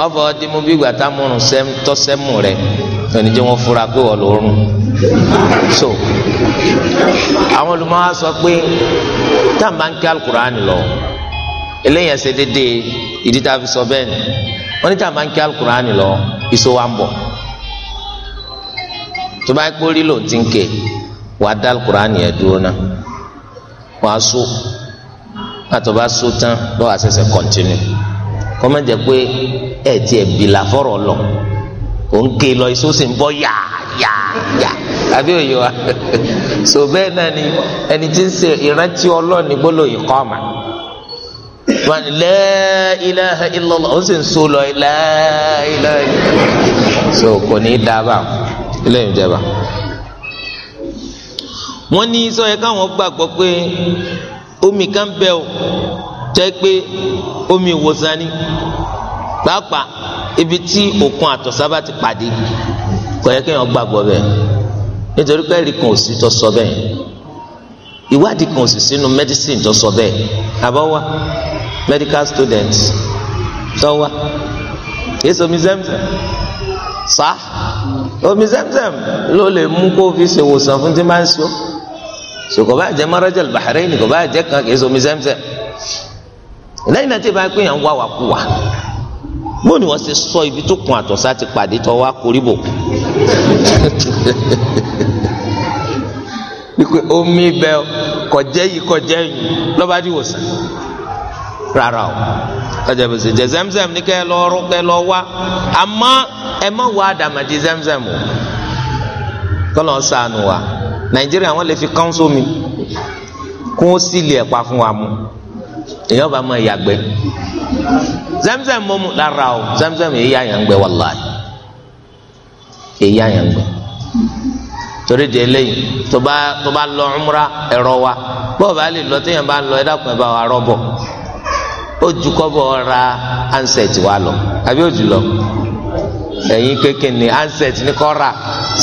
àfọwọ́ dimu bí ìgbà tá a múrun tọ́sẹ́mù rẹ̀ oníjẹ́ fura pé wọ́n lòórùn so àwọn olùmọ̀ wa sọ pé táwọn bá ń kí alukur'an lọ eléyìí ẹsẹ dédé ìdí tá a fi sọ bẹ́ẹ̀ ni wọn ní tá a máa ń kí alukurani lọ iṣó wa ń bọ̀ tó bá pé orí ló ti ń ké wàá dá alukurani yẹn dúró náà wàá so àtọ̀ bá so tán lọ́wọ́ àṣẹṣẹ kọ́ntínú kọ́mẹ́jẹ pé ẹ̀ tiẹ̀ bìlà fọ̀rọ̀ lọ òun ké lọ iṣó sì ń bọ̀ yáyáyá àbí òye wa so bẹ́ẹ̀ náà ni ẹni tí ń ṣe ìrántí ọlọ́ọ̀ni gbọ́dọ̀ yìí kọ́ ọ̀ma wọn ni la ilaha illallah ó sì ń so lọ la ilaha illallah so kò ní í dábà ilé ìjọba. wọ́n ní sọ yẹ káwọn gbàgbọ́ pé omi kan bẹ o jẹ́ pé omi ìwòsàn ni pàápàá ibi tí òkun àtọ̀sábà ti pàdé kò yẹ kéèyàn gbàgbọ́ bẹ́ẹ̀ nítorí pé ẹ̀rí kan ò sí tó sọ bẹ́ẹ̀ ìwádìí kan sì sínú medicine tó sọ bẹ́ẹ̀ àbọ̀wá medical students tọ́wá èso mi zẹ́mzẹ́m sá omi zẹ́mzẹ́m ló lè mú kó fi ṣe ìwòsàn fún tí máa ń so so kò bá jẹ́ marajal bahrain kò bá jẹ́ kan èso mi zẹ́mzẹ́m lẹ́yìn náà tí ìbá pín yàn ń wá wa kú wa bó ni wọ́n ṣe sọ ibi tó kun àtọ̀sá ti pàdé tọ́wá koríbò. pé omi bẹ kọjẹ yìí kọjẹ yìí lọba di wòsàn rárá o ọjà bẹsẹ jẹ zẹmzẹm ní kẹ lọ rú kẹ lọ wá àmọ́ ẹ má wá àdàmàdì zẹmzẹm o kọlọ sànù wa nàìjíríà wọn lè fi kánsó mi kó o sì lè pa fún wa mu èyàn bá máa yàgbẹ́ zẹmzẹm mọ mu rárá o zẹmzẹm èyí àyàn gbẹ wàláì èyí àyàn gbẹ. torí de eléyìí tó bá tó bá lọ ọmụra ẹrọ wa bọ́ọ̀ bá lọ téèyàn bá lọ ẹ̀dá kan bá wa rọ́bọ̀ ó ju kọ́bọ̀ ra ansẹ̀tì wa lọ àbí òjù lọ ẹ̀yin kékeré ni ansẹ̀tì ra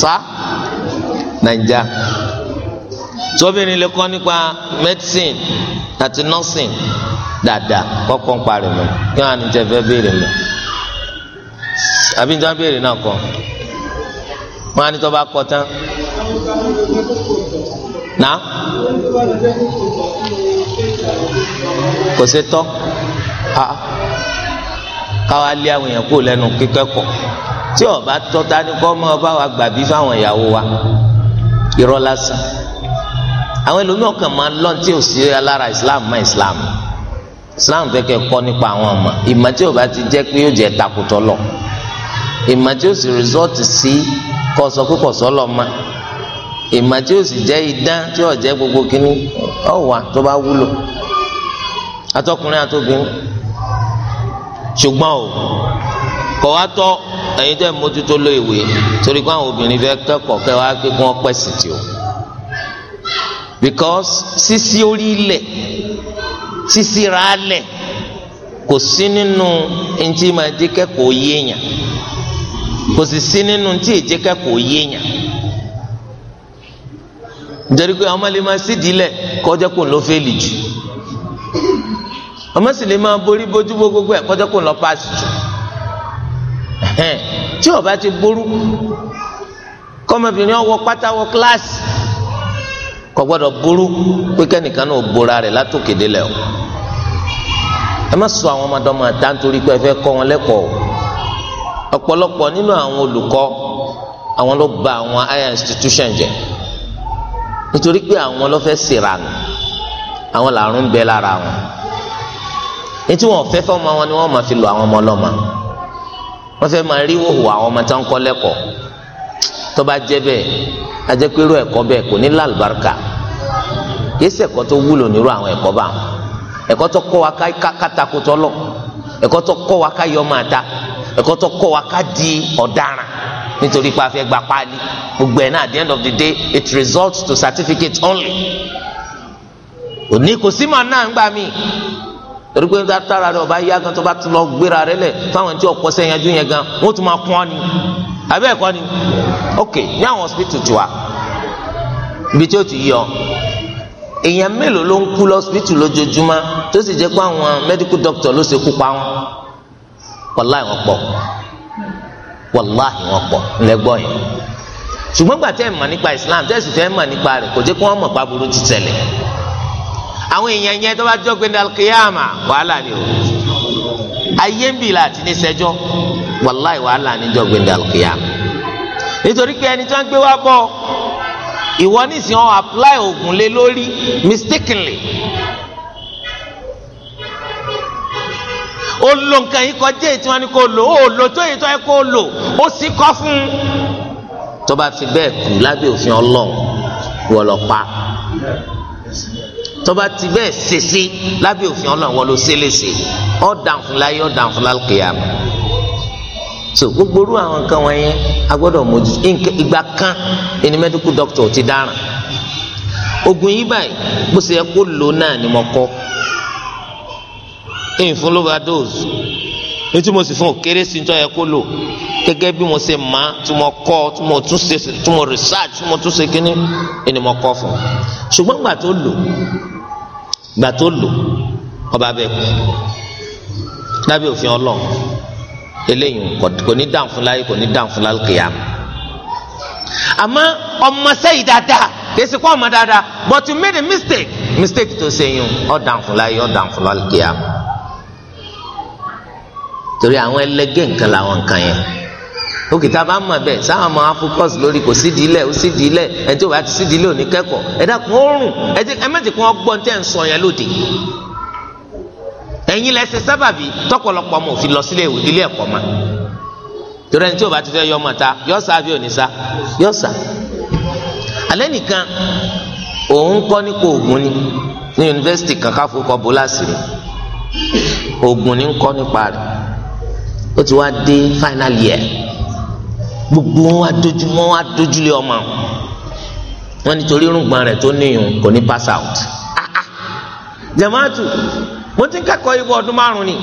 sá nàìjà tóbìnrin lè kọ́ nípa medicine àti nursing dada kọ́kọ́ parí mọ́ kí wọ́n á ní jẹ́ nà kò ṣe tọ́ a káwa lé àwọn èèyàn kó lẹ́nu kíkẹ́kọ̀ọ́ tí ọba tọ́ ta ni kọ́ mọ́ ọba wa gbàbí fáwọn ìyàwó wa irọ́ lásán àwọn ẹlòmíràn kan máa lọ́n tí ò sí alára Islam mọ́ Islam Islam fẹ́ kẹ́ kọ́ nípa àwọn ọmọ ìmọ̀ tí ọba ti jẹ́ pé yóò jẹ́ takùtọ̀ lọ ìmọ̀ tí ó sì rìsọ́ọ̀tì sí kọ́ sọ máa ìmọ̀ tí ó sì jẹ́ idán tí ó jẹ́ gbogbo kínní ó wà tó bá wúlò atọkùnrin àtobìnrin ṣùgbọ́n o kọ̀ wá tọ́ ẹ̀yin tẹ́ mójútó ló ìwé torí pé àwọn obìnrin fẹ́ kẹ́kọ̀ọ́ kẹ́ wá pé kí wọ́n pẹ̀sìn tì o because sísí orí sisi sísí ra lẹ̀ kò sí nínú ntí máa jẹ́ kẹ́kọ̀ọ́ yéèyàn kò sì sí nínú ntí èjẹ́ yéèyàn nítorí pé ọmọ lè máa sídìí lẹ̀ kọjá kò ń lọ fẹ́ẹ́lì jù ọmọ sì lè máa borí bójú bó gbogbo ẹ̀ kọjá kò ń lọ paasi jù tí ọba ti ború kọ́mọbìnrin ọwọ́ pátáwọ́ kíláàsì kò gbọ́dọ̀ ború pé kẹ́nìkan náà bora rẹ̀ látòkè délẹ̀ o ẹ má sọ àwọn ọmọdé àtá nítorí pé ẹ fẹ́ kọ́ wọn lẹ́kọ̀ọ́ ọ̀pọ̀lọpọ̀ nínú àwọn olùkọ́ àwọn ló ba àwọn higher institution jẹ́ nítorí pé àwọn ló fẹ́ ṣèrànù àwọn làrún bẹ lára wọn ètí wọn fẹ́ fọmọ wọn ni wọn máa fi lọ àwọn ọmọ ọlọ́mọ wọn fẹ́ máa rí wòwò àwọn ọmọ tó ń kọ́ lẹ́kọ̀ọ́ tó bá jẹ́ bẹ́ẹ̀ ajẹ́pẹ́rú ẹ̀kọ́ bẹ́ẹ̀ kò ní lálùbáríkà yéésì ẹ̀kọ́ tó wúlò nírú àwọn ẹ̀kọ́ bá wọn ẹ̀kọ́ tó kọ́ wa kátakótọ́ lọ ẹ̀kọ́ tó kọ́ wa káyọ́ máa da ẹ̀kọ́ tó kọ́ wa ká di ọ̀daràn nítorí pé a fẹ́ gba páálí gbogbo ẹ̀ náà at the end of the day it results to certificate only òní kò sí màá náà ń gbà mí torí pé tára rẹ ọba yá gan tó bá tún lọ gbéra rẹ lẹ fáwọn tí ọkọ sẹyìnjú yẹn gan wọn tún máa kún ọ ni abẹ́ ẹ̀kọ́ ni ok ní àwọn hospital tiwa ibi tí ó ti yọ èèyàn mélòó ló ń kú lọ́sibítù lójoojúmọ́ tó sì jẹ́ pé àwọn medical doctor ló ṣekú pa wọn wàláì wọn pọ̀ wàláhì wọn pọ̀ lẹ́gbọ́ yẹn ṣùgbọ́n gbà tẹ́ ẹ̀ mọ̀ nípa Islam tẹ́ ẹ̀ sì mọ̀ nípa rẹ̀ kò jẹ́ kí wọ́n mọ̀ pa burú ti àwọn èèyàn yẹn tó bá alkiyama wàhálà ni o ń bì láti ní wàláhì wàhálà jọ ń gbé wá ìwọ ó lo nǹkan yìí kọjá èyí tí wọ́n ní kó lò ó lò tó èyí tó yẹ kó lò ó sì kọ́ fún un. tó bá fi bẹ́ẹ̀ kú lábẹ́ òfin ọlọ́run wọ́n lọ pa tó bá ti bẹ́ẹ̀ ṣèṣe lábẹ́ òfin ọlọ́run wọ́n ló ṣe léṣe ọ̀ dàn fún so gbogbo irú àwọn nǹkan wọn yẹn a gbọ́dọ̀ mójútó ìgbà kan ẹni medical doctor ti dáràn oògùn yìí báyìí bó ṣe yẹ kó lò náà ni mo kọ́ ìfún ló bá dóòzù ètí mo sì fún òkèrè sí tó yẹ kó lò gẹ́gẹ́ bí mo ṣe má tí mo kọ́ tí mo tún ṣe tí mo research tí mo tún ṣe kíní ẹni mo kọ́ fún ṣùgbọ́n gbà tó lò gbà tó lò ọba bẹ́ẹ̀ kú lábẹ́ òfin ọlọ́run eléyìí kò ní dáhùn fún láyé kò ní dáhùn fún lálùkìyàmù ọmọ sẹ́yìn dáadáa kèsì kọ́ ọmọ dáadáa but you made a mistake mistake tó ṣe yun ọ̀ dáhùn fún láyé ọ̀ dáhùn fún torí àwọn ẹlẹgẹ́ nǹkan làwọn nǹkan yẹn òkè tá a bá mọ bẹ́ẹ̀ sáwọn máa focus lórí kò sídìí lẹ ó sídìí lẹ ẹ tí ò bá ti sídìí lẹ ò ní kẹ́kọ̀ọ́ ẹ dákun ó rùn ẹ kún ọgbọ́n tẹ ń sọ yẹn lóde ẹ̀yin lẹsẹ sábàbí tọpọlọpọ ọmọ òfin lọ sílé ilé ẹ̀kọ́ ma torí ẹni tí ò bá ti fẹ́ yọ ọmọ ta yọ sá àbí òní sá yọ sá alẹ́ nìkan òun kọ́ nípa oògùn ni ní yunifásitì kankan fún kọ́ bó láṣìírí oògùn ni ń kọ́ nípa rẹ̀ ó ti wá dé final year gbogbo wọn wá dojú wọn wá dojú lé ọmọ wọn nítorí irùngbọ̀n rẹ̀ tó níyùn kò ní pass out ah ah jamaatu mo ti ń kẹ́kọ̀ọ́ ibò ọdún márùn ni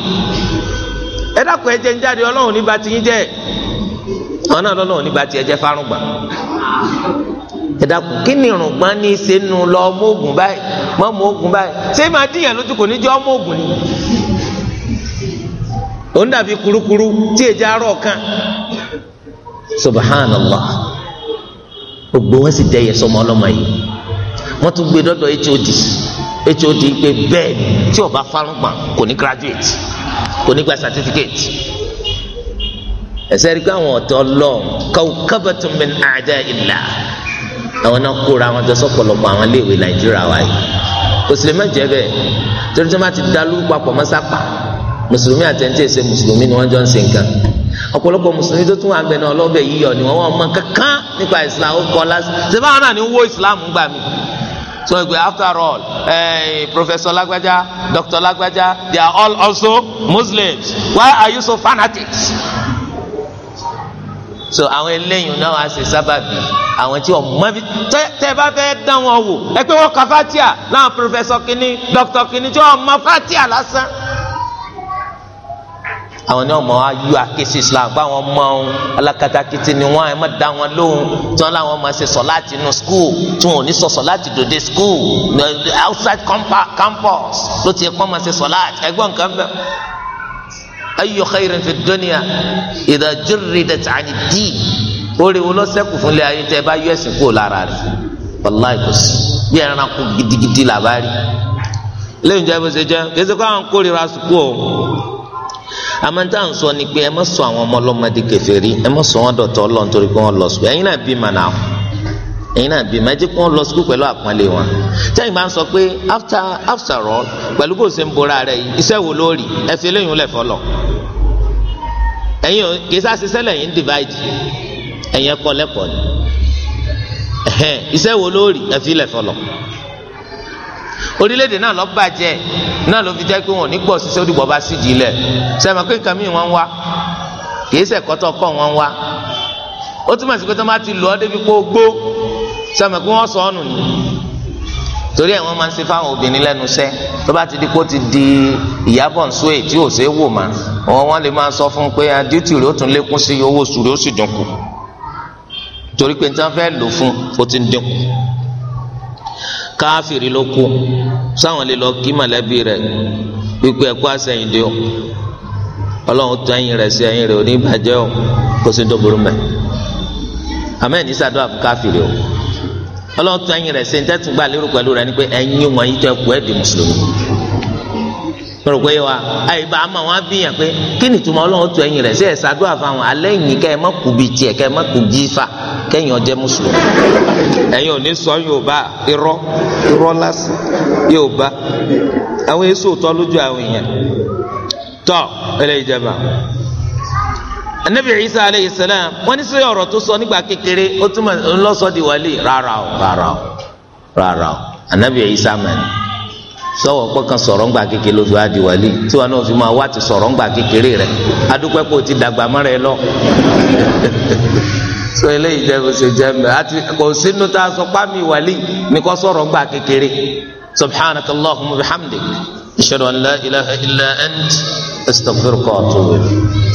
ẹ dákun ẹ jẹ́ ń jáde ọlọ́run ní bá ti yín jẹ́ àwọn náà lọ́lọ́run ní bá ti ẹ jẹ́ fárùngbà ẹ dákun kí ni irùngbọ̀n ní í ṣe nu lọ ọmọ ogun báyìí mọ́ ọmọ ogun báyìí ṣé máa díyàn lójú kò ní jẹ́ ọmọ ogun ni òun dàbí kurukuru tí èjì arọ kan subhanallah gbogbo wọn sì dẹyẹ sọmọ ọlọmọ yìí wọn tún gbé dọdọ hod hod pé bẹ́ẹ̀ tí ó farunpa kò ní graduate kò ní gba certificate ẹsẹ rí pé àwọn ọ̀tọ̀ lọ kawkabatun min a'da illah àwọn náà kóra àwọn jọsọ pọ̀lọpọ̀ àwọn iléèwé nàìjíríà wa yìí òsèlè mẹjẹ bẹ́ẹ̀ torí tí wọn bá ti dá lórúkọ àpọ̀ mọ́sápà mùsùlùmí àtẹ̀ǹtẹ̀ ṣe mùsùlùmí ni wọ́n jọ ń ṣe nǹkan ọ̀pọ̀lọpọ̀ mùsùlùmí tó tún wà bẹ̀ náà ọlọ́bẹ̀ yíyọ ni wọ́n mọ kankan nípa islam ó kọ́ lásán ṣé báwọn náà ní wó islam gbà mí so ìgbé after all eh, professor lágbájá doctor lágbájá they are all also muslims why are you so fanatics so àwọn eléyìn náà wàá ṣe sábàbí àwọn tí wọn mọ bí tẹ bá fẹ́ dán wọn wò ẹ pé wọn kà fatia láwọn professor kínní doctor kínní tí wọn mọ fatia lásán àwọn ní ọmọ ayú akéṣe islam bá wọn mọ ohun alákatakítí ni wọn ẹ má dá wọn lóhùn tí wọn làwọn máa ṣe sọ láti inú school tí wọn ò ní sọ sọ láti dòde school outside campus ló ti ẹkọ máa ṣe sọ láti ẹ̀gbọ́n nǹkan bẹ. ayyu khairin fi dunya idha jurridat ani di orí wo lọ sẹ́kù fúnlẹ̀ ayé tẹ́ ẹ bá yọ ẹ̀sìn kúrò lára rẹ̀ wàláì kò sí bí ẹranko gidigidi làbá rí jẹ́ bó ṣe jẹ́ kí ẹ àmọ́ tá à ń sọ ni pé ẹ má sọ àwọn ọmọ ọlọ́mọdé kèfèrí ẹ má sọ wọn dọ̀tọ̀ ọlọ́run torí pé wọ́n lọ sùn ẹ̀yin náà bí mà náà ẹ̀yin náà bí mà ẹ jẹ́ pé wọ́n lọ sùn pẹ̀lú àpọ́nlé wọn tẹ́yìn máa ń sọ pé after after all pẹ̀lú kò ṣe ń bora rẹ̀ yìí iṣẹ́ wo lórí ẹ fi eléyìí lẹ̀ fọlọ̀ ẹ̀yin kì í sá ṣiṣẹ́ lẹ́yìn divide ẹ̀yin ẹ̀kọ́ lẹ́kọ̀ọ́ ni iṣẹ́ wo lórí ẹ fi lẹ̀ fọlọ̀ orílẹ̀-èdè náà lọ́ọ́ bàjẹ́ náà ló fi jẹ́ pé wọn ò ní pọ̀ sí sódì bọ́ba sídìí lẹ̀ sẹ́mi pé nǹkan mìíràn wọn wá kì í sẹ̀kọ́tọ̀ kọ́ wọn wá ó túmọ̀ sí pé tó máa ti lọ débi pé ó gbó sẹ́mi pé wọ́n sọ ọ́ nù ni torí ẹ̀ wọ́n máa ń ṣe fáwọn obìnrin lẹ́nu iṣẹ́ tó bá ti di pé ó ti di ìyàbọ̀ nsú èyí tí ò ṣe é wò mà wọ́n wọ́n lè máa sọ fún un pé adútì ah, rẹ̀ ó tún lékún sí owó oṣù rẹ̀ ó sì dínkù torí pé nítorí fẹ́ lò káfìrí ló kú sáwọn lè lọ kí mọ̀lẹ́bí rẹ̀ wípé ẹ̀kú àsẹ̀yìndì o ọlọ́run tó ẹ̀yìn rẹ̀ sí ẹ̀yìn rẹ̀ oníbàjẹ́ o kò sí tó burú mẹ́ àmọ́ ẹ̀ní sàdúrà fún káfìrí o ọlọ́run tó ẹ̀yìn rẹ̀ sí ẹ̀yìn tẹ́tùgbà lérò pẹ̀lú rẹ̀ ni pé ẹ̀yìn wọ̀nyí tó ẹ̀kú ẹ̀dì mùsùlùmí. rò pé wa àyíbá àmọ́ wọn á bíyàn pé kí ni ìtumọ̀ ọlọ́run tó ẹ̀yìn rẹ̀ sí ẹ̀sà àdúrà fáwọn alẹ́ yìí kẹ́ ẹ má kú tiẹ̀ kẹ́ ẹ má kú fa kẹ́yìn ọjẹ́ mùsùlùmí ẹ̀yin ò ní sọ yorùbá irọ́ irọ́ lásán yorùbá àwọn èso tọ́ lójú àwọn èèyàn tọ́ anabi isa aleyhi salam wọn ní sọ sọ nígbà kékeré ó túmọ̀ rárá o rárá o rárá o anabi isa mẹ́rin. sọ̀wọ́ pé kan sọ̀rọ̀ ńgbà kékeré lóṣù àdìwálé tí wọn náà fi máa wá ti sọ̀rọ̀ ńgbà kékeré rẹ̀ adúpẹ́ kó o ti dàgbà mọ́ra ẹ lọ. sọ eléyìí jẹ́ kó ṣe jẹ́ mẹ́ àti kò sínú tá a sọ pámi wàlí ni kò sọ̀rọ̀ kékeré subhanaka allahumma bihamdik ashhadu an ilaha illa ant astaghfiruka